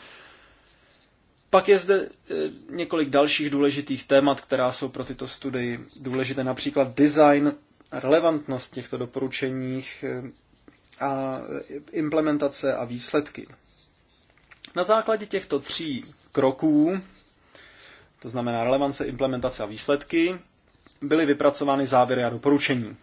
pak je zde eh, několik dalších důležitých témat, která jsou pro tyto studii důležité, například design, relevantnost těchto doporučeních eh, a implementace a výsledky. Na základě těchto tří kroků, to znamená relevance, implementace a výsledky, byly vypracovány závěry a doporučení.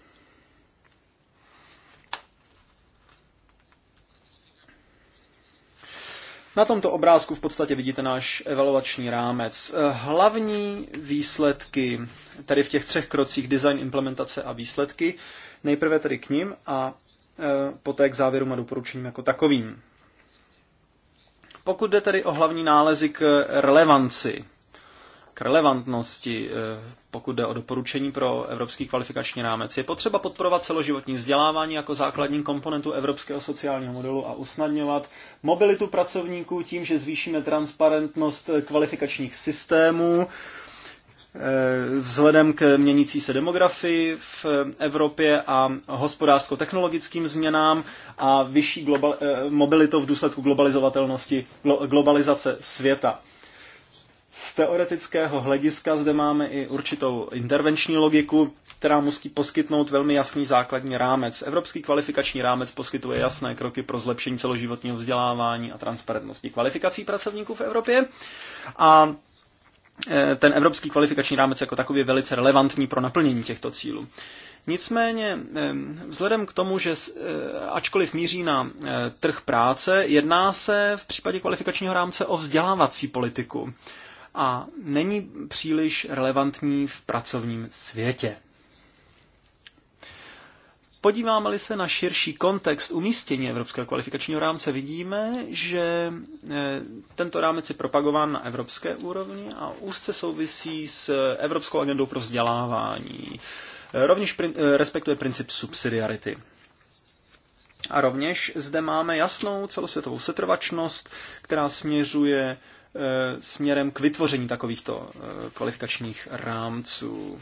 Na tomto obrázku v podstatě vidíte náš evaluační rámec. Hlavní výsledky, tedy v těch třech krocích design, implementace a výsledky, nejprve tedy k ním a e, poté k závěrům a doporučením jako takovým. Pokud jde tedy o hlavní nálezy k relevanci, k relevantnosti, eh, pokud jde o doporučení pro evropský kvalifikační rámec, je potřeba podporovat celoživotní vzdělávání jako základní komponentu evropského sociálního modelu a usnadňovat mobilitu pracovníků tím, že zvýšíme transparentnost kvalifikačních systémů, eh, vzhledem k měnící se demografii v Evropě a hospodářsko-technologickým změnám a vyšší global, eh, mobilitou v důsledku globalizovatelnosti, globalizace světa. Z teoretického hlediska zde máme i určitou intervenční logiku, která musí poskytnout velmi jasný základní rámec. Evropský kvalifikační rámec poskytuje jasné kroky pro zlepšení celoživotního vzdělávání a transparentnosti kvalifikací pracovníků v Evropě. A e, ten evropský kvalifikační rámec jako takový je velice relevantní pro naplnění těchto cílů. Nicméně, e, vzhledem k tomu, že e, ačkoliv míří na trh práce, jedná se v případě kvalifikačního rámce o vzdělávací politiku a není příliš relevantní v pracovním světě. Podíváme-li se na širší kontext umístění Evropského kvalifikačního rámce, vidíme, že e, tento rámec je propagován na evropské úrovni a úzce souvisí s Evropskou agendou pro vzdělávání. E, rovněž e, respektuje princip subsidiarity. A rovněž zde máme jasnou celosvětovou setrvačnost, která směřuje Eh, směrem k vytvoření takovýchto eh, kvalifikačních rámců.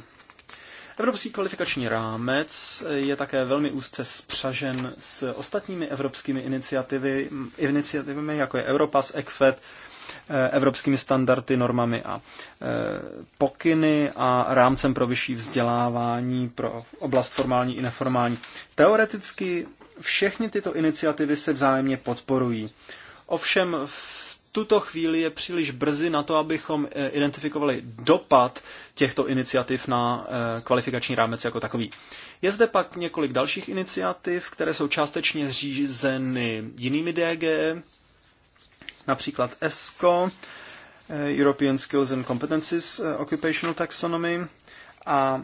Evropský kvalifikační rámec je také velmi úzce spřažen s ostatními evropskými iniciativy, iniciativami, jako je Europass, ECFET, eh, evropskými standardy, normami a pokyny a rámcem pro vyšší vzdělávání pro oblast formální i neformální. Teoreticky všechny tyto iniciativy se vzájemně podporují. Ovšem v tuto chvíli je příliš brzy na to, abychom eh, identifikovali dopad těchto iniciativ na eh, kvalifikační rámec jako takový. Je zde pak několik dalších iniciativ, které jsou částečně řízeny jinými DG, například ESCO, eh, European Skills and Competencies Occupational Taxonomy a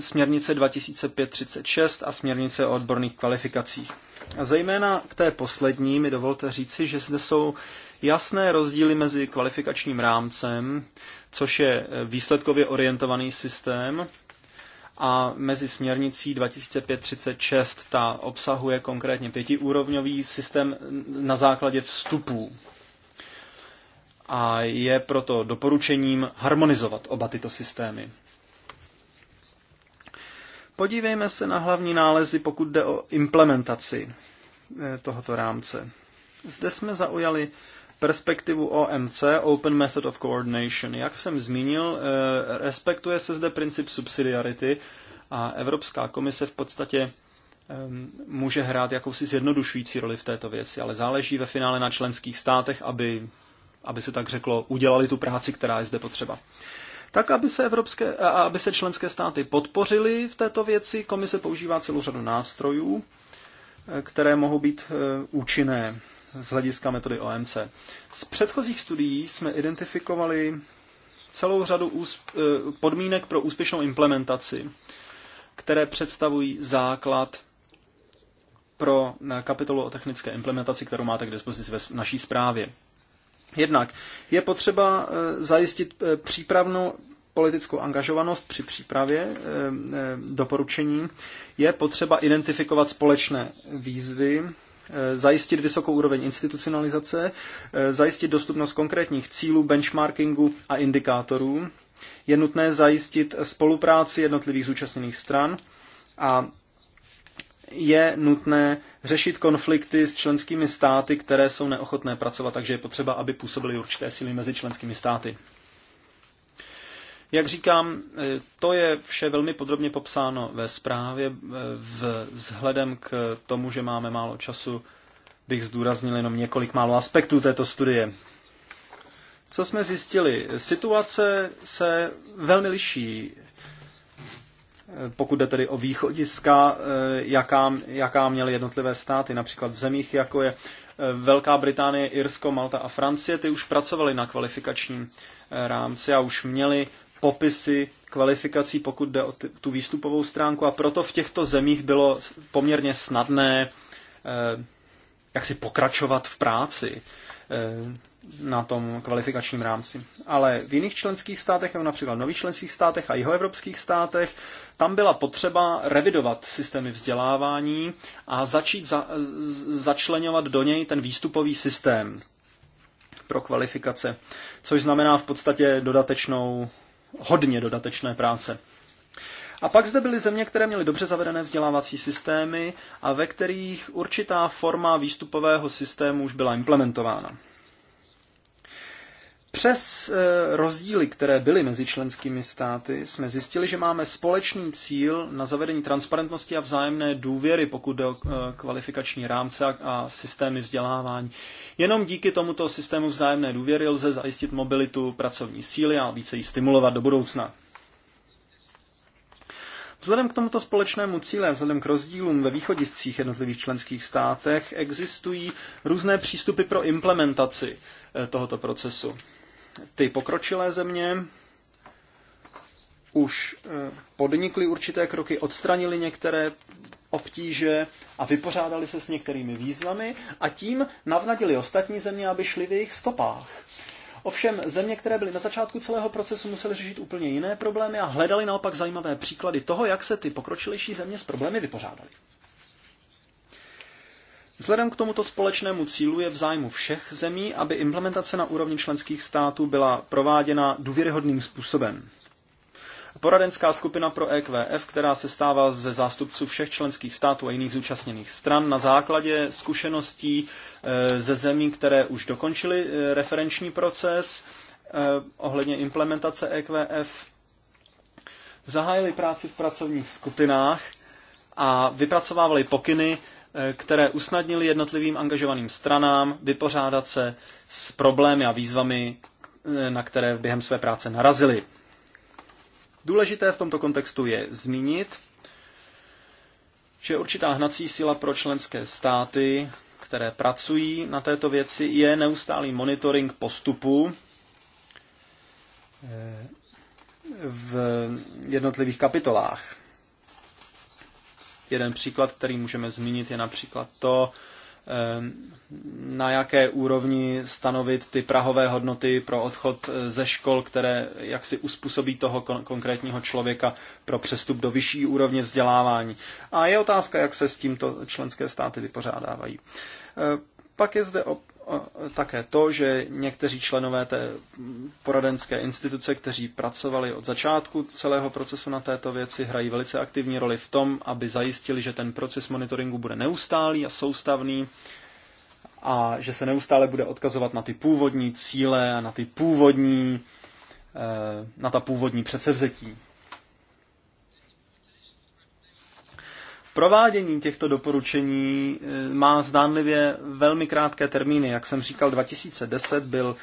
směrnice 2536 a směrnice o odborných kvalifikacích. A zejména k té poslední mi dovolte říci, že zde jsou jasné rozdíly mezi kvalifikačním rámcem, což je e, výsledkově orientovaný systém, a mezi směrnicí 2536 ta obsahuje konkrétně pětiúrovňový systém na základě vstupů. A je proto doporučením harmonizovat oba tyto systémy. Podívejme se na hlavní nálezy, pokud jde o implementaci eh, tohoto rámce. Zde jsme zaujali perspektivu OMC, Open Method of Coordination. Jak jsem zmínil, eh, respektuje se zde princip subsidiarity a Evropská komise v podstatě eh, může hrát jakousi zjednodušující roli v této věci, ale záleží ve finále na členských státech, aby, aby se tak řeklo, udělali tu práci, která je zde potřeba. Tak, aby se, evropské, aby se členské státy podpořily v této věci, komise používá celou řadu nástrojů, e, které mohou být e, účinné z hlediska metody OMC. Z předchozích studií jsme identifikovali celou řadu e, podmínek pro úspěšnou implementaci, které představují základ pro kapitolu o technické implementaci, kterou máte k dispozici ve naší zprávě. Jednak je potřeba e, zajistit e, přípravnou politickou angažovanost při přípravě e, doporučení. Je potřeba identifikovat společné výzvy, zajistit vysokou úroveň institucionalizace, zajistit dostupnost konkrétních cílů, benchmarkingu a indikátorů. Je nutné zajistit spolupráci jednotlivých zúčastněných stran a je nutné řešit konflikty s členskými státy, které jsou neochotné pracovat, takže je potřeba, aby působily určité síly mezi členskými státy. Jak říkám, eh, to je vše velmi podrobně popsáno ve zprávě. Eh, vzhledem k tomu, že máme málo času, bych zdůraznil jenom několik málo aspektů této studie. Co jsme zjistili? Situace se velmi liší pokud jde tedy o východiska, eh, jaká, jaká měly jednotlivé státy, například v zemích, jako je eh, Velká Británie, Irsko, Malta a Francie, ty už pracovali na kvalifikačním eh, rámci a už měli popisy kvalifikací, pokud jde o tu výstupovou stránku a proto v těchto zemích bylo poměrně snadné jak si pokračovat v práci na tom kvalifikačním rámci. Ale v jiných členských státech, jako například v nových členských státech a jihoevropských státech, tam byla potřeba revidovat systémy vzdělávání a začít za, začlenovat do něj ten výstupový systém pro kvalifikace, což znamená v podstatě dodatečnou, hodně dodatečné práce. A pak zde byly země, které měly dobře zavedené vzdělávací systémy a ve kterých určitá forma výstupového systému už byla implementována. Přes eh, rozdíly, které byly mezi členskými státy, jsme zjistili, že máme společný cíl na zavedení transparentnosti a vzájemné důvěry, pokud jde o eh, kvalifikační rámce a systémy vzdělávání. Jenom díky tomuto systému vzájemné důvěry lze zajistit mobilitu pracovní síly a více ji stimulovat do budoucna. Vzhledem k tomuto společnému cíle, vzhledem k rozdílům ve východiscích jednotlivých členských státech, existují různé přístupy pro implementaci eh, tohoto procesu ty pokročilé země už eh, podnikly určité kroky, odstranili některé obtíže a vypořádali se s některými výzvami a tím navnadili ostatní země, aby šly v jejich stopách. Ovšem země, které byly na začátku celého procesu, musely řešit úplně jiné problémy a hledali naopak zajímavé příklady toho, jak se ty pokročilejší země s problémy vypořádaly. Vzhledem k tomuto společnému cílu je v zájmu všech zemí, aby implementace na úrovni členských států byla prováděna důvěryhodným způsobem. Poradenská skupina pro EQF, která se stává ze zástupců všech členských států a jiných zúčastněných stran na základě zkušeností eh, ze zemí, které už dokončily eh, referenční proces eh, ohledně implementace EQF, zahájili práci v pracovních skupinách a vypracovávali pokyny Eh, které usnadnily jednotlivým angažovaným stranám vypořádat se s problémy a výzvami, eh, na které během své práce narazili. Důležité v tomto kontextu je zmínit, že určitá hnací síla pro členské státy, které pracují na této věci, je neustálý monitoring postupu eh, v jednotlivých kapitolách. Jeden příklad, který můžeme zmínit, je například to, ehm, na jaké úrovni stanovit ty prahové hodnoty pro odchod eh, ze škol, které jak si uspůsobí toho konkrétního člověka pro přestup do vyšší úrovně vzdělávání. A je otázka, jak se s tímto členské státy vypořádávají. Ehm, pak je zde také to, že někteří členové té poradenské instituce, kteří pracovali od začátku celého procesu na této věci, hrají velice aktivní roli v tom, aby zajistili, že ten proces monitoringu bude neustálý a soustavný a že se neustále bude odkazovat na ty původní cíle a na ty původní, eh, na ta původní předsevzetí. Provádění těchto doporučení eh, má zdánlivě velmi krátké termíny. Jak jsem říkal, 2010 byl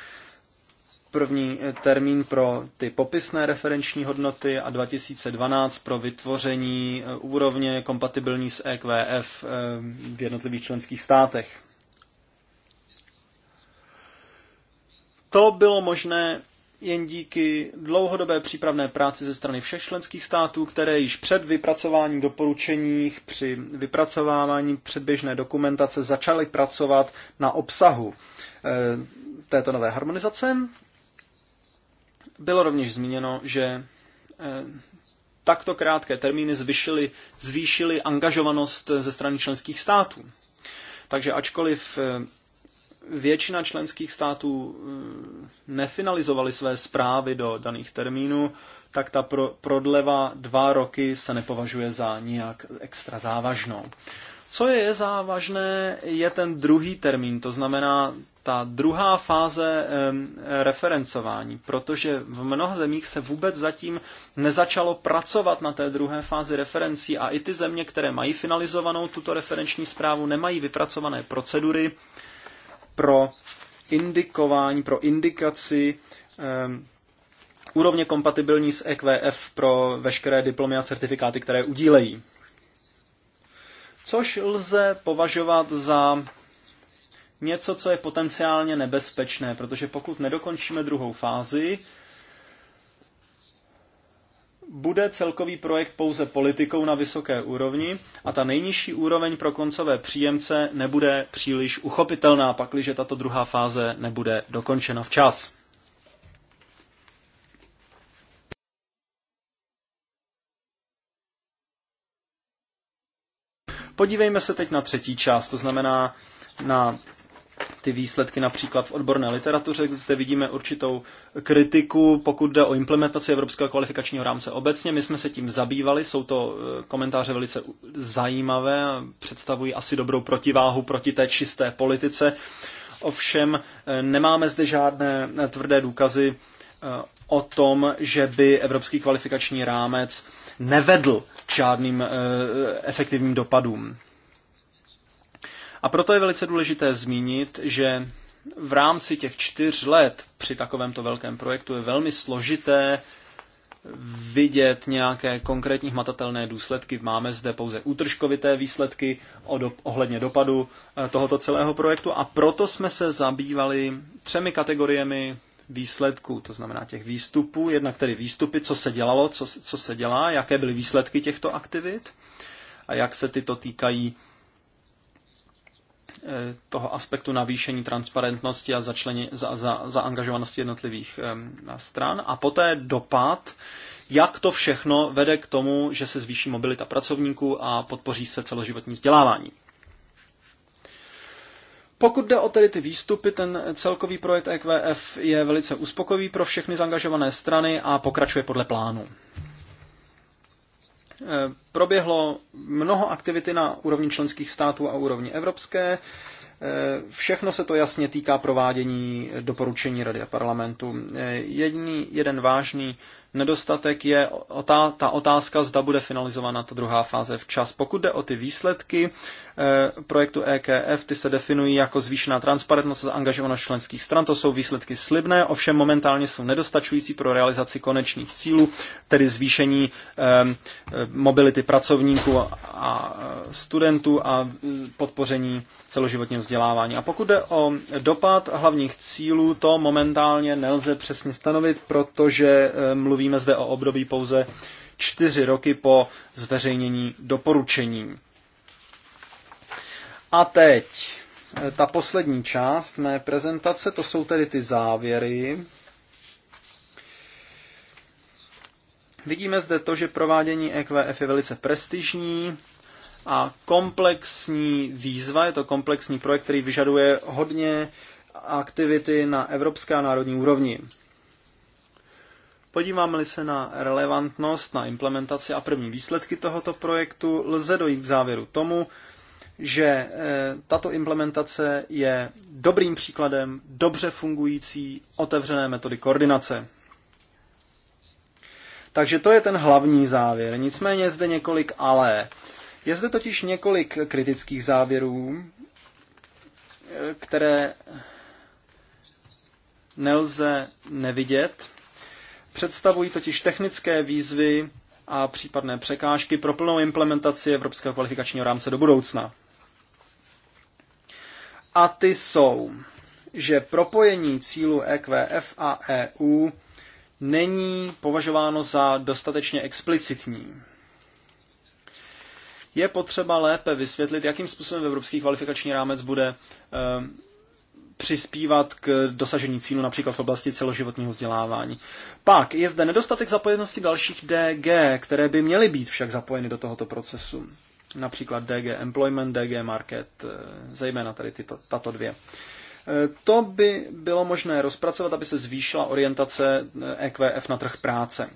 první eh, termín pro ty popisné referenční hodnoty a 2012 pro vytvoření eh, úrovně kompatibilní s EQF e v jednotlivých členských státech. To bylo možné jen díky dlouhodobé přípravné práci ze strany všech členských států, které již před vypracováním doporučení při vypracovávání předběžné dokumentace začaly pracovat na obsahu eh, této nové harmonizace. Bylo rovněž zmíněno, že eh, takto krátké termíny zvyšily, zvýšily angažovanost ze strany členských států. Takže ačkoliv eh, většina členských států eh, nefinalizovaly své zprávy do daných termínů, tak ta pro, prodleva dva roky se nepovažuje za nijak extra závažnou. Co je závažné, je ten druhý termín, to znamená ta druhá fáze referencování, protože v mnoha zemích se vůbec zatím nezačalo pracovat na té druhé fázi referencí a i ty země, které mají finalizovanou tuto referenční zprávu, nemají vypracované procedury, pro indikování, pro indikaci um, úrovně kompatibilní s EQF pro veškeré diplomy a certifikáty, které udílejí. Což lze považovat za něco, co je potenciálně nebezpečné, protože pokud nedokončíme druhou fázi, bude celkový projekt pouze politikou na vysoké úrovni a ta nejnižší úroveň pro koncové příjemce nebude příliš uchopitelná, pakliže tato druhá fáze nebude dokončena včas. Podívejme se teď na třetí část, to znamená na ty výsledky například v odborné literatuře. Zde vidíme určitou kritiku, pokud jde o implementaci Evropského kvalifikačního rámce obecně. My jsme se tím zabývali, jsou to eh, komentáře velice zajímavé a představují asi dobrou protiváhu proti té čisté politice. Ovšem eh, nemáme zde žádné eh, tvrdé důkazy o tom, že by Evropský kvalifikační rámec nevedl k žádným efektivním dopadům. A proto je velice důležité zmínit, že v rámci těch čtyř let při takovémto velkém projektu je velmi složité vidět nějaké konkrétní hmatatelné důsledky. Máme zde pouze útržkovité výsledky ohledně dopadu eh, tohoto celého projektu a proto jsme se zabývali třemi kategoriemi výsledků, to znamená těch výstupů, jednak tedy výstupy, co se dělalo, co, co se dělá, jaké byly výsledky těchto aktivit a jak se tyto týkají Eh, toho aspektu navýšení transparentnosti a začleni, za, za, zaangažovanosti jednotlivých eh, stran a poté dopad, jak to všechno vede k tomu, že se zvýší mobilita pracovníků a podpoří se celoživotní vzdělávání. Pokud jde o tedy ty výstupy, ten celkový projekt EQF je velice uspokojivý pro všechny zaangažované strany a pokračuje podle plánu. Eh, proběhlo mnoho aktivity na úrovni členských států a úrovni evropské. Eh, všechno se to jasně týká provádění doporučení Rady a parlamentu. Eh, Jedný, jeden vážný Nedostatek je otá, ta otázka, zda bude finalizována ta druhá fáze včas. Pokud jde o ty výsledky eh, projektu EKF, ty se definují jako zvýšená transparentnost a angažovanost členských stran. To jsou výsledky slibné, ovšem momentálně jsou nedostačující pro realizaci konečných cílů, tedy zvýšení ehm, eh, mobility pracovníků a eh, studentů a podpoření celoživotního vzdělávání. A pokud jde o dopad hlavních cílů, to momentálně nelze přesně stanovit, protože mluví Mluvíme zde o období pouze čtyři roky po zveřejnění doporučení. A teď eh, ta poslední část mé prezentace, to jsou tedy ty závěry. Vidíme zde to, že provádění EQF je velice prestižní a komplexní výzva, je to komplexní projekt, který vyžaduje hodně aktivity na evropské a národní úrovni. Podíváme-li se na relevantnost, na implementaci a první výsledky tohoto projektu, lze dojít k závěru tomu, že eh, tato implementace je dobrým příkladem dobře fungující otevřené metody koordinace. Takže to je ten hlavní závěr. Nicméně je zde několik ale. Je zde totiž několik kritických závěrů, eh, které nelze nevidět Představují totiž technické výzvy a případné překážky pro plnou implementaci Evropského kvalifikačního rámce do budoucna. A ty jsou, že propojení cílu EQF a EU není považováno za dostatečně explicitní. Je potřeba lépe vysvětlit, jakým způsobem evropský kvalifikační rámec bude eh, přispívat k dosažení cílu například v oblasti celoživotního vzdělávání. Pak je zde nedostatek zapojenosti dalších DG, které by měly být však zapojeny do tohoto procesu. Například DG Employment, DG Market, eh, zejména tady tyto, tato dvě. Eh, to by bylo možné rozpracovat, aby se zvýšila orientace EQF eh, e na trh práce.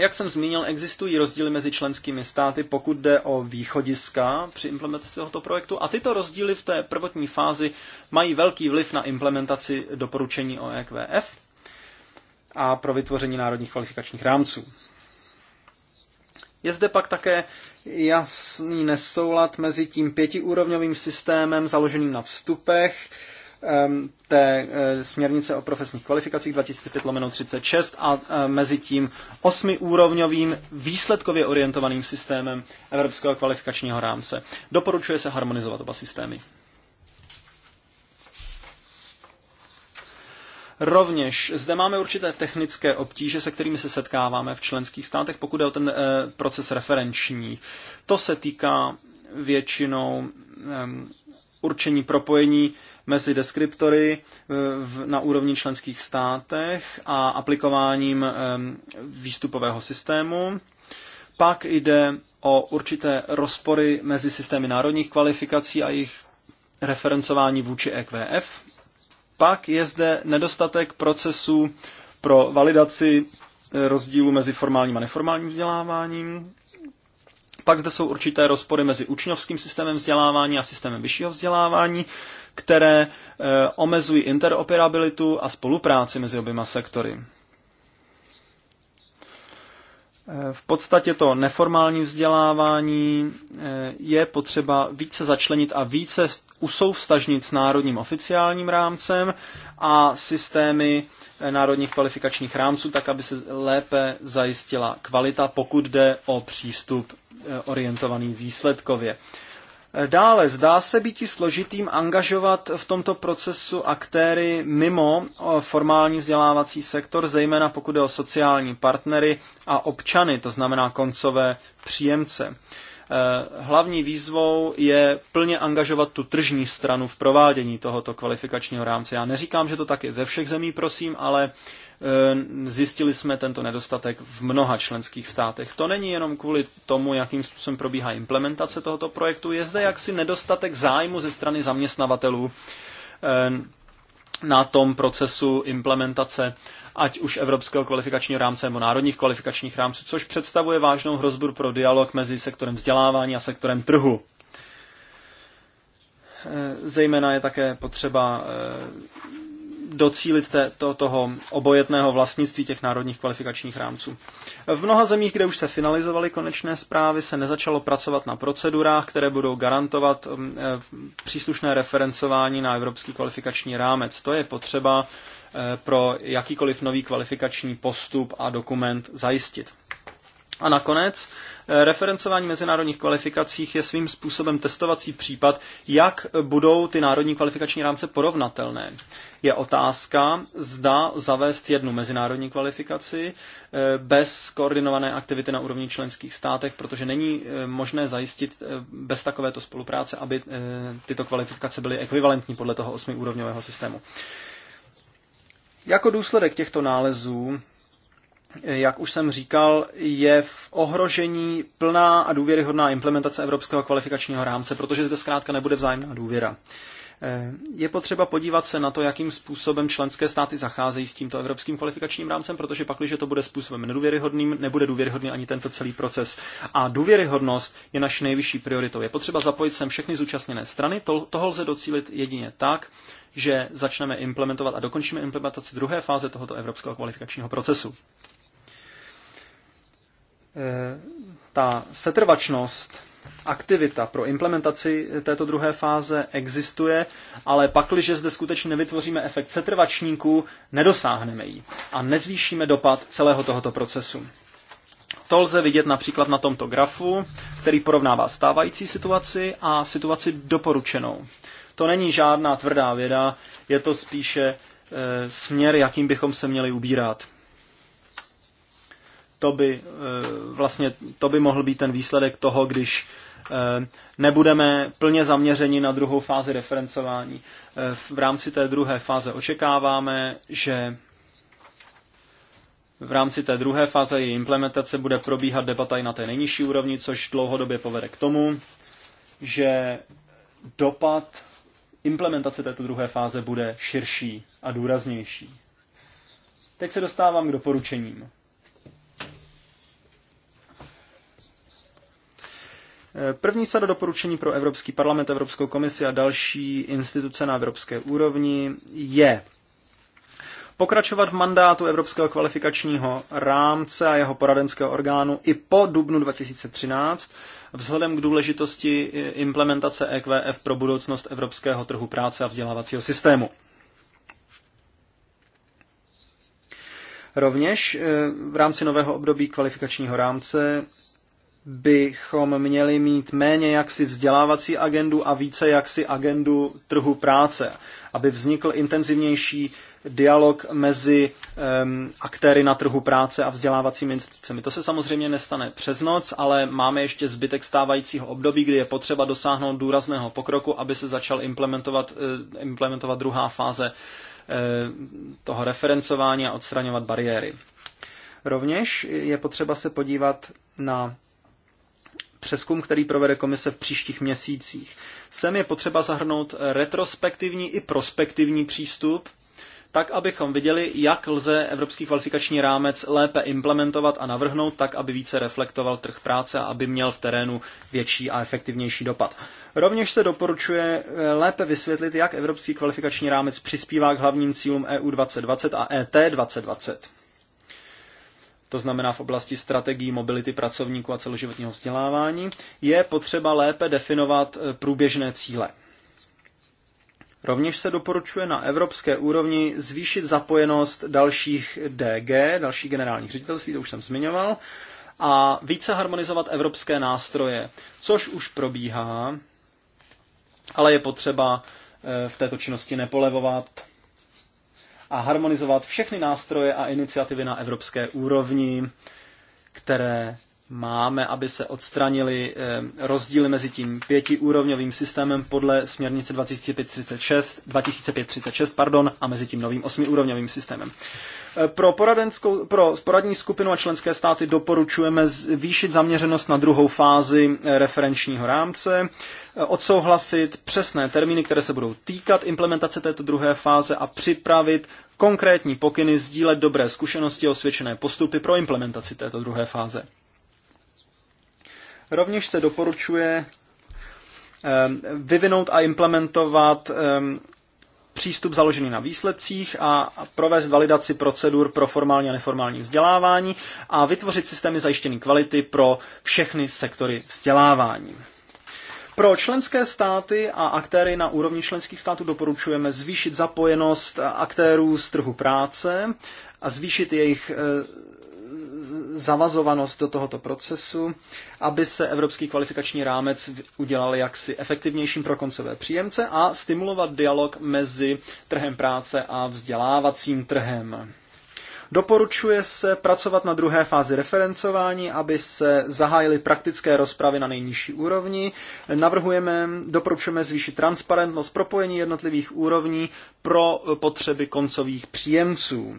Jak jsem zmínil, existují rozdíly mezi členskými státy, pokud jde o východiska při implementaci tohoto projektu a tyto rozdíly v té prvotní fázi mají velký vliv na implementaci doporučení o EQF a pro vytvoření národních kvalifikačních rámců. Je zde pak také jasný nesoulad mezi tím pětiúrovňovým systémem založeným na vstupech, té e, směrnice o profesních kvalifikacích 2005-36 a e, mezi tím osmiúrovňovým výsledkově orientovaným systémem Evropského kvalifikačního rámce. Doporučuje se harmonizovat oba systémy. Rovněž zde máme určité technické obtíže, se kterými se setkáváme v členských státech, pokud je o ten e, proces referenční. To se týká většinou e, určení propojení e, mezi deskriptory eh, na úrovni členských státech a aplikováním ehm, výstupového systému. Pak jde o určité rozpory mezi systémy národních kvalifikací a jejich referencování vůči EQF. Pak je zde nedostatek procesu pro validaci eh, rozdílu mezi formálním a neformálním vzděláváním. Pak zde jsou určité rozpory mezi učňovským systémem vzdělávání a systémem vyššího vzdělávání, které eh, omezují interoperabilitu a spolupráci mezi oběma sektory. Eh, v podstatě to neformální vzdělávání eh, je potřeba více začlenit a více usouvstažnit s národním oficiálním rámcem a systémy národních kvalifikačních rámců, tak aby se lépe zajistila kvalita, pokud jde o přístup orientovaný výsledkově. Dále zdá se být i složitým angažovat v tomto procesu aktéry mimo formální vzdělávací sektor, zejména pokud je o sociální partnery a občany, to znamená koncové příjemce. E, hlavní výzvou je plně angažovat tu tržní stranu v provádění tohoto kvalifikačního rámce. Já neříkám, že to tak je ve všech zemí, prosím, ale Eh, zjistili jsme tento nedostatek v mnoha členských státech. To není jenom kvůli tomu, jakým způsobem probíhá implementace tohoto projektu, je zde jaksi nedostatek zájmu ze strany zaměstnavatelů eh, na tom procesu implementace ať už Evropského kvalifikačního rámce nebo národních kvalifikačních rámců, což představuje vážnou hrozbu pro dialog mezi sektorem vzdělávání a sektorem trhu. Eh, zejména je také potřeba docílit te, to, toho obojetného vlastnictví těch národních kvalifikačních rámců. V mnoha zemích, kde už se finalizovaly konečné zprávy, se nezačalo pracovat na procedurách, které budou garantovat mm, eh, příslušné referencování na evropský kvalifikační rámec. To je potřeba eh, pro jakýkoliv nový kvalifikační postup a dokument zajistit. A nakonec, eh, referencování mezinárodních kvalifikacích je svým způsobem testovací případ, jak budou ty národní kvalifikační rámce porovnatelné. Je otázka, zda zavést jednu mezinárodní kvalifikaci eh, bez koordinované aktivity na úrovni členských státech, protože není eh, možné zajistit bez takovéto spolupráce, aby tyto kvalifikace byly ekvivalentní podle toho osmiúrovňového systému. Jako důsledek těchto nálezů jak už jsem říkal, je v ohrožení plná a důvěryhodná implementace Evropského kvalifikačního rámce, protože zde zkrátka nebude vzájemná důvěra. Eh, je potřeba podívat se na to, jakým způsobem členské státy zacházejí s tímto evropským kvalifikačním rámcem, protože pak, když to bude způsobem nedůvěryhodným, nebude důvěryhodný ani tento celý proces. A důvěryhodnost je naší nejvyšší prioritou. Je potřeba zapojit sem všechny zúčastněné strany, to, toho lze docílit jedině tak, že začneme implementovat a dokončíme implementaci druhé fáze tohoto evropského kvalifikačního procesu. Eh, ta setrvačnost, aktivita pro implementaci této druhé fáze existuje, ale pakliže zde skutečně nevytvoříme efekt setrvačníků, nedosáhneme ji a nezvýšíme dopad celého tohoto procesu. To lze vidět například na tomto grafu, který porovnává stávající situaci a situaci doporučenou. To není žádná tvrdá věda, je to spíše e, směr, jakým bychom se měli ubírat to by eh, vlastně to by mohl být ten výsledek toho, když eh, nebudeme plně zaměřeni na druhou fázi referencování. Eh, v rámci té druhé fáze očekáváme, že v rámci té druhé fáze její implementace bude probíhat debata i na té nejnižší úrovni, což dlouhodobě povede k tomu, že dopad implementace této druhé fáze bude širší a důraznější. Teď se dostávám k doporučením. První sada doporučení pro Evropský parlament, Evropskou komisi a další instituce na evropské úrovni je pokračovat v mandátu Evropského kvalifikačního rámce a jeho poradenského orgánu i po dubnu 2013 vzhledem k důležitosti implementace EQF e pro budoucnost evropského trhu práce a vzdělávacího systému. Rovněž eh, v rámci nového období kvalifikačního rámce bychom měli mít méně jaksi vzdělávací agendu a více jaksi agendu trhu práce, aby vznikl intenzivnější dialog mezi um, aktéry na trhu práce a vzdělávacími institucemi. To se samozřejmě nestane přes noc, ale máme ještě zbytek stávajícího období, kdy je potřeba dosáhnout důrazného pokroku, aby se začal implementovat, eh, implementovat druhá fáze eh, toho referencování a odstraňovat bariéry. Rovněž je potřeba se podívat na přeskum, který provede komise v příštích měsících. Sem je potřeba zahrnout retrospektivní i prospektivní přístup, tak abychom viděli, jak lze evropský kvalifikační rámec lépe implementovat a navrhnout, tak aby více reflektoval trh práce a aby měl v terénu větší a efektivnější dopad. Rovněž se doporučuje eh, lépe vysvětlit, jak evropský kvalifikační rámec přispívá k hlavním cílům EU 2020 a e ET 2020 to znamená v oblasti strategií mobility pracovníků a celoživotního vzdělávání, je potřeba lépe definovat eh, průběžné cíle. Rovněž se doporučuje na evropské úrovni zvýšit zapojenost dalších DG, dalších generálních ředitelství, to už jsem zmiňoval, a více harmonizovat evropské nástroje, což už probíhá, ale je potřeba eh, v této činnosti nepolevovat a harmonizovat všechny nástroje a iniciativy na evropské úrovni, které máme, aby se odstranili eh, rozdíly mezi tím pětiúrovňovým systémem podle směrnice 2536, 2536 pardon, a mezi tím novým osmiúrovňovým systémem. Eh, pro, poradenskou, pro poradní skupinu a členské státy doporučujeme zvýšit zaměřenost na druhou fázi eh, referenčního rámce, eh, odsouhlasit přesné termíny, které se budou týkat implementace této druhé fáze a připravit konkrétní pokyny, sdílet dobré zkušenosti a osvědčené postupy pro implementaci této druhé fáze. Rovněž se doporučuje vyvinout a implementovat přístup založený na výsledcích a provést validaci procedur pro formální a neformální vzdělávání a vytvořit systémy zajištěné kvality pro všechny sektory vzdělávání. Pro členské státy a aktéry na úrovni členských států doporučujeme zvýšit zapojenost aktérů z trhu práce a zvýšit jejich eh, zavazovanost do tohoto procesu, aby se evropský kvalifikační rámec udělal jaksi efektivnějším pro koncové příjemce a stimulovat dialog mezi trhem práce a vzdělávacím trhem. Doporučuje se pracovat na druhé fázi referencování, aby se zahájily praktické rozpravy na nejnižší úrovni. Navrhujeme, doporučujeme zvýšit transparentnost propojení jednotlivých úrovní pro potřeby koncových příjemců.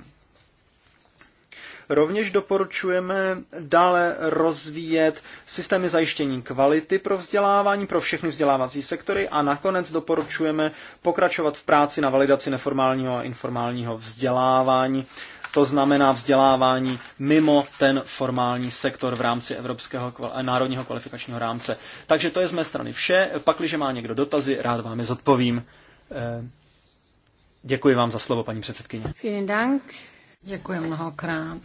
Rovněž doporučujeme dále rozvíjet systémy zajištění kvality pro vzdělávání pro všechny vzdělávací sektory a nakonec doporučujeme pokračovat v práci na validaci neformálního a informálního vzdělávání to znamená vzdělávání mimo ten formální sektor v rámci Evropského eh, národního kvalifikačního rámce. Takže to je z mé strany vše. Pakliže má někdo dotazy, rád vám je zodpovím. Eh, děkuji vám za slovo, paní předsedkyně. Vielen Dank. Děkuji mnohokrát.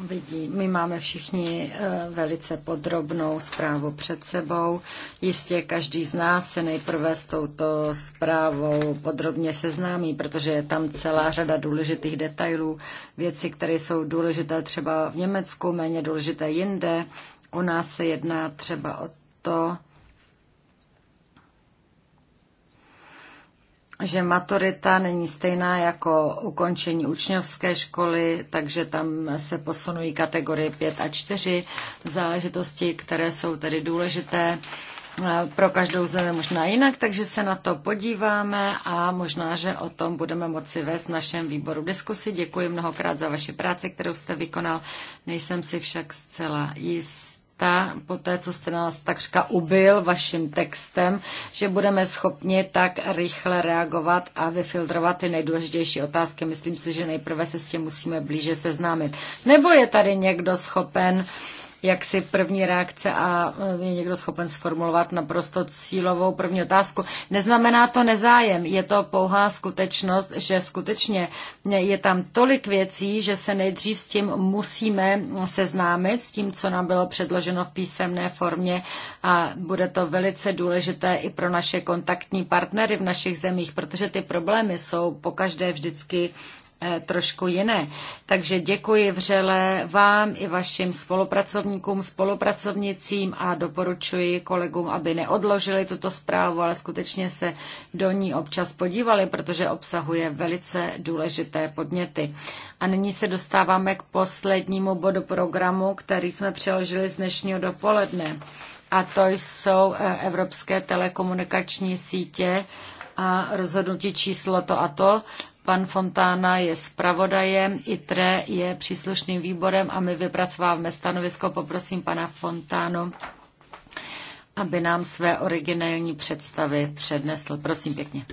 Vidí, my máme všichni eh, velice podrobnou zprávu před sebou. Jistě každý z nás se nejprve s touto zprávou podrobně seznámí, protože je tam celá řada důležitých detailů, věci, které jsou důležité třeba v Německu, méně důležité jinde. U nás se jedná třeba o to, že maturita není stejná jako ukončení učňovské školy, takže tam se posunují kategorie 5 a 4 záležitosti, které jsou tedy důležité eh, pro každou zemi možná jinak, takže se na to podíváme a možná, že o tom budeme moci vést v našem výboru diskusi. Děkuji mnohokrát za vaši práci, kterou jste vykonal. Nejsem si však zcela jist ta, po té, co jste nás takřka ubil vaším textem, že budeme schopni tak rychle reagovat a vyfiltrovat ty nejdůležitější otázky. Myslím si, že nejprve se s tím musíme blíže seznámit. Nebo je tady někdo schopen uh, jak si první reakce a eh, je někdo schopen sformulovat naprosto cílovou první otázku. Neznamená to nezájem, je to pouhá skutečnost, že skutečně je tam tolik věcí, že se nejdřív s tím musíme seznámit, s tím, co nám bylo předloženo v písemné formě a bude to velice důležité i pro naše kontaktní partnery v našich zemích, protože ty problémy jsou pokaždé vždycky Eh, trošku jiné. Takže děkuji vřele vám i vašim spolupracovníkům, spolupracovnicím a doporučuji kolegům, aby neodložili tuto zprávu, ale skutečně se do ní občas podívali, protože obsahuje velice důležité podněty. A nyní se dostáváme k poslednímu bodu programu, který jsme přeložili z dnešního dopoledne. A to jsou eh, evropské telekomunikační sítě a rozhodnutí číslo to a to Pan Fontána je zpravodajem, ITRE je příslušným výborem a my vypracováváme stanovisko. Poprosím pana Fontánu, aby nám své originální představy přednesl. Prosím pěkně.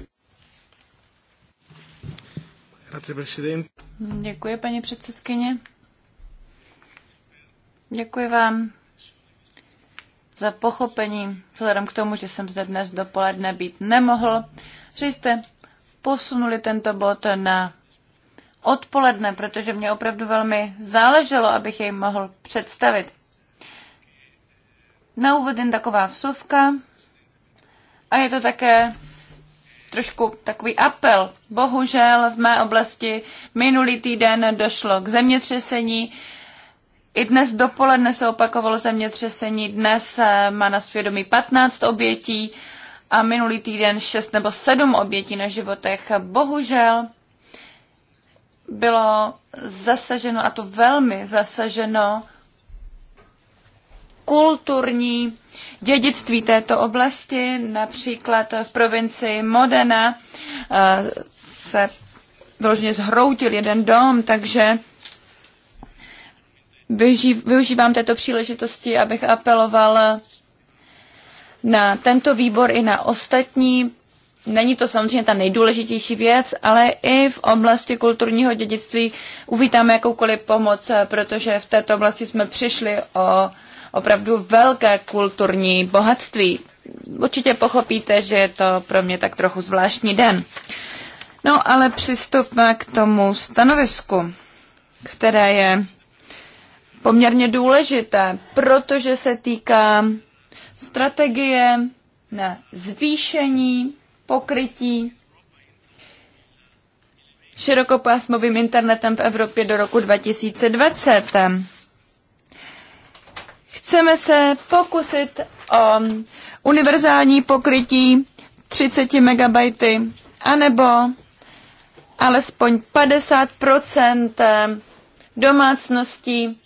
Děkuji, paní předsedkyně. Děkuji vám za pochopení, vzhledem k tomu, že jsem zde dnes dopoledne být nemohl, že jste posunuli tento bod na odpoledne, protože mě opravdu velmi záleželo, abych jej mohl představit. Na úvod jen taková vsuvka a je to také trošku takový apel. Bohužel v mé oblasti minulý týden došlo k zemětřesení. I dnes dopoledne se opakovalo zemětřesení. Dnes eh, má na svědomí 15 obětí a minulý týden šest nebo sedm obětí na životech. Bohužel bylo zasaženo, a to velmi zasaženo, kulturní dědictví této oblasti. Například v provincii Modena eh, se vyloženě zhroutil jeden dom, takže využívám této příležitosti, abych apeloval na tento výbor i na ostatní. Není to samozřejmě ta nejdůležitější věc, ale i v oblasti kulturního dědictví uvítáme jakoukoliv pomoc, protože v této oblasti jsme přišli o opravdu velké kulturní bohatství. Určitě pochopíte, že je to pro mě tak trochu zvláštní den. No ale přistupme k tomu stanovisku, které je poměrně důležité, protože se týká strategie na zvýšení pokrytí širokopásmovým internetem v Evropě do roku 2020. Chceme se pokusit o univerzální pokrytí 30 MB, anebo alespoň 50 domácností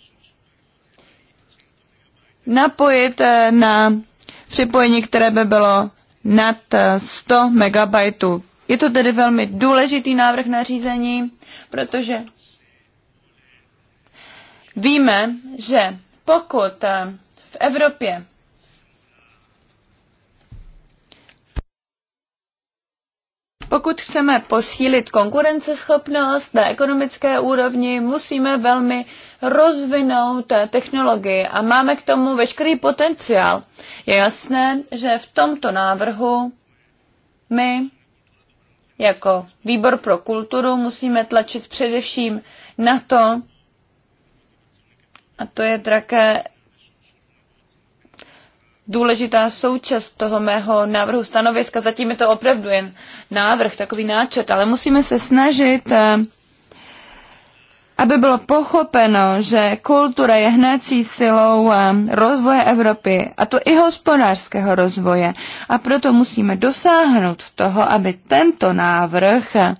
napojit eh, na připojení, které by bylo nad 100 eh, MB. Je to tedy velmi důležitý návrh na řízení, protože víme, že pokud eh, v Evropě Pokud chceme posílit konkurenceschopnost na ekonomické úrovni, musíme velmi rozvinout technologii a máme k tomu veškerý potenciál. Je jasné, že v tomto návrhu my jako výbor pro kulturu musíme tlačit především na to, a to je také důležitá součást toho mého návrhu stanoviska. Zatím je to opravdu jen návrh, takový náčet, ale musíme se snažit, eh, aby bylo pochopeno, že kultura je hnací silou eh, rozvoje Evropy, a to i hospodářského rozvoje. A proto musíme dosáhnout toho, aby tento návrh eh,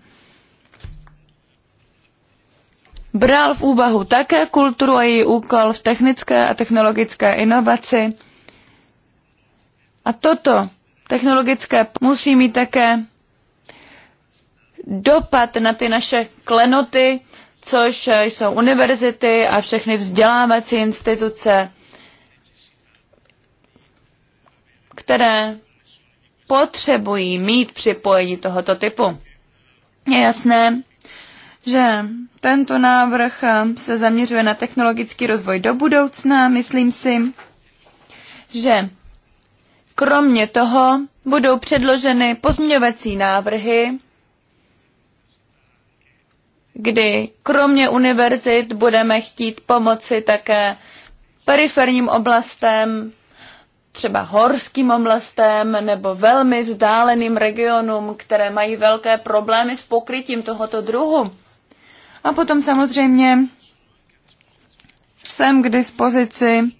bral v úvahu také kulturu a její úkol v technické a technologické inovaci a toto technologické musí mít také dopad na ty naše klenoty, což jsou univerzity a všechny vzdělávací instituce, které potřebují mít připojení tohoto typu. Je jasné, že tento návrh se zaměřuje na technologický rozvoj do budoucna. Myslím si, že Kromě toho budou předloženy pozměňovací návrhy, kdy kromě univerzit budeme chtít pomoci také periferním oblastem, třeba horským oblastem nebo velmi vzdáleným regionům, které mají velké problémy s pokrytím tohoto druhu. A potom samozřejmě jsem k dispozici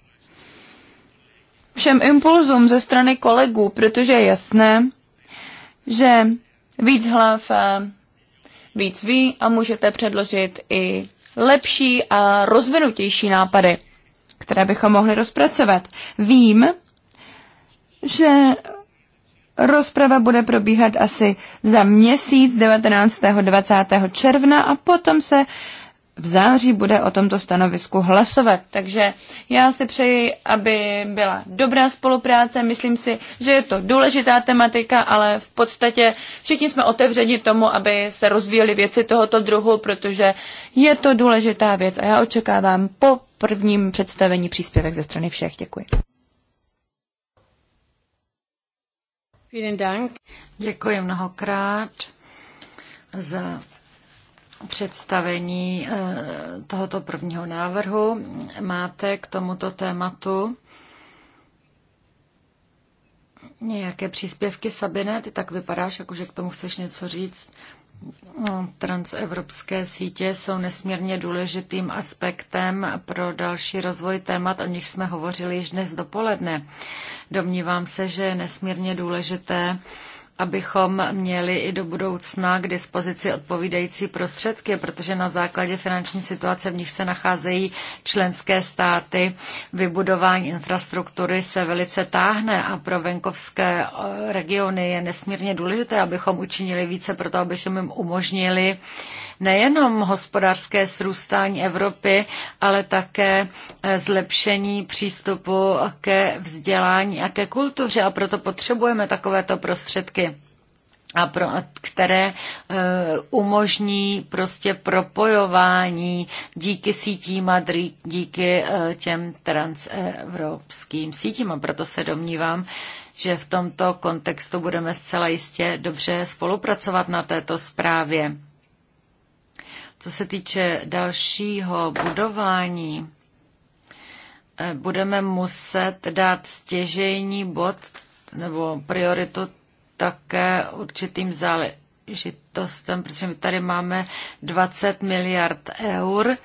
všem impulzům ze strany kolegů, protože je jasné, že víc hlav eh, víc ví a můžete předložit i lepší a rozvinutější nápady, které bychom mohli rozpracovat. Vím, že rozprava bude probíhat asi za měsíc 19. 20. června a potom se v září bude o tomto stanovisku hlasovat. Takže já si přeji, aby byla dobrá spolupráce. Myslím si, že je to důležitá tematika, ale v podstatě všichni jsme otevřeni tomu, aby se rozvíjely věci tohoto druhu, protože je to důležitá věc a já očekávám po prvním představení příspěvek ze strany všech. Děkuji. Vielen Dank. Děkuji mnohokrát za představení eh, tohoto prvního návrhu. Máte k tomuto tématu nějaké příspěvky, Sabine? Ty tak vypadáš, jako že k tomu chceš něco říct. No, transevropské sítě jsou nesmírně důležitým aspektem pro další rozvoj témat, o nich jsme hovořili již dnes dopoledne. Domnívám se, že je nesmírně důležité abychom měli i do budoucna k dispozici odpovídající prostředky, protože na základě finanční situace, v níž se nacházejí členské státy, vybudování infrastruktury se velice táhne a pro venkovské eh, regiony je nesmírně důležité, abychom učinili více pro to, abychom jim umožnili nejenom hospodářské srůstání Evropy, ale také eh, zlepšení přístupu ke vzdělání a ke kultuře a proto potřebujeme takovéto prostředky a pro, které eh, umožní prostě propojování díky sítím a díky eh, těm transevropským sítím. A proto se domnívám, že v tomto kontextu budeme zcela jistě dobře spolupracovat na této zprávě. Co se týče dalšího budování, eh, budeme muset dát stěžejní bod nebo prioritu také určitým záležitostem, protože my tady máme 20 miliard eur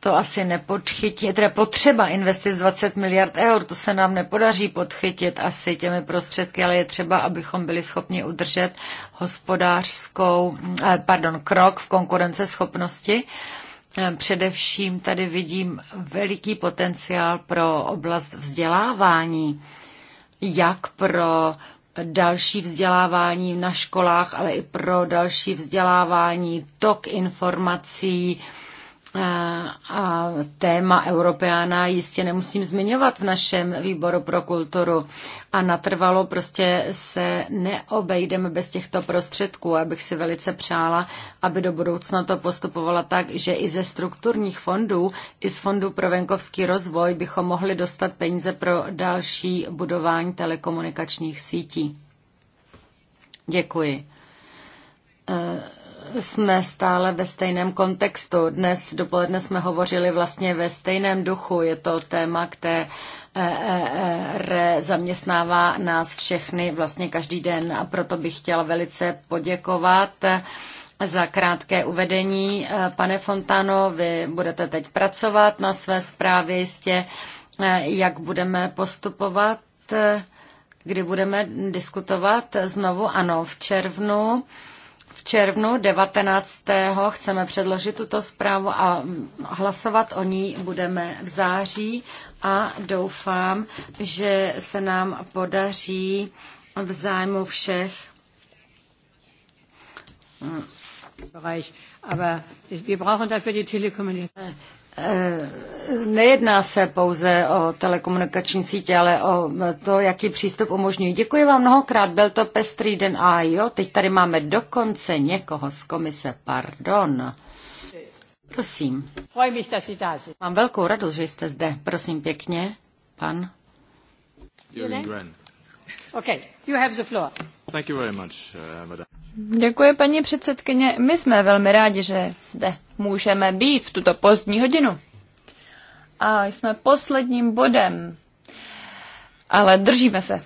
to asi nepodchytí, teda potřeba investic 20 miliard eur, to se nám nepodaří podchytit asi těmi prostředky, ale je třeba, abychom byli schopni udržet hospodářskou, eh, pardon, krok v konkurenceschopnosti. Eh, především tady vidím veliký potenciál pro oblast vzdělávání, jak pro další vzdělávání na školách, ale i pro další vzdělávání, tok informací, a téma Europeana jistě nemusím zmiňovat v našem výboru pro kulturu. A natrvalo prostě se neobejdeme bez těchto prostředků. Abych si velice přála, aby do budoucna to postupovala tak, že i ze strukturních fondů, i z Fondu pro venkovský rozvoj bychom mohli dostat peníze pro další budování telekomunikačních sítí. Děkuji. E jsme stále ve stejném kontextu. Dnes dopoledne jsme hovořili vlastně ve stejném duchu. Je to téma, které eh, eh, zaměstnává nás všechny vlastně každý den a proto bych chtěla velice poděkovat za krátké uvedení. Eh, pane Fontano, vy budete teď pracovat na své zprávě jistě, jak budeme postupovat, kdy budeme diskutovat znovu, ano, v červnu červnu 19. chceme předložit tuto zprávu a hlasovat o ní budeme v září a doufám, že se nám podaří v zájmu všech Eh, nejedná se pouze o telekomunikační sítě, ale o to, jaký přístup umožňují. Děkuji vám mnohokrát, byl to pestrý den a jo, teď tady máme dokonce někoho z komise, pardon. Prosím. Mám velkou radost, že jste zde. Prosím pěkně, pan. Okay, you have the floor. Thank you very much, uh, madam. Děkuji, paní předsedkyně. My jsme velmi rádi, že zde můžeme být v tuto pozdní hodinu. A jsme posledním bodem. Ale držíme se.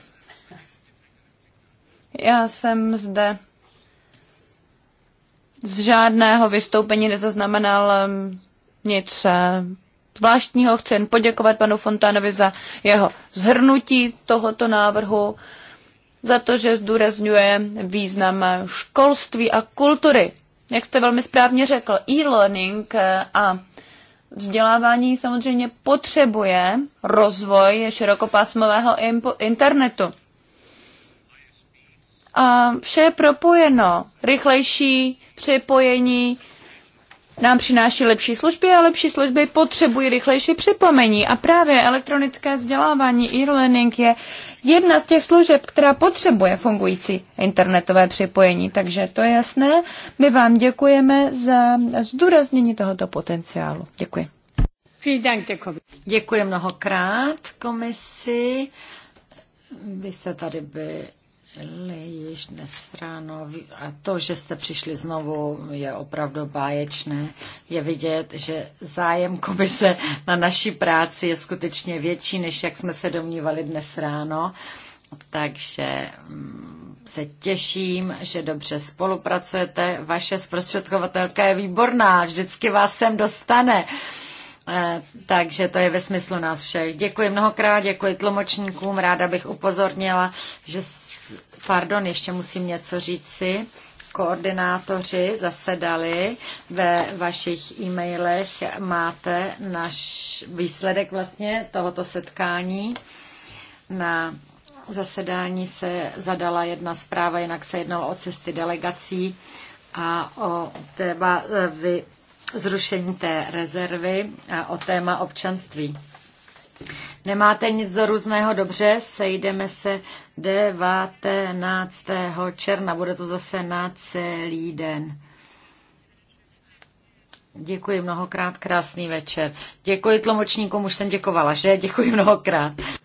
Já jsem zde z žádného vystoupení nezaznamenal um, nic eh, zvláštního. Chci jen poděkovat panu Fontánovi za jeho zhrnutí tohoto návrhu za to, že zdůrazňuje význam školství a kultury. Jak jste velmi správně řekl, e-learning a vzdělávání samozřejmě potřebuje rozvoj širokopásmového internetu. A vše je propojeno. Rychlejší připojení nám přináší lepší služby a lepší služby potřebují rychlejší připomení. A právě elektronické vzdělávání e-learning je jedna z těch služeb, která potřebuje fungující internetové připojení. Takže to je jasné. My vám děkujeme za zdůraznění tohoto potenciálu. Děkuji. Děkuji mnohokrát komisi. Vy jste tady byli již dnes ráno a to, že jste přišli znovu, je opravdu báječné. Je vidět, že zájem komise na naší práci je skutečně větší, než jak jsme se domnívali dnes ráno. Takže mm, se těším, že dobře spolupracujete. Vaše zprostředkovatelka je výborná, vždycky vás sem dostane. Eh, takže to je ve smyslu nás všech. Děkuji mnohokrát, děkuji tlumočníkům. Ráda bych upozornila, že Pardon, ještě musím něco říci. Koordinátoři zasedali, ve vašich e-mailech máte náš výsledek vlastně tohoto setkání. Na zasedání se zadala jedna zpráva, jinak se jednalo o cesty delegací a o téma e, zrušení té rezervy a o téma občanství. Nemáte nic do různého? Dobře, sejdeme se 19. června. Bude to zase na celý den. Děkuji mnohokrát, krásný večer. Děkuji tlumočníkům, už jsem děkovala, že? Děkuji mnohokrát.